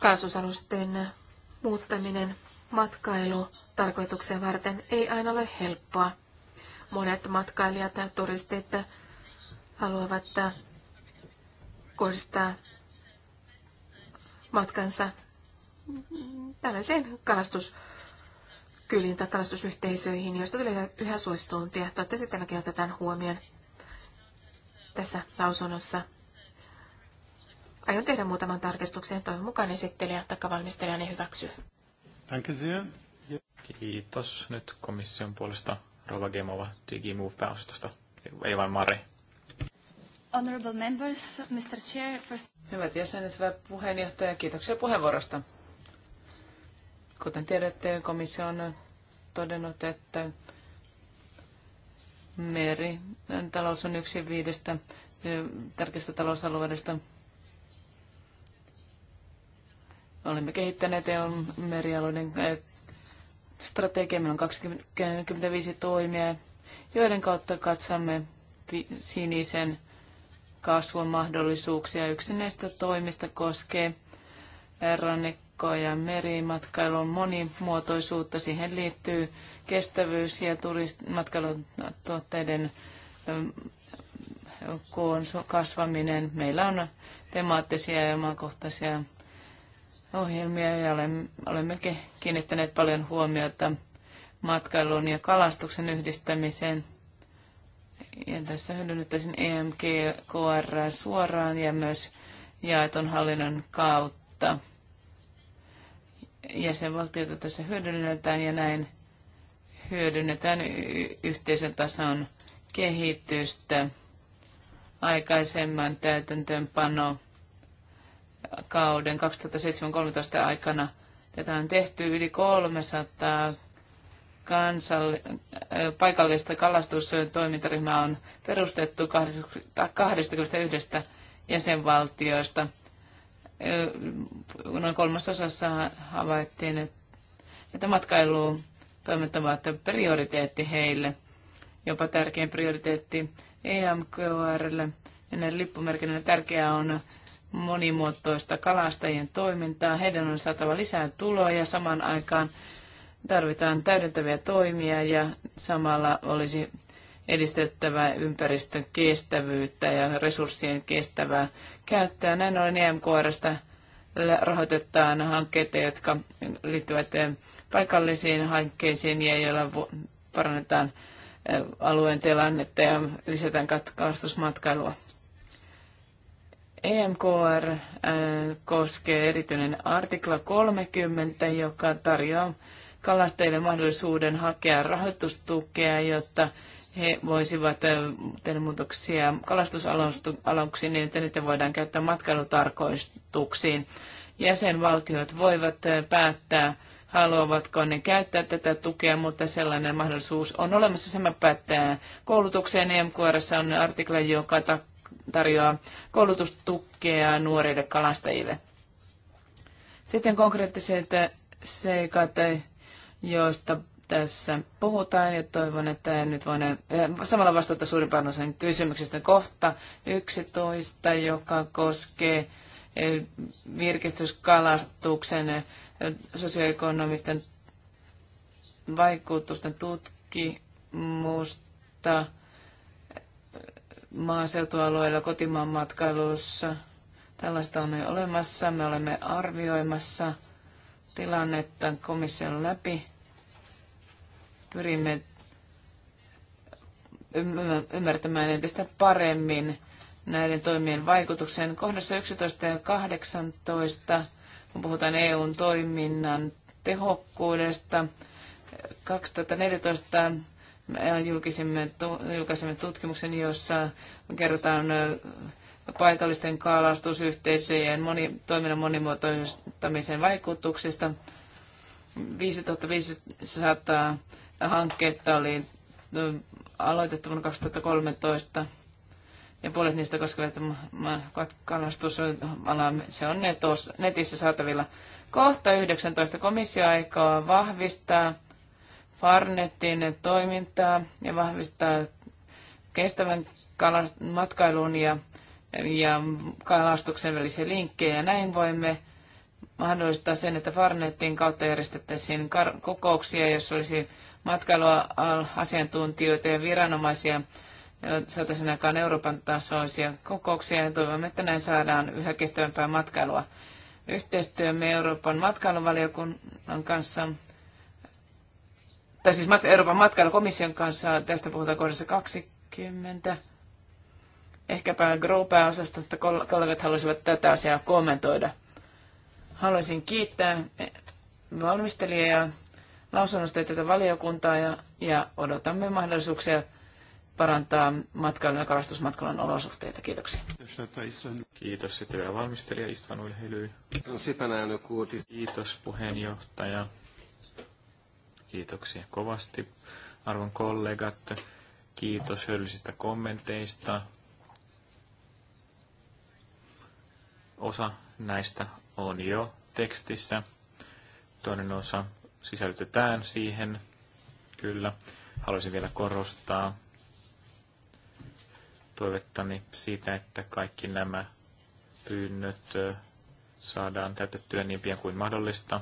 kaasusalusten muuttaminen matkailu tarkoituksen varten ei aina ole helppoa. Monet matkailijat ja turistit haluavat kohdistaa matkansa tällaiseen kalastuskyliin tai kalastusyhteisöihin, joista tulee yhä suositumpia. Toivottavasti tämäkin otetaan huomioon tässä lausunnossa. Aion tehdä muutaman tarkistuksen. Toivon mukaan esittelijä tai valmistelija ne hyväksyy. Kiitos nyt komission puolesta Rova Gemova Digimove-pääosastosta, ei vain Mari. Honorable members, Mr. Chair, first... Hyvät jäsenet, hyvä puheenjohtaja, kiitoksia puheenvuorosta. Kuten tiedätte, komissio on todennut, että meri talous on yksi viidestä tärkeästä talousalueesta Olemme kehittäneet EUn merialueiden eh, strategia. Meillä on 25 toimia, joiden kautta katsomme sinisen kasvun mahdollisuuksia. Yksi näistä toimista koskee eh, rannikko- ja merimatkailun monimuotoisuutta. Siihen liittyy kestävyys ja turist- matkailutuotteiden eh, koon kasvaminen. Meillä on temaattisia ja omakohtaisia ohjelmia ja olemme kiinnittäneet paljon huomiota matkailun ja kalastuksen yhdistämiseen. Ja tässä hyödynnettäisiin EMKR suoraan ja myös jaeton hallinnon kautta. Jäsenvaltiota tässä hyödynnetään ja näin hyödynnetään yhteisön tason kehitystä. Aikaisemman täytäntöönpano kauden 2007-2013 aikana. Tätä on tehty yli 300 kansall- paikallista kalastustoimintaryhmää on perustettu 21 jäsenvaltioista. Noin kolmasosassa havaittiin, että matkailu toimet ovat prioriteetti heille, jopa tärkein prioriteetti EMKRlle. Ja näille lippumerkinnällä tärkeää on monimuotoista kalastajien toimintaa. Heidän on saatava lisää tuloa ja samaan aikaan tarvitaan täydentäviä toimia ja samalla olisi edistettävä ympäristön kestävyyttä ja resurssien kestävää käyttöä. Näin ollen EMKRstä rahoitetaan hankkeita, jotka liittyvät paikallisiin hankkeisiin ja joilla parannetaan alueen tilannetta ja lisätään kalastusmatkailua. EMKR äh, koskee erityinen artikla 30, joka tarjoaa kalastajille mahdollisuuden hakea rahoitustukea, jotta he voisivat äh, tehdä muutoksia kalastusaluksiin niin, että niitä voidaan käyttää matkailutarkoituksiin. Jäsenvaltiot voivat äh, päättää, haluavatko ne käyttää tätä tukea, mutta sellainen mahdollisuus on olemassa. Sama päättää koulutukseen. EMQRssä on artikla, joka tarjoaa koulutustukea nuorille kalastajille. Sitten konkreettiset seikat, joista tässä puhutaan ja toivon, että nyt voin eh, samalla vastata suurimpaan osan kysymyksestä kohta 11, joka koskee eh, virkistyskalastuksen eh, sosioekonomisten vaikutusten tutkimusta maaseutualueilla, kotimaan matkailussa. Tällaista on jo olemassa. Me olemme arvioimassa tilannetta komission läpi. Pyrimme ymmärtämään entistä paremmin näiden toimien vaikutuksen. Kohdassa 11 ja 18, kun puhutaan EUn toiminnan tehokkuudesta, 2014 julkisimme, julkaisimme tutkimuksen, jossa kerrotaan paikallisten kalastusyhteisöjen moni, toiminnan monimuotoistamisen vaikutuksista. 5500 hankkeetta oli aloitettu vuonna 2013 ja puolet niistä koskevat kalastusalaa. Se on netos, netissä saatavilla. Kohta 19 komissio aikaa vahvistaa Farnetin toimintaa ja vahvistaa kestävän matkailun ja, ja kalastuksen välisiä linkkejä. Ja näin voimme mahdollistaa sen, että Farnetin kautta järjestettäisiin kokouksia, jos olisi matkailuasiantuntijoita ja viranomaisia saataisiin aikaan Euroopan tasoisia kokouksia ja toivomme, että näin saadaan yhä kestävämpää matkailua. Yhteistyömme Euroopan matkailuvaliokunnan kanssa tai siis Euroopan matkailukomission kanssa, tästä puhutaan kohdassa 20. Ehkäpä grow että kollegat haluaisivat tätä asiaa kommentoida. Haluaisin kiittää valmistelijaa lausunnosta tätä valiokuntaa ja, ja odotamme mahdollisuuksia parantaa matkailun ja kalastusmatkailun olosuhteita. Kiitoksia. Kiitos sitten vielä valmistelija Istvan Ulhelyy. Kiitos puheenjohtaja. Kiitoksia kovasti, arvon kollegat. Kiitos hyödyllisistä kommenteista. Osa näistä on jo tekstissä. Toinen osa sisällytetään siihen. Kyllä. Haluaisin vielä korostaa toivettani siitä, että kaikki nämä pyynnöt saadaan täytettyä niin pian kuin mahdollista.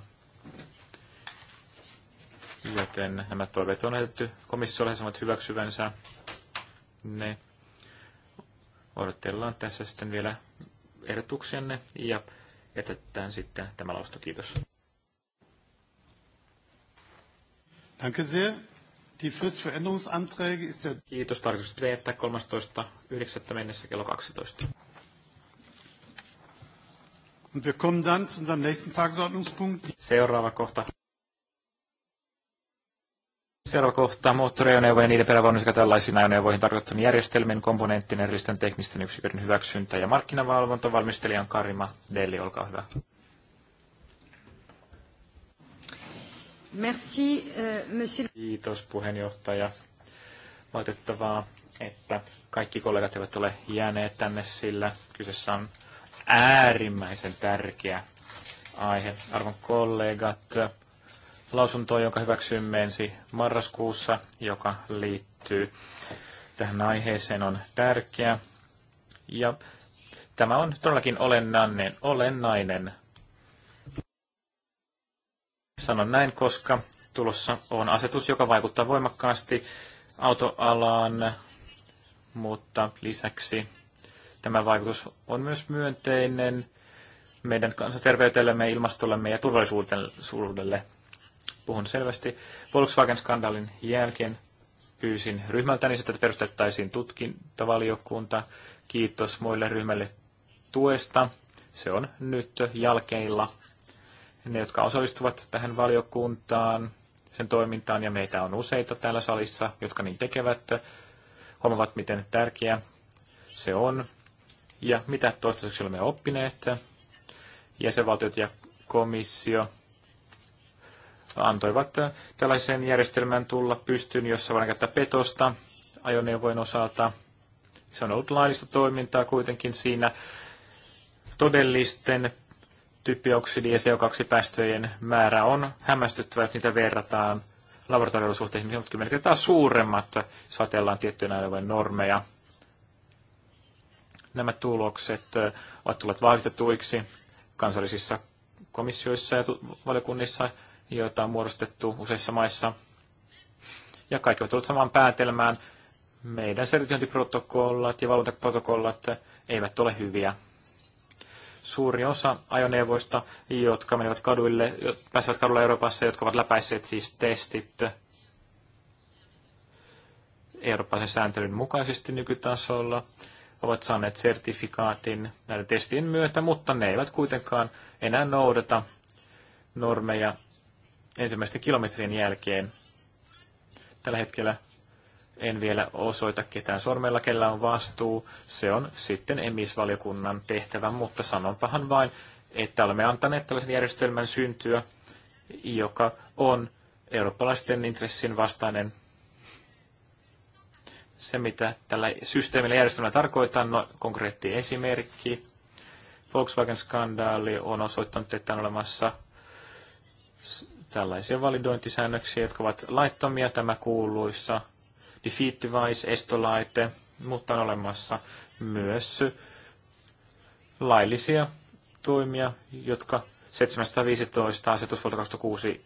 Joten nämä toiveet on esitetty komissiolle ja sanovat hyväksyvänsä ne. Odotellaan tässä sitten vielä ehdotuksenne ja jätetään sitten tämä lausto. Kiitos. Danke sehr. Die Frist für Änderungsanträge ist der... Kiitos. Tarkistus pitää jättää 13.9. mennessä kello 12. Und wir kommen dann zu unserem nächsten Tagesordnungspunkt. Seuraava kohta. Seuraava kohta moottoriajoneuvojen ja niiden perävaunut sekä tällaisiin ajoneuvoihin tarkoittamien järjestelmien, komponenttien, erillisten teknisten yksiköiden hyväksyntä ja markkinavalvonta. on Karima Delli, olkaa hyvä. Merci, euh, monsieur. Kiitos puheenjohtaja. Valitettavaa, että kaikki kollegat eivät ole jääneet tänne, sillä kyseessä on äärimmäisen tärkeä aihe. Arvon kollegat, lausuntoa, jonka hyväksymme ensi marraskuussa, joka liittyy tähän aiheeseen, on tärkeä. Ja tämä on todellakin olennainen, olennainen. Sanon näin, koska tulossa on asetus, joka vaikuttaa voimakkaasti autoalaan, mutta lisäksi tämä vaikutus on myös myönteinen meidän kansanterveytellemme, ilmastollemme ja turvallisuudelle puhun selvästi. Volkswagen-skandaalin jälkeen pyysin ryhmältäni, että perustettaisiin tutkintavaliokunta. Kiitos muille ryhmälle tuesta. Se on nyt jälkeillä. Ne, jotka osallistuvat tähän valiokuntaan, sen toimintaan, ja meitä on useita täällä salissa, jotka niin tekevät, huomavat, miten tärkeä se on, ja mitä toistaiseksi olemme oppineet. Jäsenvaltiot ja komissio antoivat äh, tällaisen järjestelmän tulla pystyyn, jossa voidaan käyttää petosta ajoneuvojen osalta. Se on ollut laillista toimintaa kuitenkin siinä todellisten typpioksidi- ja CO2-päästöjen määrä on hämmästyttävä, että niitä verrataan laboratoriolosuhteihin, mutta kymmenen kertaa suuremmat, jos ajatellaan tiettyjen ajoneuvojen normeja. Nämä tulokset äh, ovat tulleet vahvistetuiksi kansallisissa komissioissa ja valiokunnissa joita on muodostettu useissa maissa. Ja kaikki ovat tulleet samaan päätelmään. Meidän sertifiointiprotokollat ja valvontaprotokollat eivät ole hyviä. Suuri osa ajoneuvoista, jotka menevät kaduille, pääsevät kadulla Euroopassa, jotka ovat läpäisseet siis testit eurooppalaisen sääntelyn mukaisesti nykytasolla, ovat saaneet sertifikaatin näiden testien myötä, mutta ne eivät kuitenkaan enää noudata normeja, ensimmäisten kilometrin jälkeen. Tällä hetkellä en vielä osoita ketään sormella, kellä on vastuu. Se on sitten emisvaliokunnan tehtävä, mutta sanonpahan vain, että olemme antaneet tällaisen järjestelmän syntyä, joka on eurooppalaisten intressin vastainen. Se, mitä tällä systeemillä järjestelmällä tarkoitan, no konkreetti esimerkki. Volkswagen-skandaali on osoittanut, että on olemassa tällaisia validointisäännöksiä, jotka ovat laittomia, tämä kuuluissa defeat device, estolaite, mutta on olemassa myös laillisia toimia, jotka 715 asetus vuodelta 2006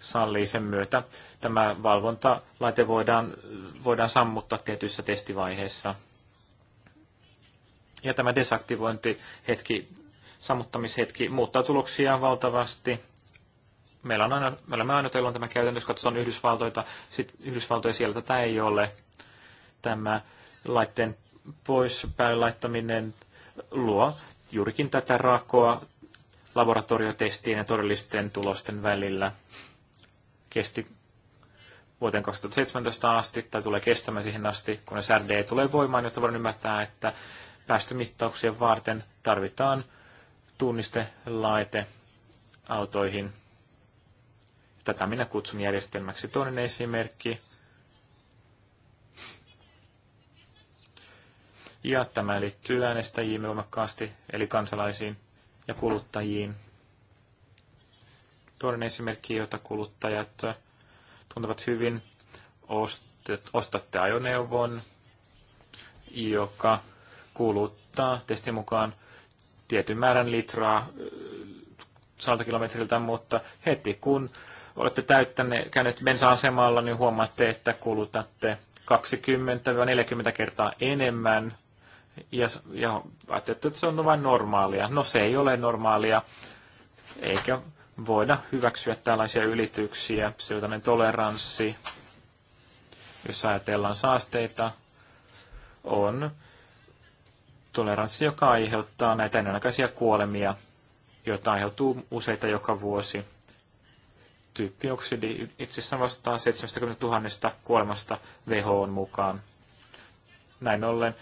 sallii sen myötä. Tämä valvontalaite voidaan, voidaan sammuttaa tietyissä testivaiheissa. Ja tämä desaktivointihetki, sammuttamishetki muuttaa tuloksia valtavasti meillä on aina, me olemme aina teillä on tämä käytäntö, jos katsotaan Yhdysvaltoita, sit Yhdysvaltoja siellä tätä ei ole. Tämä laitteen poispäin laittaminen luo juurikin tätä raakoa laboratoriotestien ja todellisten tulosten välillä. Kesti vuoteen 2017 asti tai tulee kestämään siihen asti, kunnes RDE tulee voimaan, jotta voidaan ymmärtää, että päästömittauksien varten tarvitaan tunnistelaite autoihin – Tätä minä kutsun järjestelmäksi. Toinen esimerkki. Ja tämä liittyy äänestäjiin voimakkaasti, eli kansalaisiin ja kuluttajiin. Toinen esimerkki, jota kuluttajat tuntevat hyvin, ostatte ajoneuvon, joka kuluttaa testin mukaan tietyn määrän litraa 100 kilometriltä, mutta heti kun olette täyttäneet, käyneet bensa-asemalla, niin huomaatte, että kulutatte 20-40 kertaa enemmän. Ja, ja ajattelette, että se on vain normaalia. No se ei ole normaalia, eikä voida hyväksyä tällaisia ylityksiä. Se on toleranssi, jos ajatellaan saasteita, on toleranssi, joka aiheuttaa näitä ennenaikaisia kuolemia, joita aiheutuu useita joka vuosi typpioksidi asiassa vastaa 70 000 kuolemasta WHOn mukaan. Näin ollen,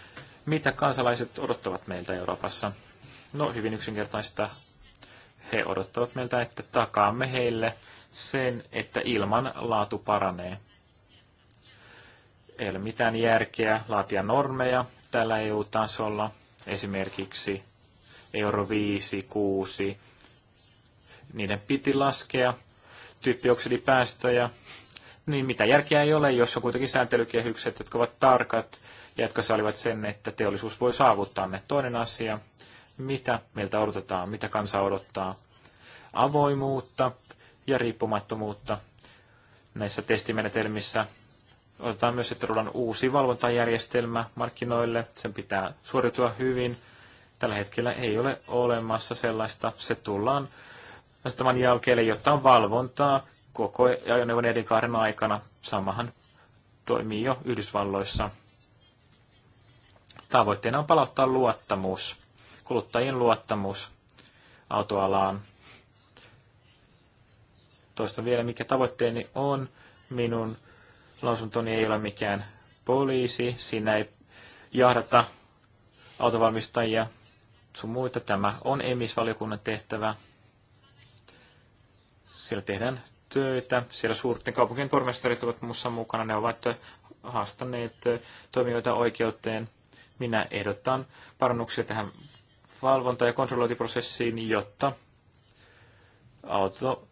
mitä kansalaiset odottavat meiltä Euroopassa? No hyvin yksinkertaista. He odottavat meiltä, että takaamme heille sen, että ilman laatu paranee. Ei ole mitään järkeä laatia normeja tällä EU-tasolla, esimerkiksi euro 5, 6, niiden piti laskea typpioksidipäästöjä, niin mitä järkeä ei ole, jos on kuitenkin sääntelykehykset, jotka ovat tarkat ja jotka salivat sen, että teollisuus voi saavuttaa ne. Toinen asia, mitä meiltä odotetaan, mitä kansa odottaa, avoimuutta ja riippumattomuutta näissä testimenetelmissä. Otetaan myös, että ruudan uusi valvontajärjestelmä markkinoille. Sen pitää suoritua hyvin. Tällä hetkellä ei ole olemassa sellaista. Se tullaan asettaman jälkeen, jotta on valvontaa koko ajoneuvon elinkaaren aikana. Samahan toimii jo Yhdysvalloissa. Tavoitteena on palauttaa luottamus, kuluttajien luottamus autoalaan. Toista vielä, mikä tavoitteeni on. Minun lausuntoni ei ole mikään poliisi, siinä ei jahdata autovalmistajia sun muita. Tämä on emisvaliokunnan tehtävä. Siellä tehdään töitä. Siellä suurten kaupunkien pormestarit ovat muussa mukana. Ne ovat haastaneet toimijoita oikeuteen. Minä ehdotan parannuksia tähän valvonta- ja kontrollointiprosessiin, jotta auto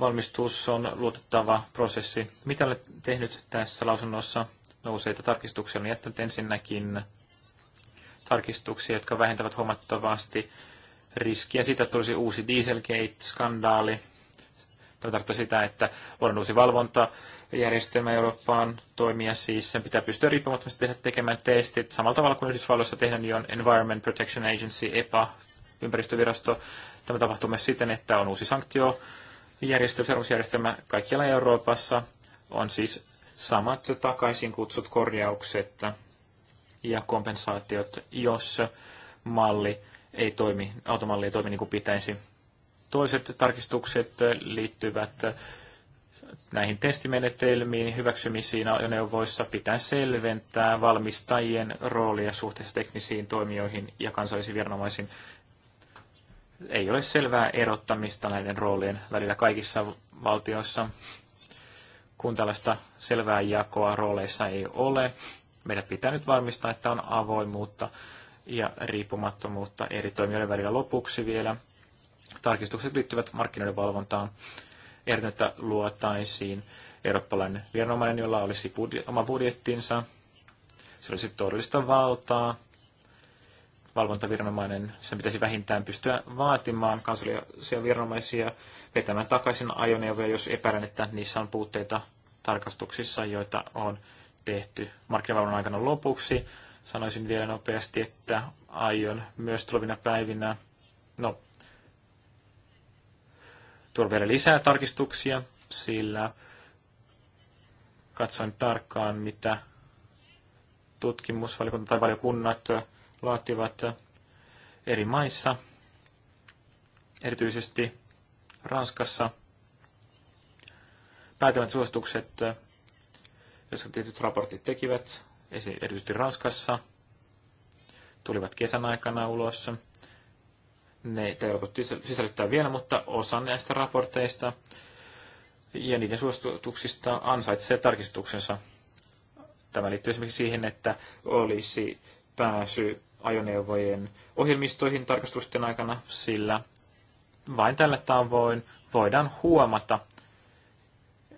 valmistus on luotettava prosessi. Mitä olet tehnyt tässä lausunnossa? nouseita tarkistuksia on jättänyt ensinnäkin tarkistuksia, jotka vähentävät huomattavasti riskiä. Siitä tulisi uusi Dieselgate-skandaali. Tämä tarkoittaa sitä, että luodaan uusi valvontajärjestelmä Eurooppaan toimia siis. Sen pitää pystyä riippumattomasti tehdä tekemään testit samalla tavalla kuin Yhdysvalloissa tehdään niin on Environment Protection Agency, EPA, ympäristövirasto. Tämä tapahtuu myös siten, että on uusi sanktio järjestelmä kaikkialla Euroopassa. On siis samat takaisin kutsut korjaukset ja kompensaatiot, jos malli ei toimi, automalli ei toimi niin kuin pitäisi. Toiset tarkistukset liittyvät näihin testimenetelmiin, hyväksymisiin ajoneuvoissa pitää selventää valmistajien roolia suhteessa teknisiin toimijoihin ja kansallisiin viranomaisiin. Ei ole selvää erottamista näiden roolien välillä kaikissa valtioissa. Kun tällaista selvää jakoa rooleissa ei ole, meidän pitää nyt varmistaa, että on avoimuutta ja riippumattomuutta eri toimijoiden välillä lopuksi vielä – Tarkistukset liittyvät markkinoiden valvontaan. Ehdotan, että luotaisiin eurooppalainen viranomainen, jolla olisi budje, oma budjettinsa. Se olisi todellista valtaa. Valvontaviranomainen, sen pitäisi vähintään pystyä vaatimaan kansallisia viranomaisia vetämään takaisin ajoneuvoja, jos epäilen, että niissä on puutteita tarkastuksissa, joita on tehty markkinavalvonnan aikana lopuksi. Sanoisin vielä nopeasti, että aion myös tulevina päivinä, no tuon vielä lisää tarkistuksia, sillä katsoin tarkkaan, mitä tutkimusvaliokunta tai valiokunnat laativat eri maissa, erityisesti Ranskassa. Päätävät suositukset, jotka tietyt raportit tekivät, erityisesti Ranskassa, tulivat kesän aikana ulos – ne ei ole sisällyttää vielä, mutta osa näistä raporteista ja niiden suosituksista ansaitsee tarkistuksensa. Tämä liittyy esimerkiksi siihen, että olisi pääsy ajoneuvojen ohjelmistoihin tarkastusten aikana, sillä vain tällä tavoin voidaan huomata,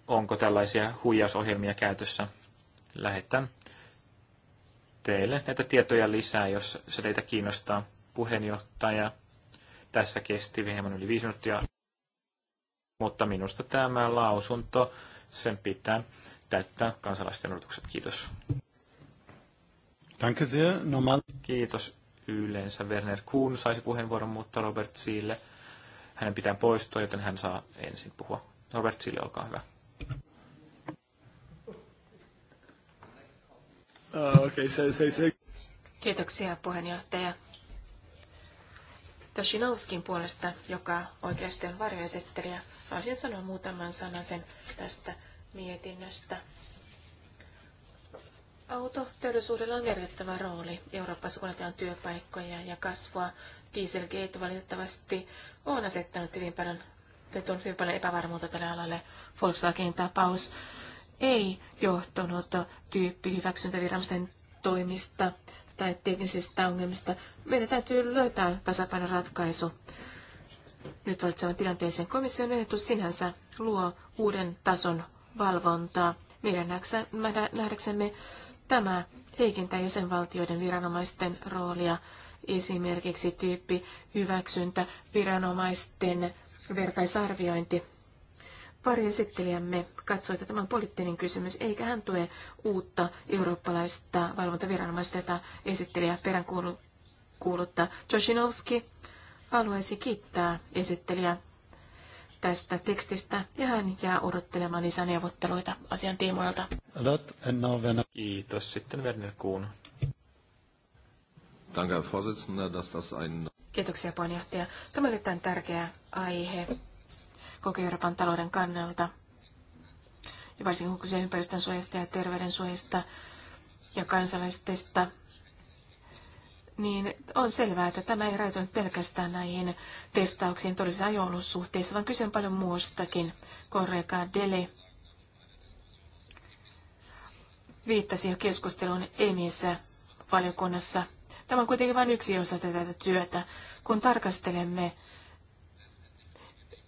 onko tällaisia huijausohjelmia käytössä. Lähetän teille näitä tietoja lisää, jos se teitä kiinnostaa puheenjohtaja. Tässä kesti hieman yli viisi minuuttia, mutta minusta tämä lausunto, sen pitää täyttää kansalaisten odotukset. Kiitos. Danke sehr. Normal. Kiitos. Yleensä Werner Kuhn saisi puheenvuoron, mutta Robert Sille hänen pitää poistua, joten hän saa ensin puhua. Robert Sille olkaa hyvä. Uh, okay, se, se, se. Kiitoksia puheenjohtaja. Toshinovskin puolesta, joka oikeasti on varjoesittelijä. Haluaisin sanoa muutaman sen tästä mietinnöstä. Autoteollisuudella on merkittävä rooli. Euroopassa kunnetaan työpaikkoja ja kasvua. Dieselgate valitettavasti on asettanut hyvin paljon, on hyvin paljon epävarmuutta tälle alalle. Volkswagenin tapaus ei johtunut tyyppihyväksyntäviranomaisten toimista tai teknisistä ongelmista. Meidän täytyy löytää tasapainoratkaisu nyt valitsevan tilanteeseen. Komission ehdotus sinänsä luo uuden tason valvontaa. Meidän nähdäksemme tämä heikentää jäsenvaltioiden viranomaisten roolia, esimerkiksi tyyppi hyväksyntä viranomaisten vertaisarviointi Pari esittelijämme katsoi, että tämä on poliittinen kysymys, eikä hän tue uutta eurooppalaista valvontaviranomaista, jota esittelijä peräänkuuluttaa. Joshinovski haluaisi kiittää esittelijä tästä tekstistä ja hän jää odottelemaan lisäneuvotteluita asian tiimoilta. Kiitos. Sitten Werner Kuhn. Kiitoksia puheenjohtaja. Tämä on tämän tärkeä aihe koko Euroopan talouden kannalta. Ja varsinkin kun se ympäristön suojasta ja terveyden suojasta ja kansalaisista, niin on selvää, että tämä ei rajoitu pelkästään näihin testauksiin todellisissa ajo vaan kyse on paljon muustakin. Korrega Dele viittasi jo keskusteluun emissä valiokunnassa. Tämä on kuitenkin vain yksi osa tätä työtä. Kun tarkastelemme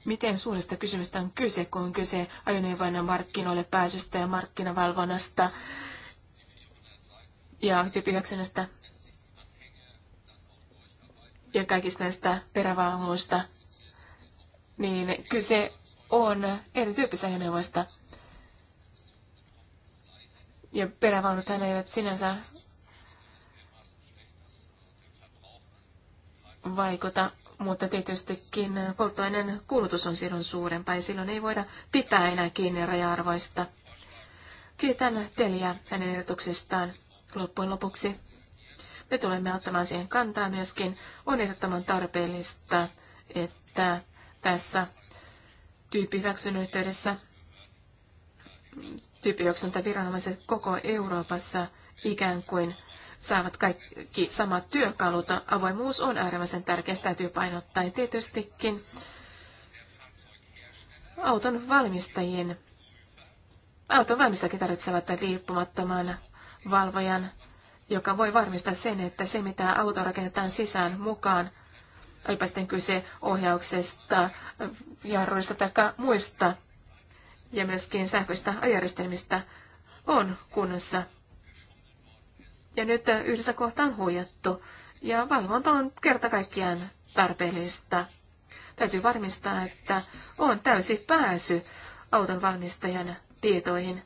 miten suuresta kysymystä on kyse, kun on kyse ajoneuvoina markkinoille pääsystä ja markkinavalvonnasta ja tyyppihyväksynnästä ja kaikista näistä perävaunuista, niin kyse on erityyppisistä ajoneuvoista. Ja perävaunuthan eivät sinänsä vaikuta mutta tietystikin polttoaineen kulutus on silloin suurempaa ja silloin ei voida pitää enää kiinni raja-arvoista. Kiitän Teliä hänen ehdotuksestaan loppujen lopuksi. Me tulemme ottamaan siihen kantaa myöskin. On ehdottoman tarpeellista, että tässä tyyppihyväksyn yhteydessä tyyppihyväksyntäviranomaiset koko Euroopassa ikään kuin saavat kaikki samat työkalut. Avoimuus on äärimmäisen tärkeä, sitä täytyy painottaa. Ja tietystikin auton valmistajien, auton valmistajakin tarvitsevat riippumattoman valvojan, joka voi varmistaa sen, että se mitä auto rakennetaan sisään mukaan, olipa sitten kyse ohjauksesta, jarruista tai muista ja myöskin sähköistä ajärjestelmistä on kunnossa ja nyt yhdessä kohtaan huijattu. Ja valvonta on kerta kaikkiaan tarpeellista. Täytyy varmistaa, että on täysi pääsy auton valmistajan tietoihin.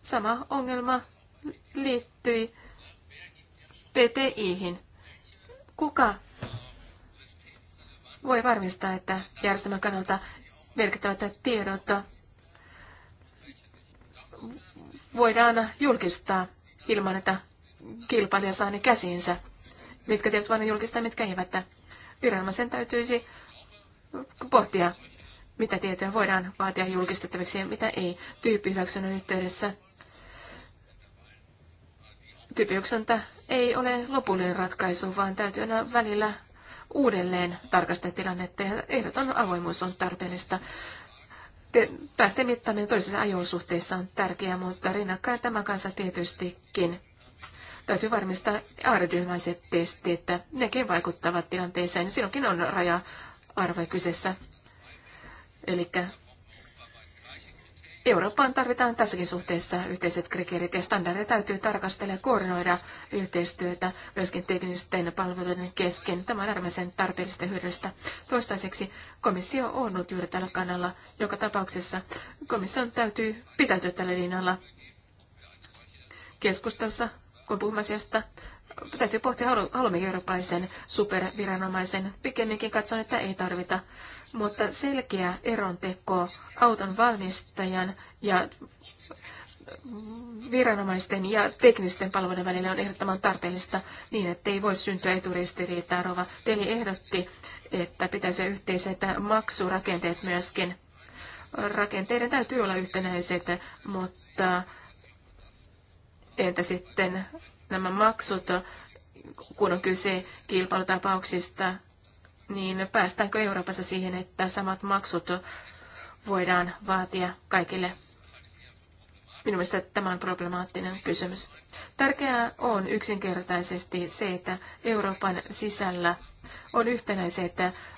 Sama ongelma liittyi PTIhin. Kuka voi varmistaa, että järjestelmän kannalta merkittävät tiedot voidaan julkistaa ilman, että kilpailija saa ne käsiinsä, mitkä tietysti vain julkista, mitkä eivät. Viranomaisen täytyisi pohtia, mitä tietoja voidaan vaatia julkistettaviksi ja mitä ei tyyppihyväksynnän yhteydessä. Tyyppihyväksyntä ei ole lopullinen ratkaisu, vaan täytyy aina välillä uudelleen tarkastaa tilannetta ja ehdoton avoimuus on tarpeellista. Te, päästöjen mittaaminen toisissa ajosuhteissa on tärkeää, mutta rinnakkain tämä kanssa tietystikin Täytyy varmistaa ääriryhmäiset testit, että nekin vaikuttavat tilanteeseen. Silloinkin on raja-arve kyseessä. Eli Eurooppaan tarvitaan tässäkin suhteessa yhteiset kriteerit ja standardeja täytyy tarkastella ja koordinoida yhteistyötä myöskin teknisten palveluiden kesken. Tämä on äärimmäisen tarpeellista hyödyllistä. Toistaiseksi komissio on ollut juuri tällä kannalla. Joka tapauksessa komission täytyy pitäytyä tällä linjalla. Keskustelussa kun puhumme asiasta, täytyy pohtia, haluamme eurooppalaisen superviranomaisen. Pikemminkin katson, että ei tarvita. Mutta selkeä eronteko auton valmistajan ja viranomaisten ja teknisten palveluiden välillä on ehdottoman tarpeellista niin, että ei voi syntyä eturistiriitaa. Rova Teli ehdotti, että pitäisi yhteiset maksurakenteet myöskin. Rakenteiden täytyy olla yhtenäiset, mutta Entä sitten nämä maksut, kun on kyse kilpailutapauksista, niin päästäänkö Euroopassa siihen, että samat maksut voidaan vaatia kaikille? Minun mielestä tämä on problemaattinen kysymys. Tärkeää on yksinkertaisesti se, että Euroopan sisällä on yhtenäiset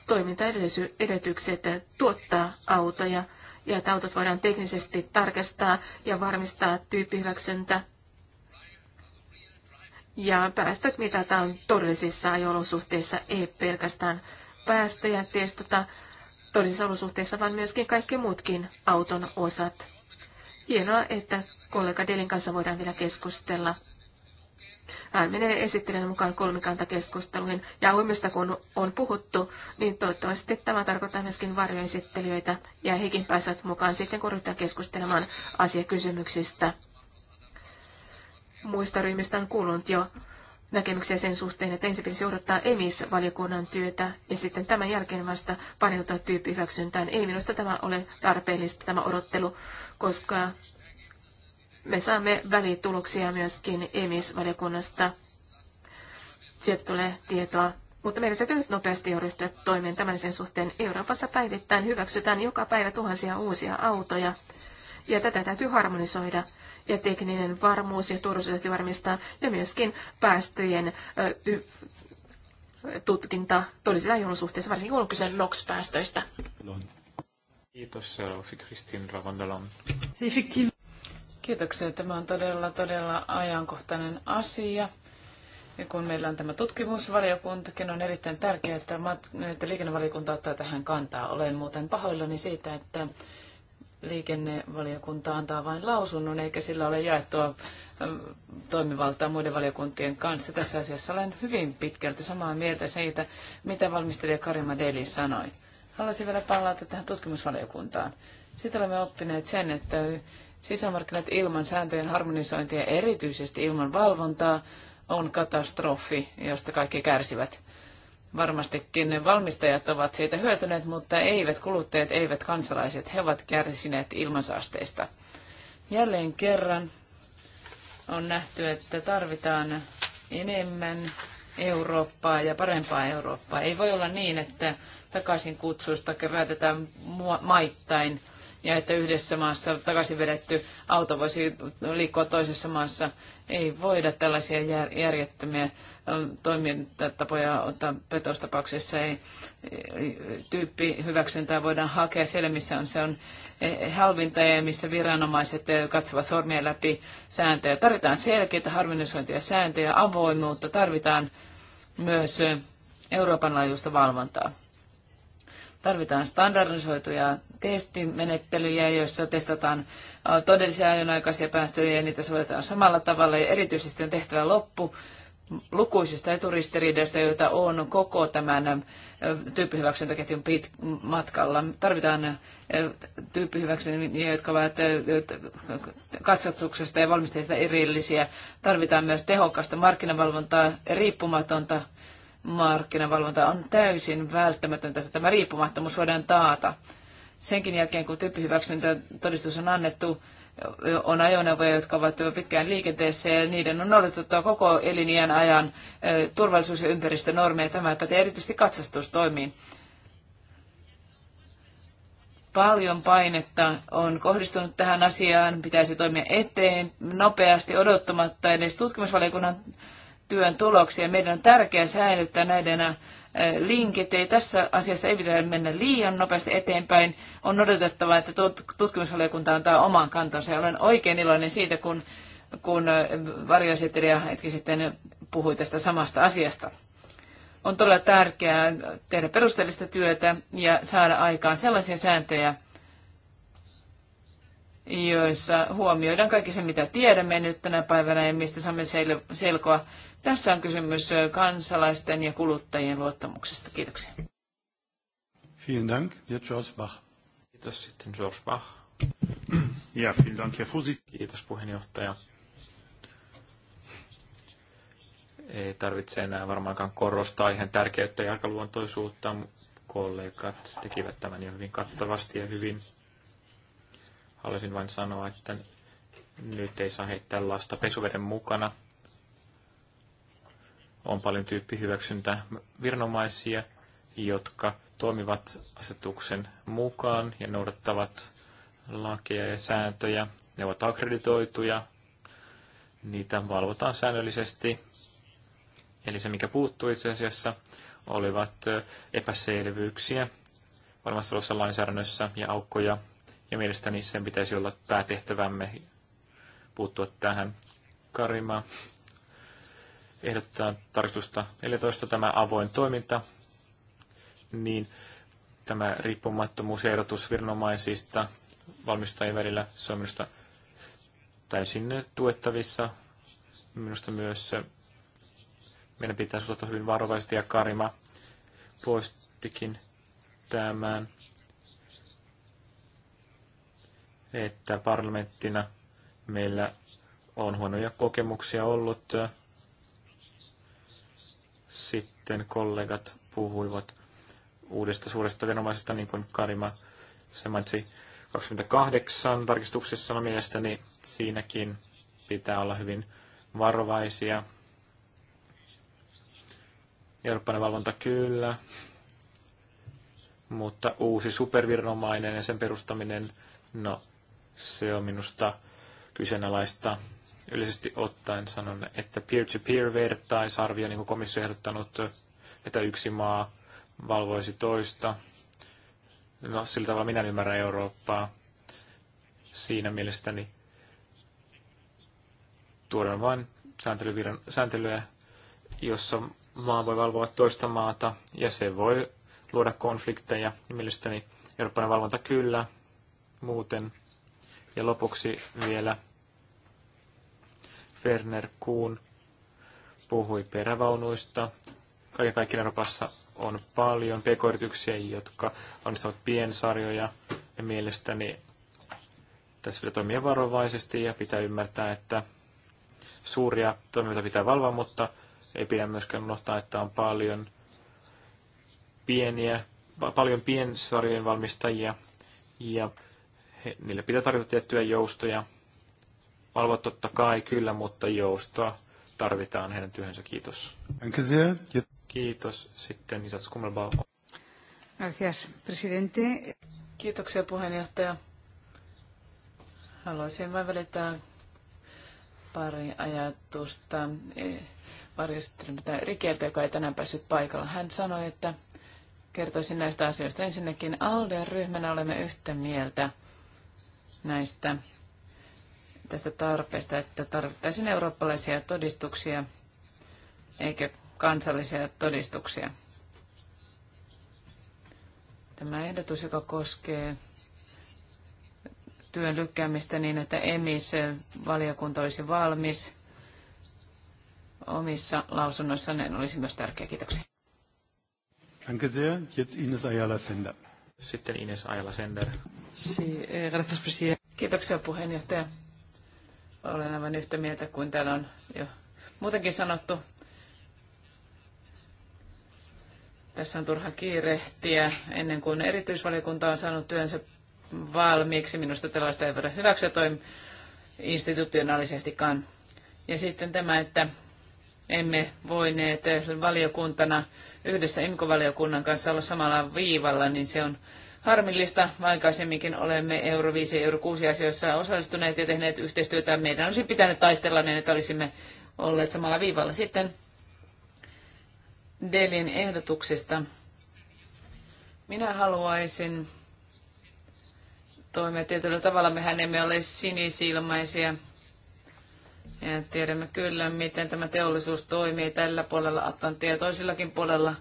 toimintaedellytykset tuottaa autoja ja että autot voidaan teknisesti tarkastaa ja varmistaa tyyppihyväksyntä ja päästöt mitataan todellisissa ajolosuhteissa, ei pelkästään päästöjä testata todellisissa olosuhteissa, vaan myöskin kaikki muutkin auton osat. Hienoa, että kollega Delin kanssa voidaan vielä keskustella. Hän menee esittelijän mukaan kolmikantakeskusteluihin ja huomista kun on puhuttu, niin toivottavasti tämä tarkoittaa myöskin varjoesittelijöitä ja hekin pääsevät mukaan sitten, kun ryhdytään keskustelemaan asiakysymyksistä muista ryhmistä on kuulunut jo näkemyksiä sen suhteen, että ensin pitäisi odottaa EMIS-valiokunnan työtä ja sitten tämän jälkeen vasta paneutua tyyppihyväksyntään. Ei minusta tämä ole tarpeellista, tämä odottelu, koska me saamme välituloksia myöskin EMIS-valiokunnasta. Sieltä tulee tietoa. Mutta meidän täytyy nyt nopeasti jo ryhtyä toimeen tämän sen suhteen. Euroopassa päivittäin hyväksytään joka päivä tuhansia uusia autoja, ja tätä täytyy harmonisoida ja tekninen varmuus ja turvallisuus täytyy varmistaa ja myöskin päästöjen tutkinta todellisissa ilmansuhteissa, varsinkin kun on kyse NOx-päästöistä. Kiitos seuraavaksi Kristin Ravandalon. Kiitoksia. Tämä on todella, todella ajankohtainen asia. Ja kun meillä on tämä tutkimusvaliokuntakin, on erittäin tärkeää, että, mat- että liikennevaliokunta ottaa tähän kantaa. Olen muuten pahoillani siitä, että liikennevaliokunta antaa vain lausunnon, eikä sillä ole jaettua ähm, toimivaltaa muiden valiokuntien kanssa. Tässä asiassa olen hyvin pitkälti samaa mieltä siitä, mitä valmistelija Karima Deli sanoi. Haluaisin vielä palata tähän tutkimusvaliokuntaan. Sitten olemme oppineet sen, että sisämarkkinat ilman sääntöjen harmonisointia, erityisesti ilman valvontaa, on katastrofi, josta kaikki kärsivät. Varmastikin ne valmistajat ovat siitä hyötyneet, mutta eivät kuluttajat, eivät kansalaiset. He ovat kärsineet ilmansaasteista. Jälleen kerran on nähty, että tarvitaan enemmän Eurooppaa ja parempaa Eurooppaa. Ei voi olla niin, että takaisin kutsusta kerätetään maittain ja että yhdessä maassa takaisin vedetty auto voisi liikkua toisessa maassa. Ei voida tällaisia järjettömiä toimintatapoja ottaa petostapauksessa. Ei, tyyppi hyväksyntää voidaan hakea siellä, missä on, se on e, halvinta ja missä viranomaiset e, katsovat sormien läpi sääntöjä. Tarvitaan selkeitä harmonisointia sääntöjä, avoimuutta, tarvitaan myös e, Euroopan laajuista valvontaa. Tarvitaan standardisoituja testimenettelyjä, joissa testataan todellisia ajonaikaisia päästöjä ja niitä sovelletaan samalla tavalla ja erityisesti on tehtävä loppu lukuisista eturistiriidoista, joita on koko tämän tyyppihyväksyntäketjun pit- matkalla. Tarvitaan tyyppihyväksyntäjä, jotka ovat katsastuksesta ja valmisteista erillisiä. Tarvitaan myös tehokasta markkinavalvontaa, riippumatonta markkinavalvontaa. on täysin välttämätöntä, että tämä riippumattomuus voidaan taata. Senkin jälkeen, kun tyyppihyväksyntätodistus todistus on annettu, on ajoneuvoja, jotka ovat pitkään liikenteessä ja niiden on noudatettava koko eliniän ajan turvallisuus- ja ympäristönormeja. Tämä pätee erityisesti katsastustoimiin. Paljon painetta on kohdistunut tähän asiaan. Pitäisi toimia eteen nopeasti, odottamatta edes tutkimusvaliokunnan työn tuloksia. Meidän on tärkeää säilyttää näiden linkit. Ei tässä asiassa ei pidä mennä liian nopeasti eteenpäin. On odotettava, että tutkimusvaliokunta antaa oman kantansa. Ja olen oikein iloinen siitä, kun, kun äh, varjoesittelijä hetki sitten puhui tästä samasta asiasta. On todella tärkeää tehdä perusteellista työtä ja saada aikaan sellaisia sääntöjä, joissa huomioidaan kaikki se, mitä tiedämme nyt tänä päivänä ja mistä saamme sel- selkoa. Tässä on kysymys kansalaisten ja kuluttajien luottamuksesta. Kiitoksia. Vielen Dank. Ja George Bach. Kiitos sitten George Bach. Ja, vielen Dank, Herr Fusi. Kiitos puheenjohtaja. Ei tarvitse enää varmaankaan korostaa ihan tärkeyttä ja arkaluontoisuutta. Kollegat tekivät tämän jo hyvin kattavasti ja hyvin Haluaisin vain sanoa, että nyt ei saa heittää lasta pesuveden mukana. On paljon tyyppihyväksyntä viranomaisia, jotka toimivat asetuksen mukaan ja noudattavat lakeja ja sääntöjä. Ne ovat akkreditoituja, niitä valvotaan säännöllisesti. Eli se, mikä puuttuu itse asiassa, olivat epäselvyyksiä varmasti olevassa lainsäädännössä ja aukkoja ja mielestäni sen pitäisi olla päätehtävämme puuttua tähän. Karima ehdottaa tarkistusta 14 tämä avoin toiminta, niin tämä riippumattomuus ja viranomaisista valmistajien välillä, se on minusta täysin tuettavissa. Minusta myös meidän pitää suhtautua hyvin varovaisesti ja Karima poistikin tämän että parlamenttina meillä on huonoja kokemuksia ollut. Sitten kollegat puhuivat uudesta suuresta viranomaisesta, niin kuin Karima se mainitsi 28 tarkistuksessa, mielestäni siinäkin pitää olla hyvin varovaisia. Eurooppainen valvonta kyllä, mutta uusi superviranomainen ja sen perustaminen, no se on minusta kyseenalaista. Yleisesti ottaen sanon, että peer-to-peer vertaisarvio, niin kuin komissio ehdottanut, että yksi maa valvoisi toista. No, sillä tavalla minä ymmärrän Eurooppaa. Siinä mielestäni tuodaan vain sääntelyä, jossa maa voi valvoa toista maata ja se voi luoda konflikteja. mielestäni Eurooppainen valvonta kyllä, muuten ja lopuksi vielä Werner Kuhn puhui perävaunuista. Kaiken kaikkiaan Euroopassa on paljon pk jotka jotka onnistuvat piensarjoja. Ja mielestäni tässä pitää toimia varovaisesti ja pitää ymmärtää, että suuria toimijoita pitää valvoa, mutta ei pidä myöskään unohtaa, että on paljon pieniä, paljon piensarjojen valmistajia ja he, niille pitää tarjota tiettyjä joustoja. Valvot totta kai kyllä, mutta joustoa tarvitaan heidän työhönsä. Kiitos. Kiitos. Sitten Isats Skummelbao. Gracias, presidente. Kiitoksia puheenjohtaja. Haluaisin vain välittää pari ajatusta eh, varjostelmista Rikeltä, joka ei tänään päässyt paikalla. Hän sanoi, että kertoisin näistä asioista. Ensinnäkin Alden ryhmänä olemme yhtä mieltä näistä tästä tarpeesta, että tarvittaisiin eurooppalaisia todistuksia eikä kansallisia todistuksia. Tämä ehdotus, joka koskee työn lykkäämistä niin, että EMIS-valiokunta olisi valmis omissa lausunnoissaan, olisi myös tärkeä. Kiitoksia. Danke sehr. Jetzt Ines Ayala Sender. Sitten Ines Ajala-Sender. Eh, Kiitoksia puheenjohtaja. Olen aivan yhtä mieltä kuin täällä on jo muutenkin sanottu. Tässä on turha kiirehtiä ennen kuin erityisvaliokunta on saanut työnsä valmiiksi. Minusta tällaista ei voida hyväksyä toim institutionaalisestikaan. Ja sitten tämä, että emme voineet valiokuntana yhdessä valiokunnan kanssa olla samalla viivalla, niin se on harmillista. Aikaisemminkin olemme euro 5 ja euro 6 asioissa osallistuneet ja tehneet yhteistyötä. Meidän olisi pitänyt taistella niin, että olisimme olleet samalla viivalla. Sitten Delin ehdotuksesta. Minä haluaisin toimia tietyllä tavalla. Mehän emme ole sinisilmäisiä ja tiedämme kyllä, miten tämä teollisuus toimii tällä puolella Atlantia ja toisillakin puolella.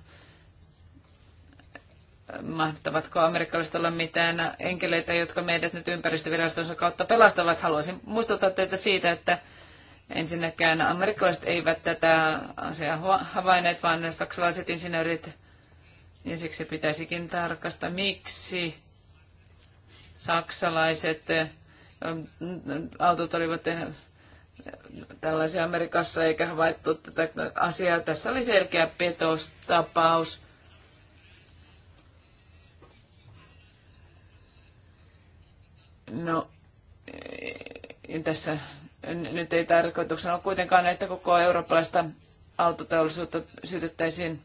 Mahtavatko amerikkalaiset olla mitään enkeleitä, jotka meidät nyt ympäristövirastonsa kautta pelastavat? Haluaisin muistuttaa teitä siitä, että ensinnäkään amerikkalaiset eivät tätä asiaa havainneet, vaan ne saksalaiset insinöörit. Ja siksi pitäisikin tarkasta, miksi saksalaiset autot olivat eh, tällaisia Amerikassa eikä havaittu tätä asiaa. Tässä oli selkeä petostapaus. No, tässä nyt ei tarkoituksena ole kuitenkaan, että koko eurooppalaista autoteollisuutta sytyttäisiin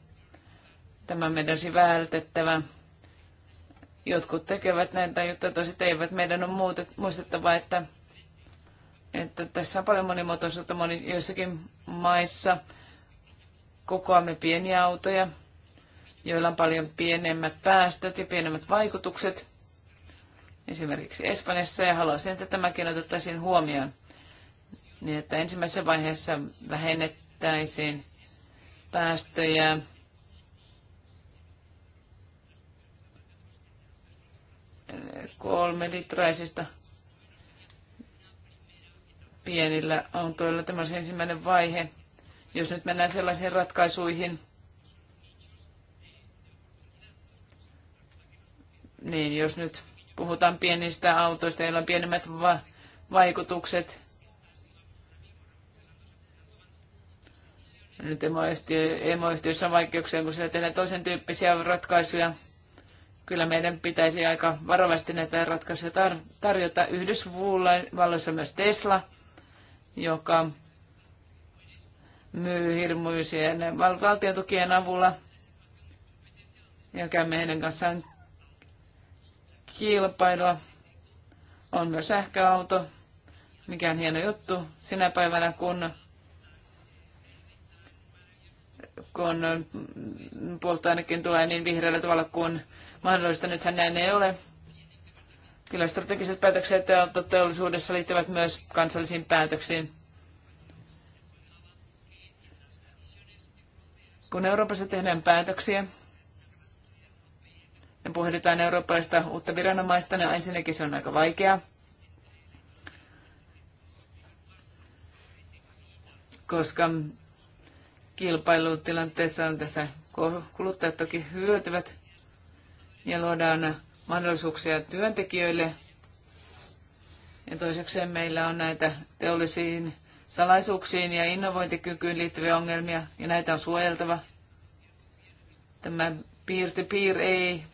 Tämä meidän vältettävä. Jotkut tekevät näitä juttuja, tosiaan eivät. Meidän on muutettava, että että tässä on paljon monimuotoisuutta moni, joissakin maissa. Kokoamme pieniä autoja, joilla on paljon pienemmät päästöt ja pienemmät vaikutukset. Esimerkiksi Espanjassa ja haluaisin, että tämäkin otettaisiin huomioon. Niin, että ensimmäisessä vaiheessa vähennettäisiin päästöjä kolme litraisista pienillä autoilla. Tämä on se ensimmäinen vaihe. Jos nyt mennään sellaisiin ratkaisuihin, niin jos nyt puhutaan pienistä autoista, joilla on pienemmät va- vaikutukset, nyt emoyhtiö, emoyhtiössä on vaikeuksia, kun siellä tehdään toisen tyyppisiä ratkaisuja. Kyllä meidän pitäisi aika varovasti näitä ratkaisuja tar- tarjota. Yhdysvalloissa myös Tesla joka myy hirmuisien valtiotukien avulla ja käymme heidän kanssaan kilpailua. On myös sähköauto, mikä on hieno juttu sinä päivänä, kun, kun polttoainekin tulee niin vihreällä tavalla kuin mahdollista. Nythän näin ei ole. Kyllä strategiset päätökset teollisuudessa liittyvät myös kansallisiin päätöksiin. Kun Euroopassa tehdään päätöksiä ja pohditaan eurooppalaista uutta viranomaista, niin ensinnäkin se on aika vaikeaa. koska kilpailutilanteessa on tässä kuluttajat toki hyötyvät ja luodaan mahdollisuuksia työntekijöille. Ja toisekseen meillä on näitä teollisiin salaisuuksiin ja innovointikykyyn liittyviä ongelmia, ja näitä on suojeltava. Tämä peer-to-peer ei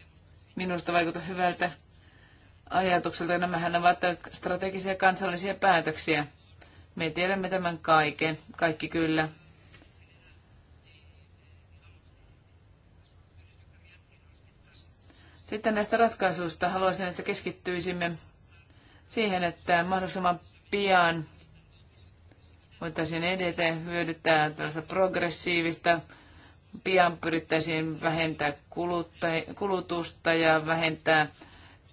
minusta vaikuta hyvältä ajatukselta. Nämähän ovat strategisia kansallisia päätöksiä. Me tiedämme tämän kaiken, kaikki kyllä. Sitten näistä ratkaisuista haluaisin, että keskittyisimme siihen, että mahdollisimman pian voitaisiin edetä ja hyödyttää tällaista progressiivista. Pian pyrittäisiin vähentää kulutusta ja vähentää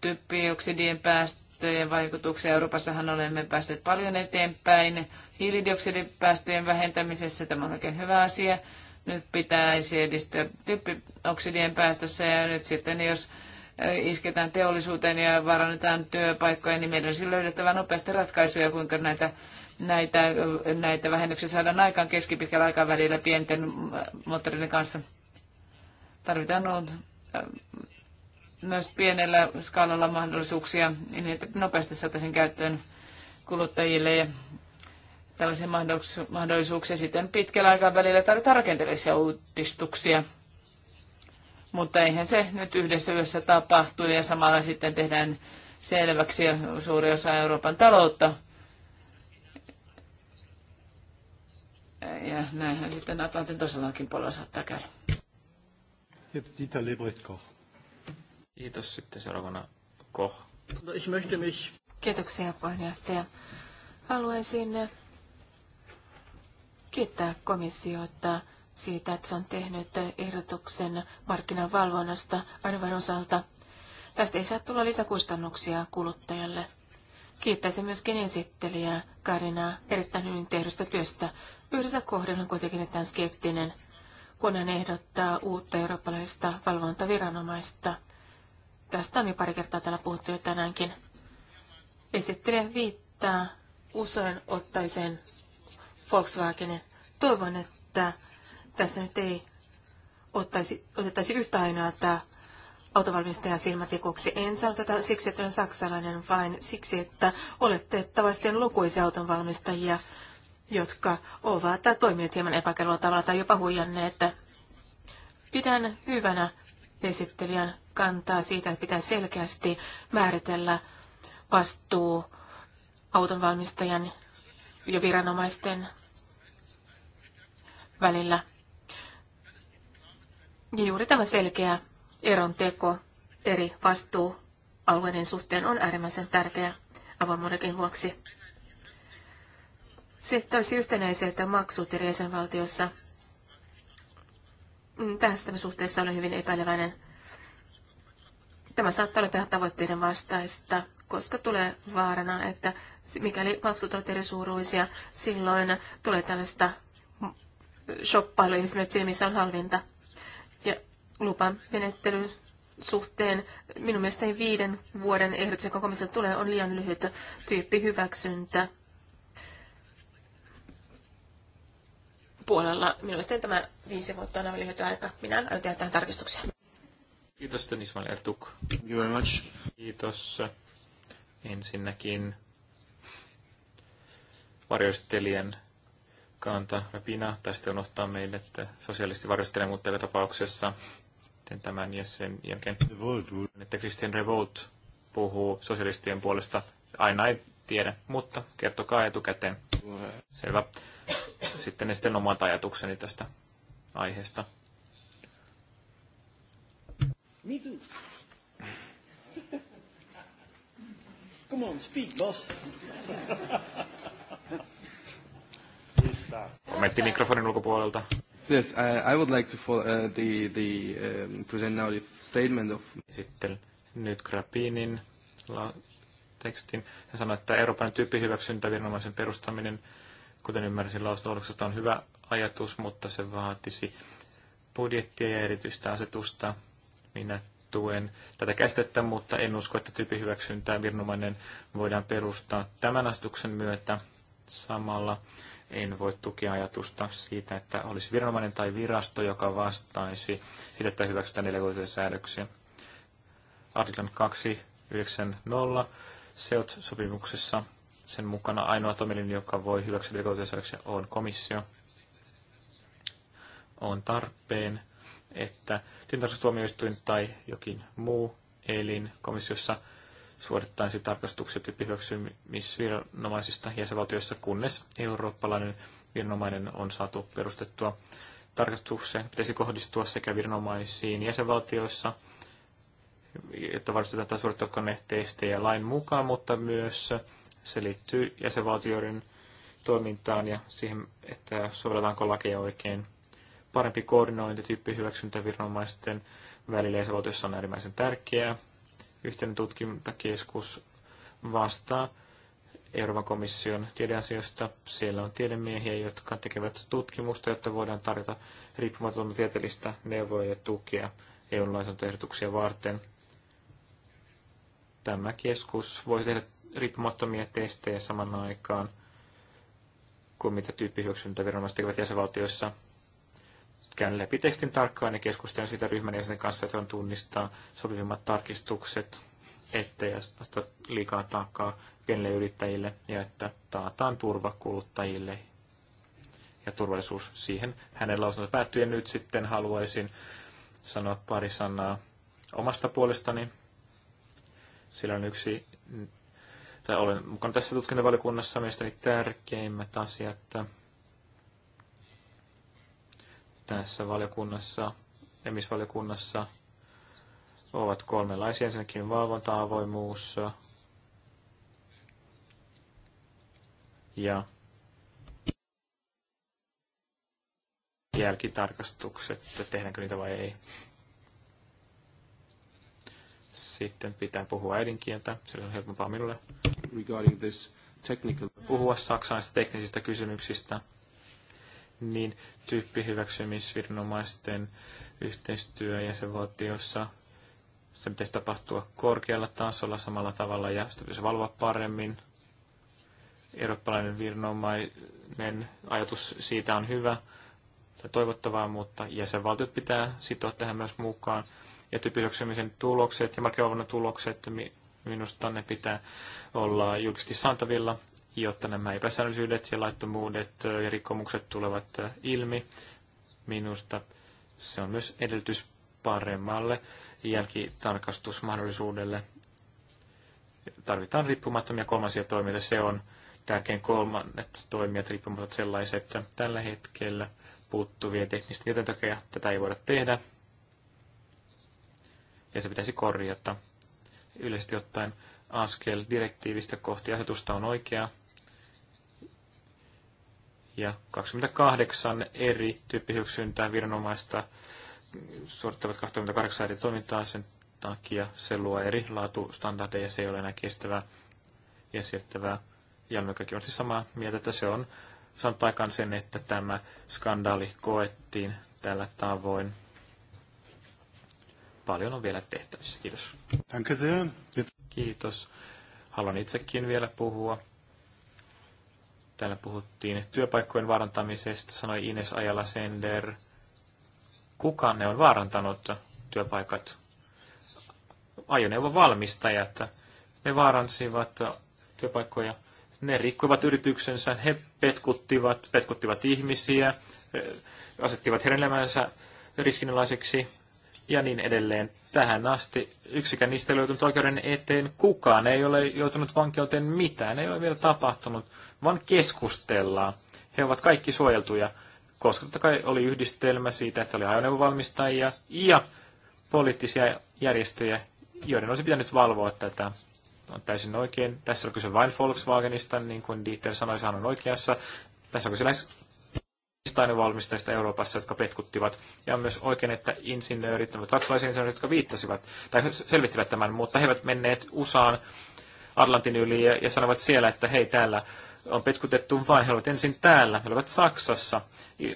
typpioksidien päästöjen vaikutuksia. Euroopassahan olemme päässeet paljon eteenpäin. Hiilidioksidipäästöjen vähentämisessä tämä on oikein hyvä asia. Nyt pitäisi edistää typpioksidien päästössä ja nyt sitten jos isketään teollisuuteen ja varannetaan työpaikkoja, niin meidän olisi löydettävä nopeasti ratkaisuja, kuinka näitä, näitä, näitä vähennyksiä saadaan aikaan keskipitkällä aikavälillä pienten moottorien kanssa. Tarvitaan äh, myös pienellä skaalalla mahdollisuuksia, niin että nopeasti saataisiin käyttöön kuluttajille ja tällaisia mahdollisuuksia sitten pitkällä aikavälillä tarvitaan rakenteellisia uudistuksia mutta eihän se nyt yhdessä yössä tapahtu ja samalla sitten tehdään selväksi suuri osa Euroopan taloutta. Ja näinhän sitten Atlantin tosiaankin puolella saattaa käydä. Kiitos sitten seuraavana Koh. Kiitoksia puheenjohtaja. Haluaisin kiittää komissiota siitä, että se on tehnyt ehdotuksen markkinavalvonnasta arvan osalta. Tästä ei saa tulla lisäkustannuksia kuluttajalle. Kiittäisin myöskin esittelijää Karina, erittäin hyvin tehdystä työstä. Yhdessä kohdalla on kuitenkin erittäin skeptinen, kun hän ehdottaa uutta eurooppalaista valvontaviranomaista. Tästä on jo pari kertaa täällä puhuttu jo tänäänkin. Esittelijä viittaa usein ottaisen Volkswagenin. Toivon, että tässä nyt ei ottaisi, otettaisi yhtä että autovalmistajan silmätikuksi. En sano tätä siksi, että olen saksalainen, vain siksi, että olette tavasti lukuisia autonvalmistajia, jotka ovat toimineet hieman epäkelua tavalla tai jopa huijanneet. Pidän hyvänä esittelijän kantaa siitä, että pitää selkeästi määritellä vastuu autonvalmistajan ja viranomaisten välillä ja juuri tämä selkeä eron teko eri vastuualueiden suhteen on äärimmäisen tärkeä avoimuudenkin vuoksi. Sitten olisi yhtenäiset maksut eri jäsenvaltiossa. Mm, Tässä suhteessa olen hyvin epäileväinen. Tämä saattaa olla tavoitteiden vastaista, koska tulee vaarana, että mikäli maksut ovat eri suuruisia, silloin tulee tällaista shoppailu missä on halvinta lupamenettelyn suhteen minun mielestäni viiden vuoden ehdotus, joka komissiolle tulee, on liian lyhyt hyväksyntä puolella. Minun mielestäni tämä viisi vuotta on aivan lyhyt aika. Minä aion tähän tarkistuksia. Kiitos, Tön Ertuk. Thank you very much. Kiitos. Ensinnäkin varjoistelijan kanta rapina. Tästä on ottaa meidät sosiaalisesti varjostelija, mutta tapauksessa sitten tämän ja sen jälkeen, että Christian Revolt puhuu sosialistien puolesta. Aina ei tiedä, mutta kertokaa etukäteen. Selvä. Sitten esitän omat ajatukseni tästä aiheesta. Me too. Come on, speak, boss. Kommentti mikrofonin ulkopuolelta. Yes, I, I would like to follow, uh, the, the, um, present now the statement of... Sitten nyt Grappinin la- tekstin. Hän sanoi, että Euroopan tyyppihyväksyntäviranomaisen perustaminen, kuten ymmärsin lausuntoluksesta, on hyvä ajatus, mutta se vaatisi budjettia ja erityistä asetusta. Minä tuen tätä käsitettä, mutta en usko, että tyyppihyväksyntää viranomainen voidaan perustaa tämän asetuksen myötä samalla en voi tukea ajatusta siitä, että olisi viranomainen tai virasto, joka vastaisi siitä, että hyväksytään delegoituja säädöksiä. Artiklan 290 SEOT-sopimuksessa sen mukana ainoa toimielin, joka voi hyväksyä delegoituja säädöksiä, on komissio. On tarpeen, että tilintarkastustuomioistuin tai jokin muu elin komissiossa – suorittaisi tarkastukset tyyppihyväksymisviranomaisista jäsenvaltioissa, kunnes eurooppalainen viranomainen on saatu perustettua. Tarkastukseen pitäisi kohdistua sekä viranomaisiin jäsenvaltioissa, että varustetaan tämä suorittakoon ja lain mukaan, mutta myös se liittyy jäsenvaltioiden toimintaan ja siihen, että sovelletaanko lakeja oikein. Parempi koordinointi tyyppihyväksyntäviranomaisten välillä jäsenvaltioissa on äärimmäisen tärkeää yhteinen tutkintakeskus vastaa Euroopan komission tiedeasioista. Siellä on tiedemiehiä, jotka tekevät tutkimusta, jotta voidaan tarjota riippumatonta tieteellistä neuvoa ja tukea EU-lainsäädäntöehdotuksia varten. Tämä keskus voi tehdä riippumattomia testejä saman aikaan kuin mitä tyyppihyöksyntäviranomaiset tekevät jäsenvaltioissa – käyn läpi tekstin tarkkaan ja keskustelen siitä ryhmän jäsenen kanssa, että on tunnistaa sopivimmat tarkistukset, ettei asta liikaa taakkaa pienille yrittäjille ja että taataan turva kuluttajille ja turvallisuus siihen. Hänen lausunto päättyy ja nyt sitten haluaisin sanoa pari sanaa omasta puolestani. Sillä on yksi, tai olen mukana tässä tutkintavaliokunnassa mielestäni tärkeimmät asiat tässä valiokunnassa, emisvaliokunnassa, ovat kolmenlaisia. Ensinnäkin valvonta, avoimuus ja jälkitarkastukset, tehdäänkö niitä vai ei. Sitten pitää puhua äidinkieltä, se on helpompaa minulle. Regarding this technical... Puhua saksalaisista teknisistä kysymyksistä niin tyyppihyväksymisviranomaisten yhteistyö jäsenvaltiossa se pitäisi tapahtua korkealla tasolla samalla tavalla ja sitä pitäisi valvoa paremmin. Eurooppalainen viranomainen ajatus siitä on hyvä ja toivottavaa, mutta jäsenvaltiot pitää sitoa tähän myös mukaan. Ja tyyppihyväksymisen tulokset ja markkinavalvonnan tulokset, minusta ne pitää olla julkisesti saatavilla jotta nämä epäsäännöllisyydet ja laittomuudet ja rikkomukset tulevat ilmi minusta. Se on myös edellytys paremmalle jälkitarkastusmahdollisuudelle. Tarvitaan riippumattomia kolmansia toimijoita. Se on tärkein kolmannet toimijat, riippumattomat sellaiset, että tällä hetkellä puuttuvia teknisten tietojen takia tätä ei voida tehdä. Ja se pitäisi korjata. Yleisesti ottaen askel direktiivistä kohti asetusta on oikea ja 28 eri tyyppihyksyntää viranomaista suorittavat 28 eri toimintaa sen takia se luo eri laatustandardeja, se ei ole enää kestävää ja siirtävää. Ja me kaikki varmasti samaa mieltä, että se on saanut aikaan sen, että tämä skandaali koettiin tällä tavoin. Paljon on vielä tehtävissä. Kiitos. Kiitos. Haluan itsekin vielä puhua Täällä puhuttiin työpaikkojen vaarantamisesta, sanoi Ines Ajala Sender. Kuka ne on vaarantanut työpaikat? Ajoneuvon valmistajat. Ne vaaransivat työpaikkoja. Ne rikkoivat yrityksensä, he petkuttivat, petkuttivat ihmisiä, eh, asettivat heidän elämänsä riskinalaiseksi ja niin edelleen. Tähän asti yksikään niistä ei löytynyt oikeuden eteen kukaan, ei ole joutunut vankeuteen mitään, ei ole vielä tapahtunut, vaan keskustellaan. He ovat kaikki suojeltuja, koska totta kai oli yhdistelmä siitä, että oli ajoneuvovalmistajia ja poliittisia järjestöjä, joiden olisi pitänyt valvoa tätä. On täysin oikein. Tässä on kyse vain Volkswagenista, niin kuin Dieter sanoi, hän on oikeassa. Tässä on kyse lähes sadoista ainevalmistajista Euroopassa, jotka petkuttivat. Ja on myös oikein, että insinöörit, ovat saksalaisia insinöörit, jotka viittasivat tai selvittivät tämän, mutta he eivät menneet USAan Atlantin yli ja, ja sanovat siellä, että hei täällä on petkutettu vain, he olivat ensin täällä, he olivat Saksassa,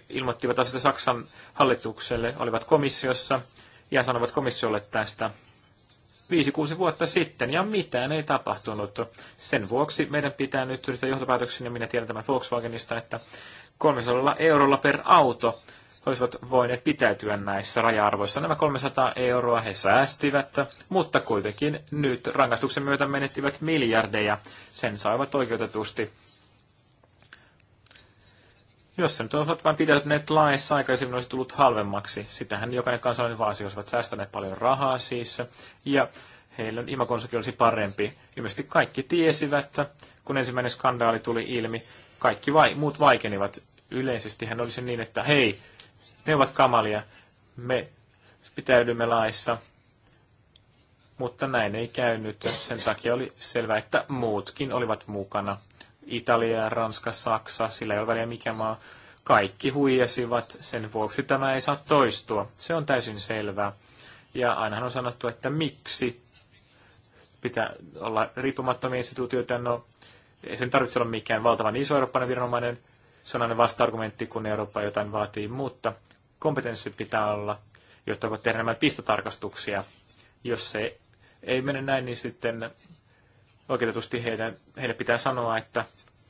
ilmoittivat asioita Saksan hallitukselle, olivat komissiossa ja sanovat komissiolle tästä viisi kuusi vuotta sitten, ja mitään ei tapahtunut. Sen vuoksi meidän pitää nyt yrittää johtopäätöksen, ja minä tiedän tämän Volkswagenista, että 300 eurolla per auto olisivat voineet pitäytyä näissä raja-arvoissa. Nämä 300 euroa he säästivät, mutta kuitenkin nyt rangaistuksen myötä menettivät miljardeja. Sen saivat oikeutetusti. Jos se nyt olisivat vain pitäytyneet laissa, aikaisemmin olisi tullut halvemmaksi. Sitähän jokainen kansalainen vaasi, olisivat säästäneet paljon rahaa siis. Ja heillä imakonsakin olisi parempi. Ilmeisesti kaikki tiesivät, kun ensimmäinen skandaali tuli ilmi, kaikki vai, muut vaikenivat hän olisi niin, että hei, ne ovat kamalia, me pitäydymme laissa, mutta näin ei käynyt. Sen takia oli selvää, että muutkin olivat mukana. Italia, Ranska, Saksa, sillä ei ole väliä mikä maa. Kaikki huijasivat, sen vuoksi tämä ei saa toistua. Se on täysin selvää. Ja ainahan on sanottu, että miksi pitää olla riippumattomia instituutioita. No, ei sen tarvitse olla mikään valtavan iso eurooppalainen viranomainen. Se on aina vasta-argumentti, kun Eurooppa jotain vaatii, mutta kompetenssi pitää olla, jotta voit tehdä nämä pistotarkastuksia. Jos se ei mene näin, niin sitten oikeutetusti heidän, heidän pitää sanoa, että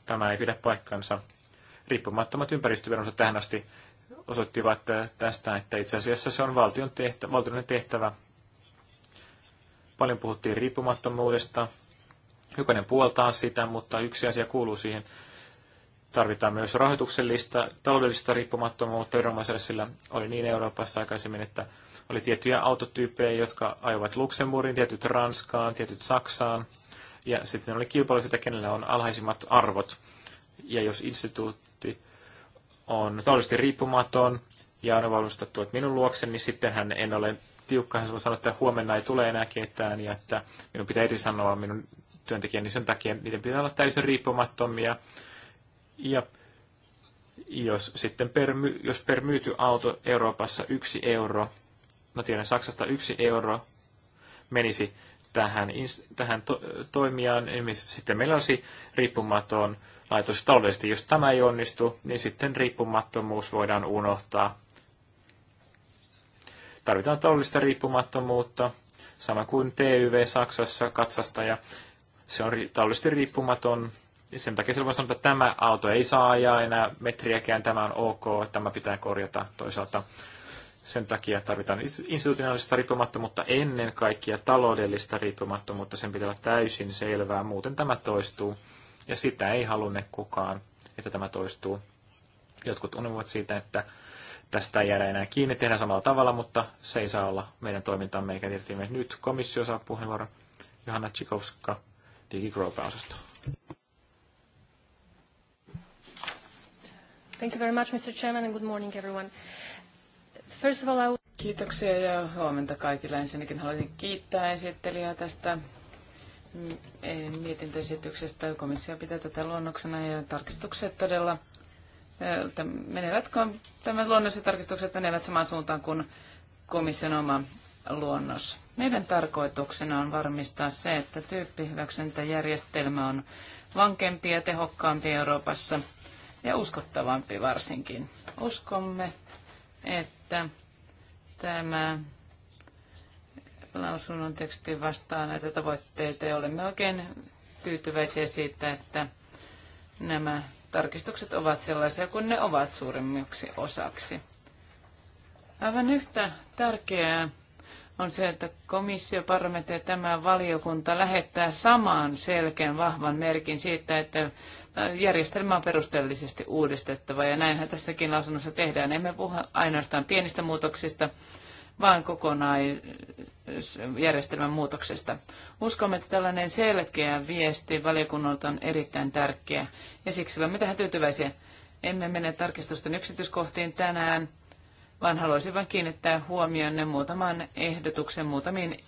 tämä ei pidä paikkansa. Riippumattomat ympäristöveronsa tähän asti osoittivat tästä, että itse asiassa se on valtion tehtä, valtion tehtävä. Paljon puhuttiin riippumattomuudesta. Jokainen puoltaa sitä, mutta yksi asia kuuluu siihen. Tarvitaan myös rahoituksellista, taloudellista riippumattomuutta viranomaiselle, sillä oli niin Euroopassa aikaisemmin, että oli tiettyjä autotyyppejä, jotka ajoivat Luxemburgin, tietyt Ranskaan, tietyt Saksaan, ja sitten oli kilpailu kenellä on alhaisimmat arvot. Ja jos instituutti on taloudellisesti riippumaton ja on valmistettu, että minun luokseni, niin sittenhän en ole tiukka. Hän sanoi, että huomenna ei tule enää ketään ja että minun pitää eri sanoa minun työntekijäni sen takia, niiden pitää olla täysin riippumattomia ja jos sitten per, jos per myyty auto Euroopassa yksi euro, no tiedän Saksasta yksi euro menisi tähän, tähän to, toimijaan, niin sitten meillä olisi riippumaton laitos taloudellisesti. Jos tämä ei onnistu, niin sitten riippumattomuus voidaan unohtaa. Tarvitaan taloudellista riippumattomuutta, sama kuin TYV Saksassa katsastaja. Se on taloudellisesti riippumaton sen takia silloin sanoa, että tämä auto ei saa ajaa enää metriäkään, tämä on ok, tämä pitää korjata toisaalta. Sen takia tarvitaan institutionaalista riippumattomuutta ennen kaikkea taloudellista riippumattomuutta, sen pitää olla täysin selvää, muuten tämä toistuu. Ja sitä ei halunne kukaan, että tämä toistuu. Jotkut unelmoivat siitä, että tästä ei jäädä enää kiinni, tehdään samalla tavalla, mutta se ei saa olla meidän toimintamme eikä tietysti Nyt komissio saa puheenvuoron. Johanna Tsikovska, DigiGrow-pääosasto. Thank you very much, Mr. Chairman, and good morning, everyone. First of all, I would... Kiitoksia ja huomenta kaikille. Ensinnäkin haluaisin kiittää esittelijää tästä mm, eh, mietintöesityksestä. Komissio pitää tätä luonnoksena ja tarkistukset todella eh, menevät, tämä luonnos ja tarkistukset menevät samaan suuntaan kuin komission oma luonnos. Meidän tarkoituksena on varmistaa se, että tyyppihyväksyntäjärjestelmä on vankempi ja tehokkaampi Euroopassa – ja uskottavampi varsinkin. Uskomme, että tämä lausunnon teksti vastaa näitä tavoitteita ja olemme oikein tyytyväisiä siitä, että nämä tarkistukset ovat sellaisia kuin ne ovat suuremmaksi osaksi. Aivan yhtä tärkeää on se, että komissio, parlamentti ja tämä valiokunta lähettää samaan selkeän vahvan merkin siitä, että Järjestelmä on perusteellisesti uudistettava ja näinhän tässäkin lausunnossa tehdään. Emme puhu ainoastaan pienistä muutoksista, vaan kokonaisjärjestelmän muutoksesta. Uskomme, että tällainen selkeä viesti valiokunnalta on erittäin tärkeä ja siksi olemme tähän tyytyväisiä. Emme mene tarkistusten yksityiskohtiin tänään, vaan haluaisin vain kiinnittää huomionne muutaman ehdotuksen, muutamiin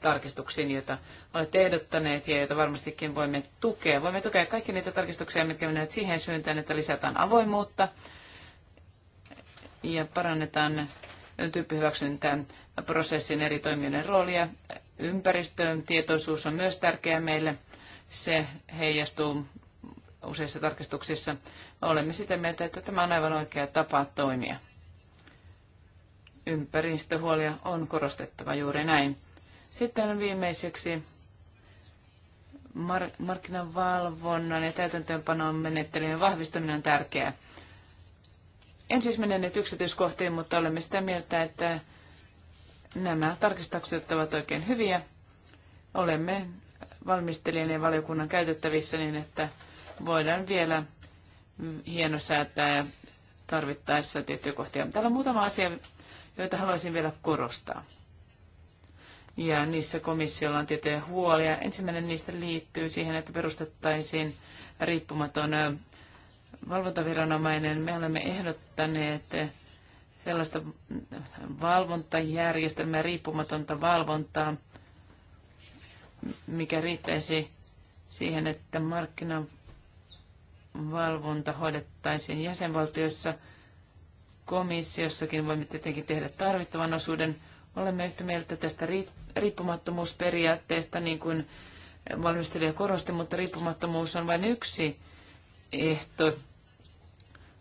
tarkistuksiin, joita olette ehdottaneet ja joita varmastikin voimme tukea. Voimme tukea kaikki niitä tarkistuksia, mitkä menevät siihen syyntäen, että lisätään avoimuutta ja parannetaan tyyppihyväksyntään prosessin eri toimijoiden roolia. Ympäristön tietoisuus on myös tärkeää meille. Se heijastuu useissa tarkistuksissa. Olemme sitä mieltä, että tämä on aivan oikea tapa toimia. Ympäristöhuolia on korostettava juuri näin. Sitten viimeiseksi mark- markkinavalvonnan ja täytäntöönpanon menettelyjen vahvistaminen on tärkeää. En siis mene nyt yksityiskohtiin, mutta olemme sitä mieltä, että nämä tarkistukset ovat oikein hyviä. Olemme valmistelijan ja valiokunnan käytettävissä niin, että voidaan vielä hieno säätää ja tarvittaessa tiettyjä kohtia. Täällä on muutama asia, joita haluaisin vielä korostaa ja niissä komissiolla on tiettyjä huolia. Ensimmäinen niistä liittyy siihen, että perustettaisiin riippumaton valvontaviranomainen. Me olemme ehdottaneet sellaista valvontajärjestelmää, riippumatonta valvontaa, mikä riittäisi siihen, että markkinavalvonta hoidettaisiin jäsenvaltiossa. Komissiossakin voimme tietenkin tehdä tarvittavan osuuden. Olemme yhtä mieltä tästä riittävästä riippumattomuusperiaatteesta, niin kuin valmistelija korosti, mutta riippumattomuus on vain yksi ehto.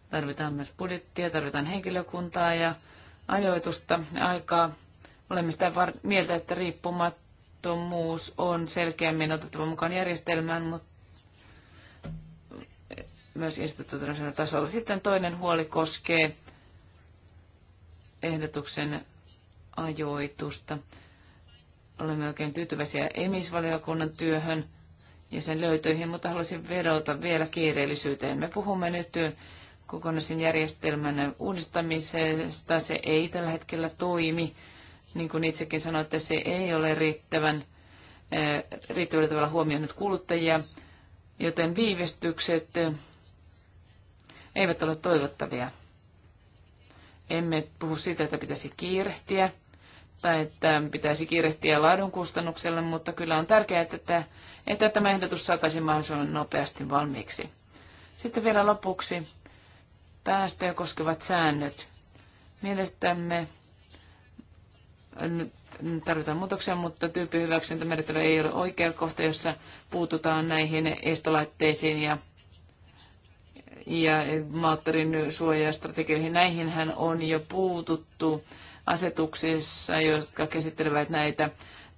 Tarvitaan myös budjettia, tarvitaan henkilökuntaa ja ajoitusta, aikaa. Olemme sitä mieltä, että riippumattomuus on selkeämmin otettava mukaan järjestelmään, mutta myös instituutioiden tasolla. Sitten toinen huoli koskee ehdotuksen ajoitusta. Olemme oikein tyytyväisiä emisvaliokunnan työhön ja sen löytöihin, mutta haluaisin vedota vielä kiireellisyyteen. Me puhumme nyt kokonaisen järjestelmän uudistamisesta. Se ei tällä hetkellä toimi. Niin kuin itsekin sanoitte, se ei ole riittävän, eh, riittävällä tavalla huomioinut kuluttajia, joten viivästykset eh, eivät ole toivottavia. Emme puhu siitä, että pitäisi kiirehtiä tai että pitäisi kiirehtiä laadun kustannuksella, mutta kyllä on tärkeää, että, että tämä ehdotus saataisiin mahdollisimman nopeasti valmiiksi. Sitten vielä lopuksi päästöjä koskevat säännöt. Mielestämme tarvitaan muutoksia, mutta tyyppihyväksyntämenettely ei ole oikea kohta, jossa puututaan näihin estolaitteisiin ja, ja moottorin suojastrategioihin. Näihin hän on jo puututtu asetuksissa, jotka käsittelevät näitä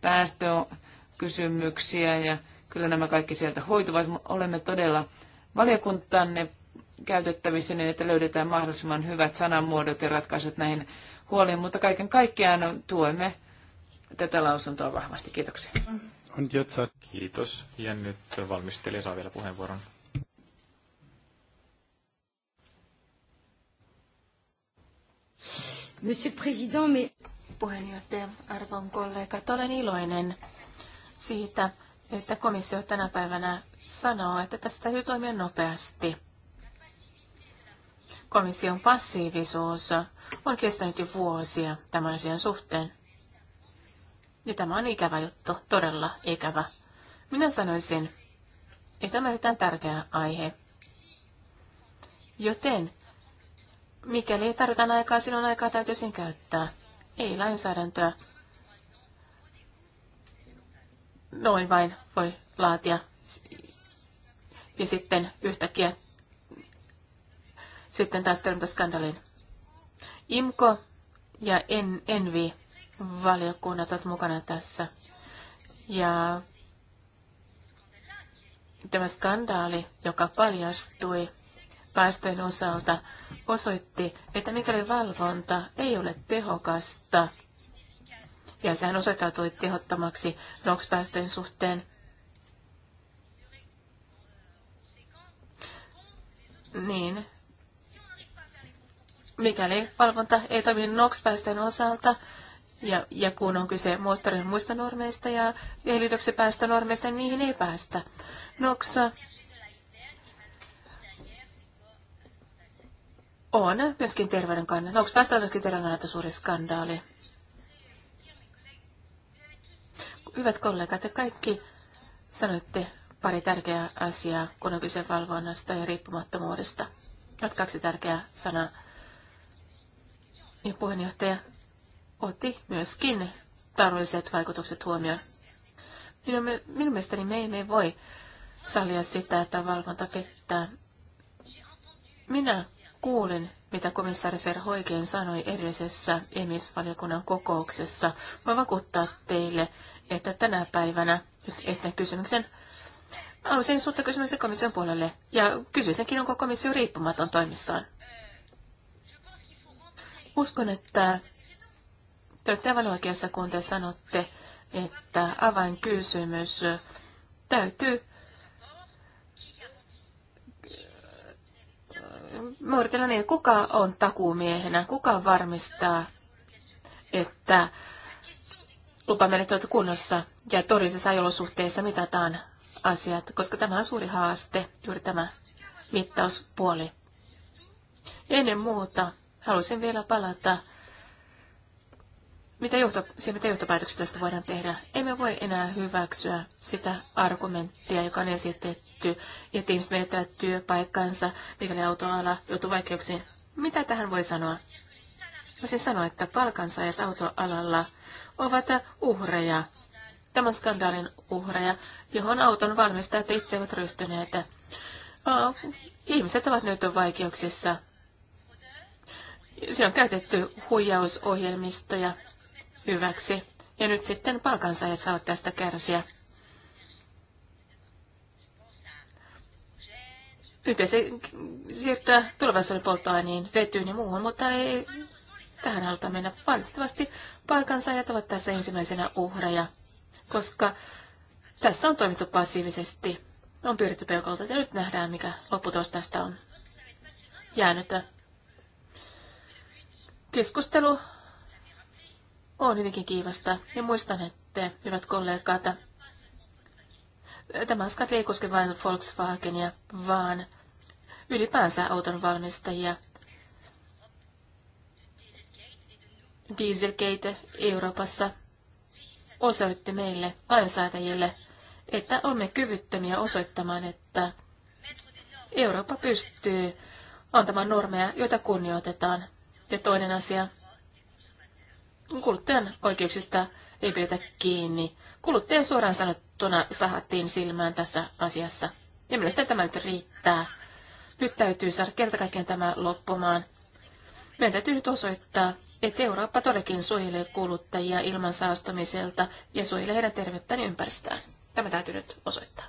päästökysymyksiä ja kyllä nämä kaikki sieltä hoituvat. Olemme todella valiokuntanne käytettävissä niin, että löydetään mahdollisimman hyvät sanamuodot ja ratkaisut näihin huoliin, mutta kaiken kaikkiaan tuemme tätä lausuntoa vahvasti. Kiitoksia. Kiitos. Ja nyt valmistelija saa vielä puheenvuoron. Monsieur le Président, mais... Puheenjohtaja, arvon kollegat, olen iloinen siitä, että komissio tänä päivänä sanoo, että tässä täytyy toimia nopeasti. Komission passiivisuus on kestänyt jo vuosia tämän asian suhteen. Ja tämä on ikävä juttu, todella ikävä. Minä sanoisin, että tämä on erittäin tärkeä aihe. Joten Mikäli tarvita aikaa, silloin aikaa täytyy sen käyttää. Ei lainsäädäntöä noin vain voi laatia. Ja sitten yhtäkkiä sitten taas törmätä skandaliin. IMKO ja en, Envi valiokunnat ovat mukana tässä. Ja tämä skandaali, joka paljastui päästöjen osalta, osoitti, että mikäli valvonta ei ole tehokasta, ja sehän osoittautui tehottomaksi NOx-päästöjen suhteen, niin mikäli valvonta ei toimi NOx-päästöjen osalta, ja, ja kun on kyse moottorin muista normeista ja päästönormeista, niin niihin ei päästä. NOx on myöskin terveyden kannalta. No, Onko päästä myöskin terveyden kannalta suuri skandaali? Hyvät kollegat, te kaikki sanoitte pari tärkeää asiaa, kun on kyse valvonnasta ja riippumattomuudesta. Nyt kaksi tärkeää sanaa. Ja puheenjohtaja otti myöskin taloudelliset vaikutukset huomioon. Minun, minun mielestäni me emme voi sallia sitä, että valvonta pettää. Minä kuulin, mitä komissaari Verhoiken sanoi edellisessä emisvaliokunnan kokouksessa. Voin vakuuttaa teille, että tänä päivänä nyt esitän kysymyksen Haluaisin suuntaa kysymyksen komission puolelle ja kysyisinkin, onko komissio riippumaton toimissaan. Uskon, että te olette aivan oikeassa, kun te sanotte, että avainkysymys täytyy määritellään niin, kuka on takuumiehenä, kuka varmistaa, että lupamenettelyt kunnossa ja todellisissa ajolosuhteessa mitataan asiat, koska tämä on suuri haaste, juuri tämä mittauspuoli. ennen muuta haluaisin vielä palata mitä johto, siihen, mitä johtopäätöksiä tästä voidaan tehdä. Emme voi enää hyväksyä sitä argumenttia, joka on esitetty kielletty ja että ihmiset menettävät työpaikkansa, mikäli autoala joutuu vaikeuksiin. Mitä tähän voi sanoa? Voisin sanoa, että palkansaajat autoalalla ovat uhreja, tämän skandaalin uhreja, johon auton valmistajat itse ovat ryhtyneet. Ihmiset ovat nyt vaikeuksissa. Siinä on käytetty huijausohjelmistoja hyväksi. Ja nyt sitten palkansaajat saavat tästä kärsiä. Nyt se siirtyä tulevaisuuden polttoaineen vetyyn ja muuhun, mutta ei tähän haluta mennä. Valitettavasti palkansaajat ovat tässä ensimmäisenä uhreja, koska tässä on toimittu passiivisesti. On pyritty peukalta ja nyt nähdään, mikä lopputulos tästä on jäänyt. Keskustelu on hyvinkin kiivasta ja muistan, että hyvät kollegat, tämä skat ei koske vain Volkswagenia, vaan ylipäänsä auton valmistajia. Dieselgate Euroopassa osoitti meille lainsäätäjille, että olemme kyvyttömiä osoittamaan, että Eurooppa pystyy antamaan normeja, joita kunnioitetaan. Ja toinen asia, kuluttajan oikeuksista ei pidetä kiinni. Kuluttaja suoraan sanottuna sahattiin silmään tässä asiassa. Ja mielestäni tämä nyt riittää. Nyt täytyy saada kerta kaikkiaan tämä loppumaan. Meidän täytyy nyt osoittaa, että Eurooppa todellakin suojelee kuluttajia ilman saastumiselta ja suojelee heidän terveyttään ja ympäristöään. Tämä täytyy nyt osoittaa.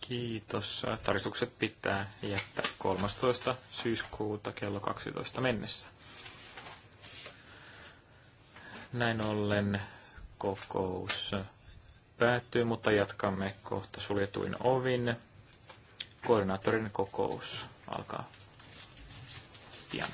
Kiitos. Tarkoitukset pitää jättää 13. syyskuuta kello 12 mennessä. Näin ollen kokous päättyy, mutta jatkamme kohta suljetuin ovin. Koordinaattorin kokous alkaa pian.